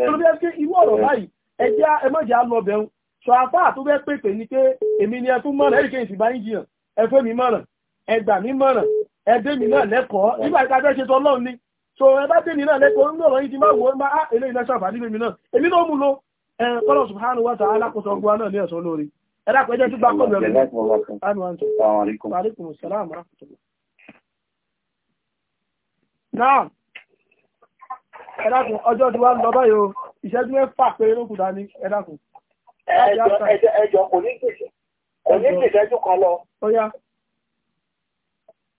ẹ̀rọ bí ẹ ṣe irú ọ̀rọ̀ báyìí ẹ jẹ́ ẹ má jẹ́ á lọ bẹ̀rù sọ afá àtúbẹ́ pèpè ní pé èmi ni ẹfún mọ̀ràn ẹ̀rì kéyìn bá ń jiyàn ẹfún mi mọna ẹgbà mi mọ̀ràn ẹdẹ mi náà lẹ́kọ̀ọ́ nígbà tí a fẹ́ ṣe ni so ẹ bá dé náà lẹ́kọ̀ọ́ nínú ọ̀rọ̀ ti máa ah, náà èmi náà mú lo kọ́lọ̀ subhanahu wa alákòóso náà ní ẹ̀sọ́ lórí ẹ ẹjọ kò ní gbèsè kan lọ.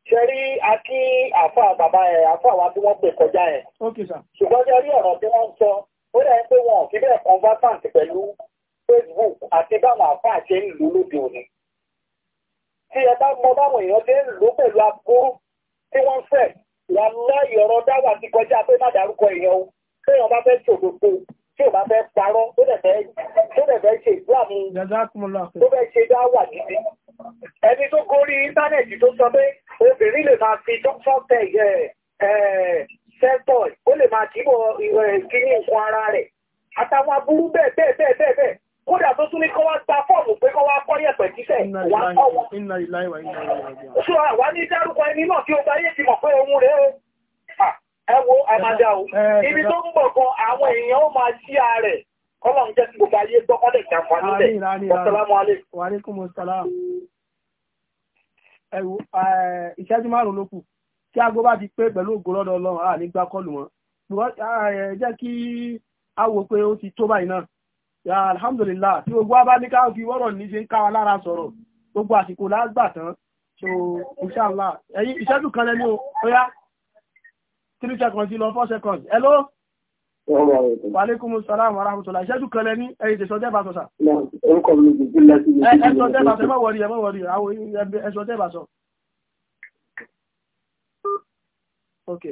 ṣe rí akí àfa bàbá àfa wa tí wọn pè kọjá ẹ̀. ṣùgbọ́n ṣe rí ọ̀rọ̀ tí wọ́n sọ ó wọn ò fi bẹ́ẹ̀ Facebook àti báwọn àfa ń lò lóde òní. tí ẹ bá mọ báwọn èèyàn ṣe ń lò pẹ̀lú tí wọ́n wọn dáwà ti kọjá pé má tí ò bá fẹ́ parọ́ tó dẹ̀ fẹ́ ṣe islam tó fẹ́ ṣe dá wà gidi ẹni tó gorí íńtánẹ̀tì tó sọ pé obìnrin lè máa fi dọ́kítọ́ tẹ̀ sẹ́tọ̀ ó lè máa kíbọ̀ kíní nǹkan ara rẹ̀ àtàwọn aburú bẹ́ẹ̀ bẹ́ẹ̀ bẹ́ẹ̀ bẹ́ẹ̀ bẹ́ẹ̀ kódà tó tún ní kọ́ wá gba fọ́ọ̀mù pé kọ́ wá kọ́rí ẹ̀pẹ̀ títẹ̀ wá ọ̀wọ̀. ṣùgbọ́n àwa ní dárúkọ ẹni náà tí ó bá yé ti mọ̀ pé ohun rẹ̀ ó ẹwọ àmàdà o ibi tó ń bọ̀ kan àwọn èèyàn ó máa ṣí ààrẹ ọlọ́run jẹ́ gbogbo ayé gbọ́kọ́lẹ̀ ìjàǹfààní lẹ̀ ọ̀sálàmù alẹ́. wàhálẹ́kùn mọ̀sálàmù ẹ̀rù ìṣẹ́jú márùn-ún ló kù kí aago bá ti pé pẹ̀lú ògo lọ́dọ̀ ọlọ́run a nígbà kọlù wọn jẹ́ kí a wò pé ó ti tó báyìí náà ya alhamdulillah tí gbogbo wa bá ní ká fi wọ́rọ̀ ní ṣe ń ká wa lára sọ̀rọ̀ gbogbo àsìkò lágbà tán so inshallah ẹ̀yin ìṣẹ́jú kan lẹ́nu ó three seconds lọ four seconds hello. Wàlékún Sàlám Aráhùtọ́lá. Ìṣẹ́jú kan lẹ́ní ẹ̀yìn tẹ̀sọ́ tẹ́bà sọ sà. Orúkọ mi ní ìdílé sí ìdílé. Ẹ̀sọ́ tẹ́bà sọ, ẹ má wọrí, àwọn ẹ̀sọ́ tẹ́bà sọ. Ok,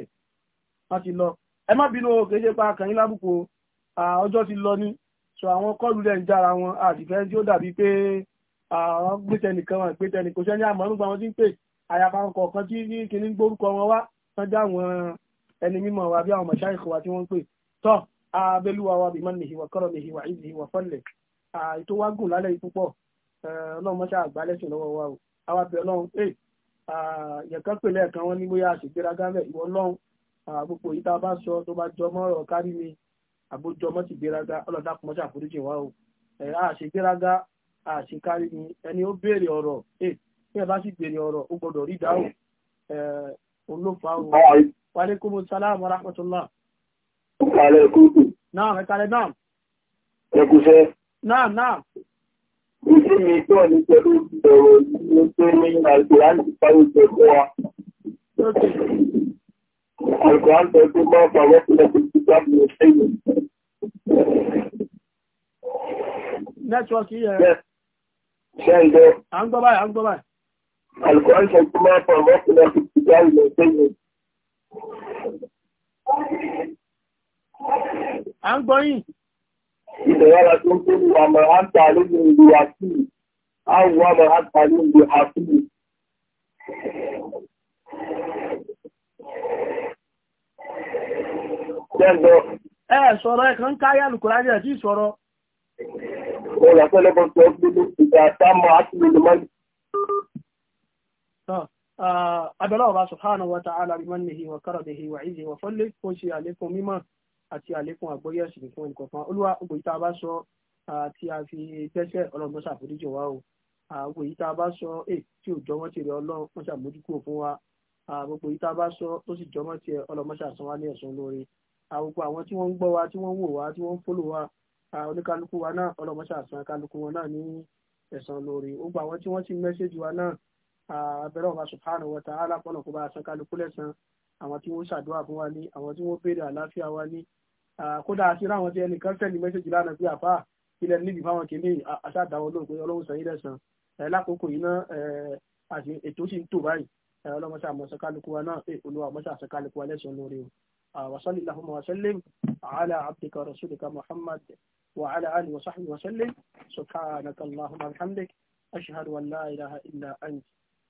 wọ́n ti lọ. Ẹ má bínú kéje pa kàn yín lábùkù ọjọ́ ti lọ ní. Sọ àwọn kọ́ọ̀lù rẹ̀ ń jára wọn àdìfẹ́ tí ó dàbí pé àwọn gbẹ́tẹ̀nìkan wọn wọn ti ẹni mímọ̀ wa bí àwọn mọ̀ṣáìkì wa tí wọ́n ń pè tọ́ abẹ́lúwa wa bí mọ́nìhì wà kọ́rọ̀mìhì wà ìzìhì wà fọ́lẹ̀ ètò wa gùn lálẹ́ yìí púpọ̀ ọlọ́run mọ́ṣá àgbálẹ́sìn lọ́wọ́ wa o àwa bẹ̀ ọlọ́run pé yẹ̀kan pèlẹ́ ẹ̀kan wọn ní bóyá àṣègbéraga bẹ̀ ìwọ ọlọ́run gbogbo yìí tá a bá sọ tó bá jọmọ́ ọ̀rọ̀ kárí mi àbójọmọ́ ti gbéraga ọlọ́dà kò mọ́ṣá àforíjì wa o àṣègbéraga àṣekárí ni ẹni ó béèrè ọ̀rọ̀ ẹ̀ eh, bí ẹ bá sì béèrè ọ̀rọ̀ ó gbọ́dọ̀ rí ìdáhùn òun ló fa òun. Wa alaikumus ورحمة الله. rahmatullah. Wa alaikumus. Naam, ẹ̀kàlẹ̀ naam. Ẹkùṣẹ́. Naam, mi tọ́ ní pẹ̀lú ìbẹ̀rẹ̀ ìlú tó ní Àìkùránì parí jẹ fún wa. Àìkùránì tọ́ tó máa fà wọ́pọ̀ lẹ́kùn tí wọ́n mú ṣe yìí. Nẹ́tíwọ́kì yẹn. Ṣé ń gbọ́? À ń gbọ́ báyìí, à ń gbọ́ báyìí. Àìkùránì tọ́ tó máa fà wọ́pọ̀ lẹ́kùn tí wọ́n mú ṣe yìí. À ń gbọ́ yìí. Ìdọ̀yára tó ń tóbi àmọ̀ àǹtà lórí ìlú Àkíyì, àwọ̀ àmọ̀ àǹtà lórí ìlú Àkíyì. Jẹ́jọ́. Ẹ sọ̀rọ̀ ẹ̀kan káyà lùkùnrin àti ìsọ̀rọ̀. Ó yà sọ́lẹ́bọ̀ tó gbé ní ìgbà àtàmọ̀ àti abẹ́lọ́wọ́ bá subhanahu wa ta'ala bimannihi wa karamihi wa izzihi wa fadlihi kó ṣe àlékún mímọ̀ àti àlékún àgbọ́yé ẹ̀sìn fún ẹnìkọ̀ọ̀kan olúwa gbogbo yìí tá a bá sọ tí a fi dẹ́ṣẹ̀ ọlọ́run ṣàforíjì wa o gbogbo yìí tá a bá sọ èyí tí ò jọmọ́ ti rẹ̀ ọlọ́run wọ́n fún wa gbogbo yìí tá a bá sọ tó sì jọmọ́ ti ẹ̀ ọlọ́run ṣàsanwá wa ní ẹ̀sùn lórí abẹ́rẹ́ ọba subhanahu wa ta'ala kọ́nà kó bá a san kálukú lẹ́sàn àwọn tí wọ́n ṣàdúrà fún wa ní àwọn tí wọ́n béèrè àlàáfíà wa ní kódà àti ráwọn tí ẹnì kan tẹ̀lé mẹ́sẹ̀jì lánàá bí àfà ilẹ̀ níbi fáwọn kìíní aṣáàdáwọ̀ lóògbé ọlọ́run sàn yín lẹ́sàn lákòókò yìí náà ètò sì ń tò báyìí ọlọ́mọṣà àmọ̀ṣà wa náà olúwa àmọ̀ṣà wa lẹ́sàn lórí wàsálì ala abdika rasulika muhammad wa ali wa wasallim subhanaka allahumma bihamdik ashhadu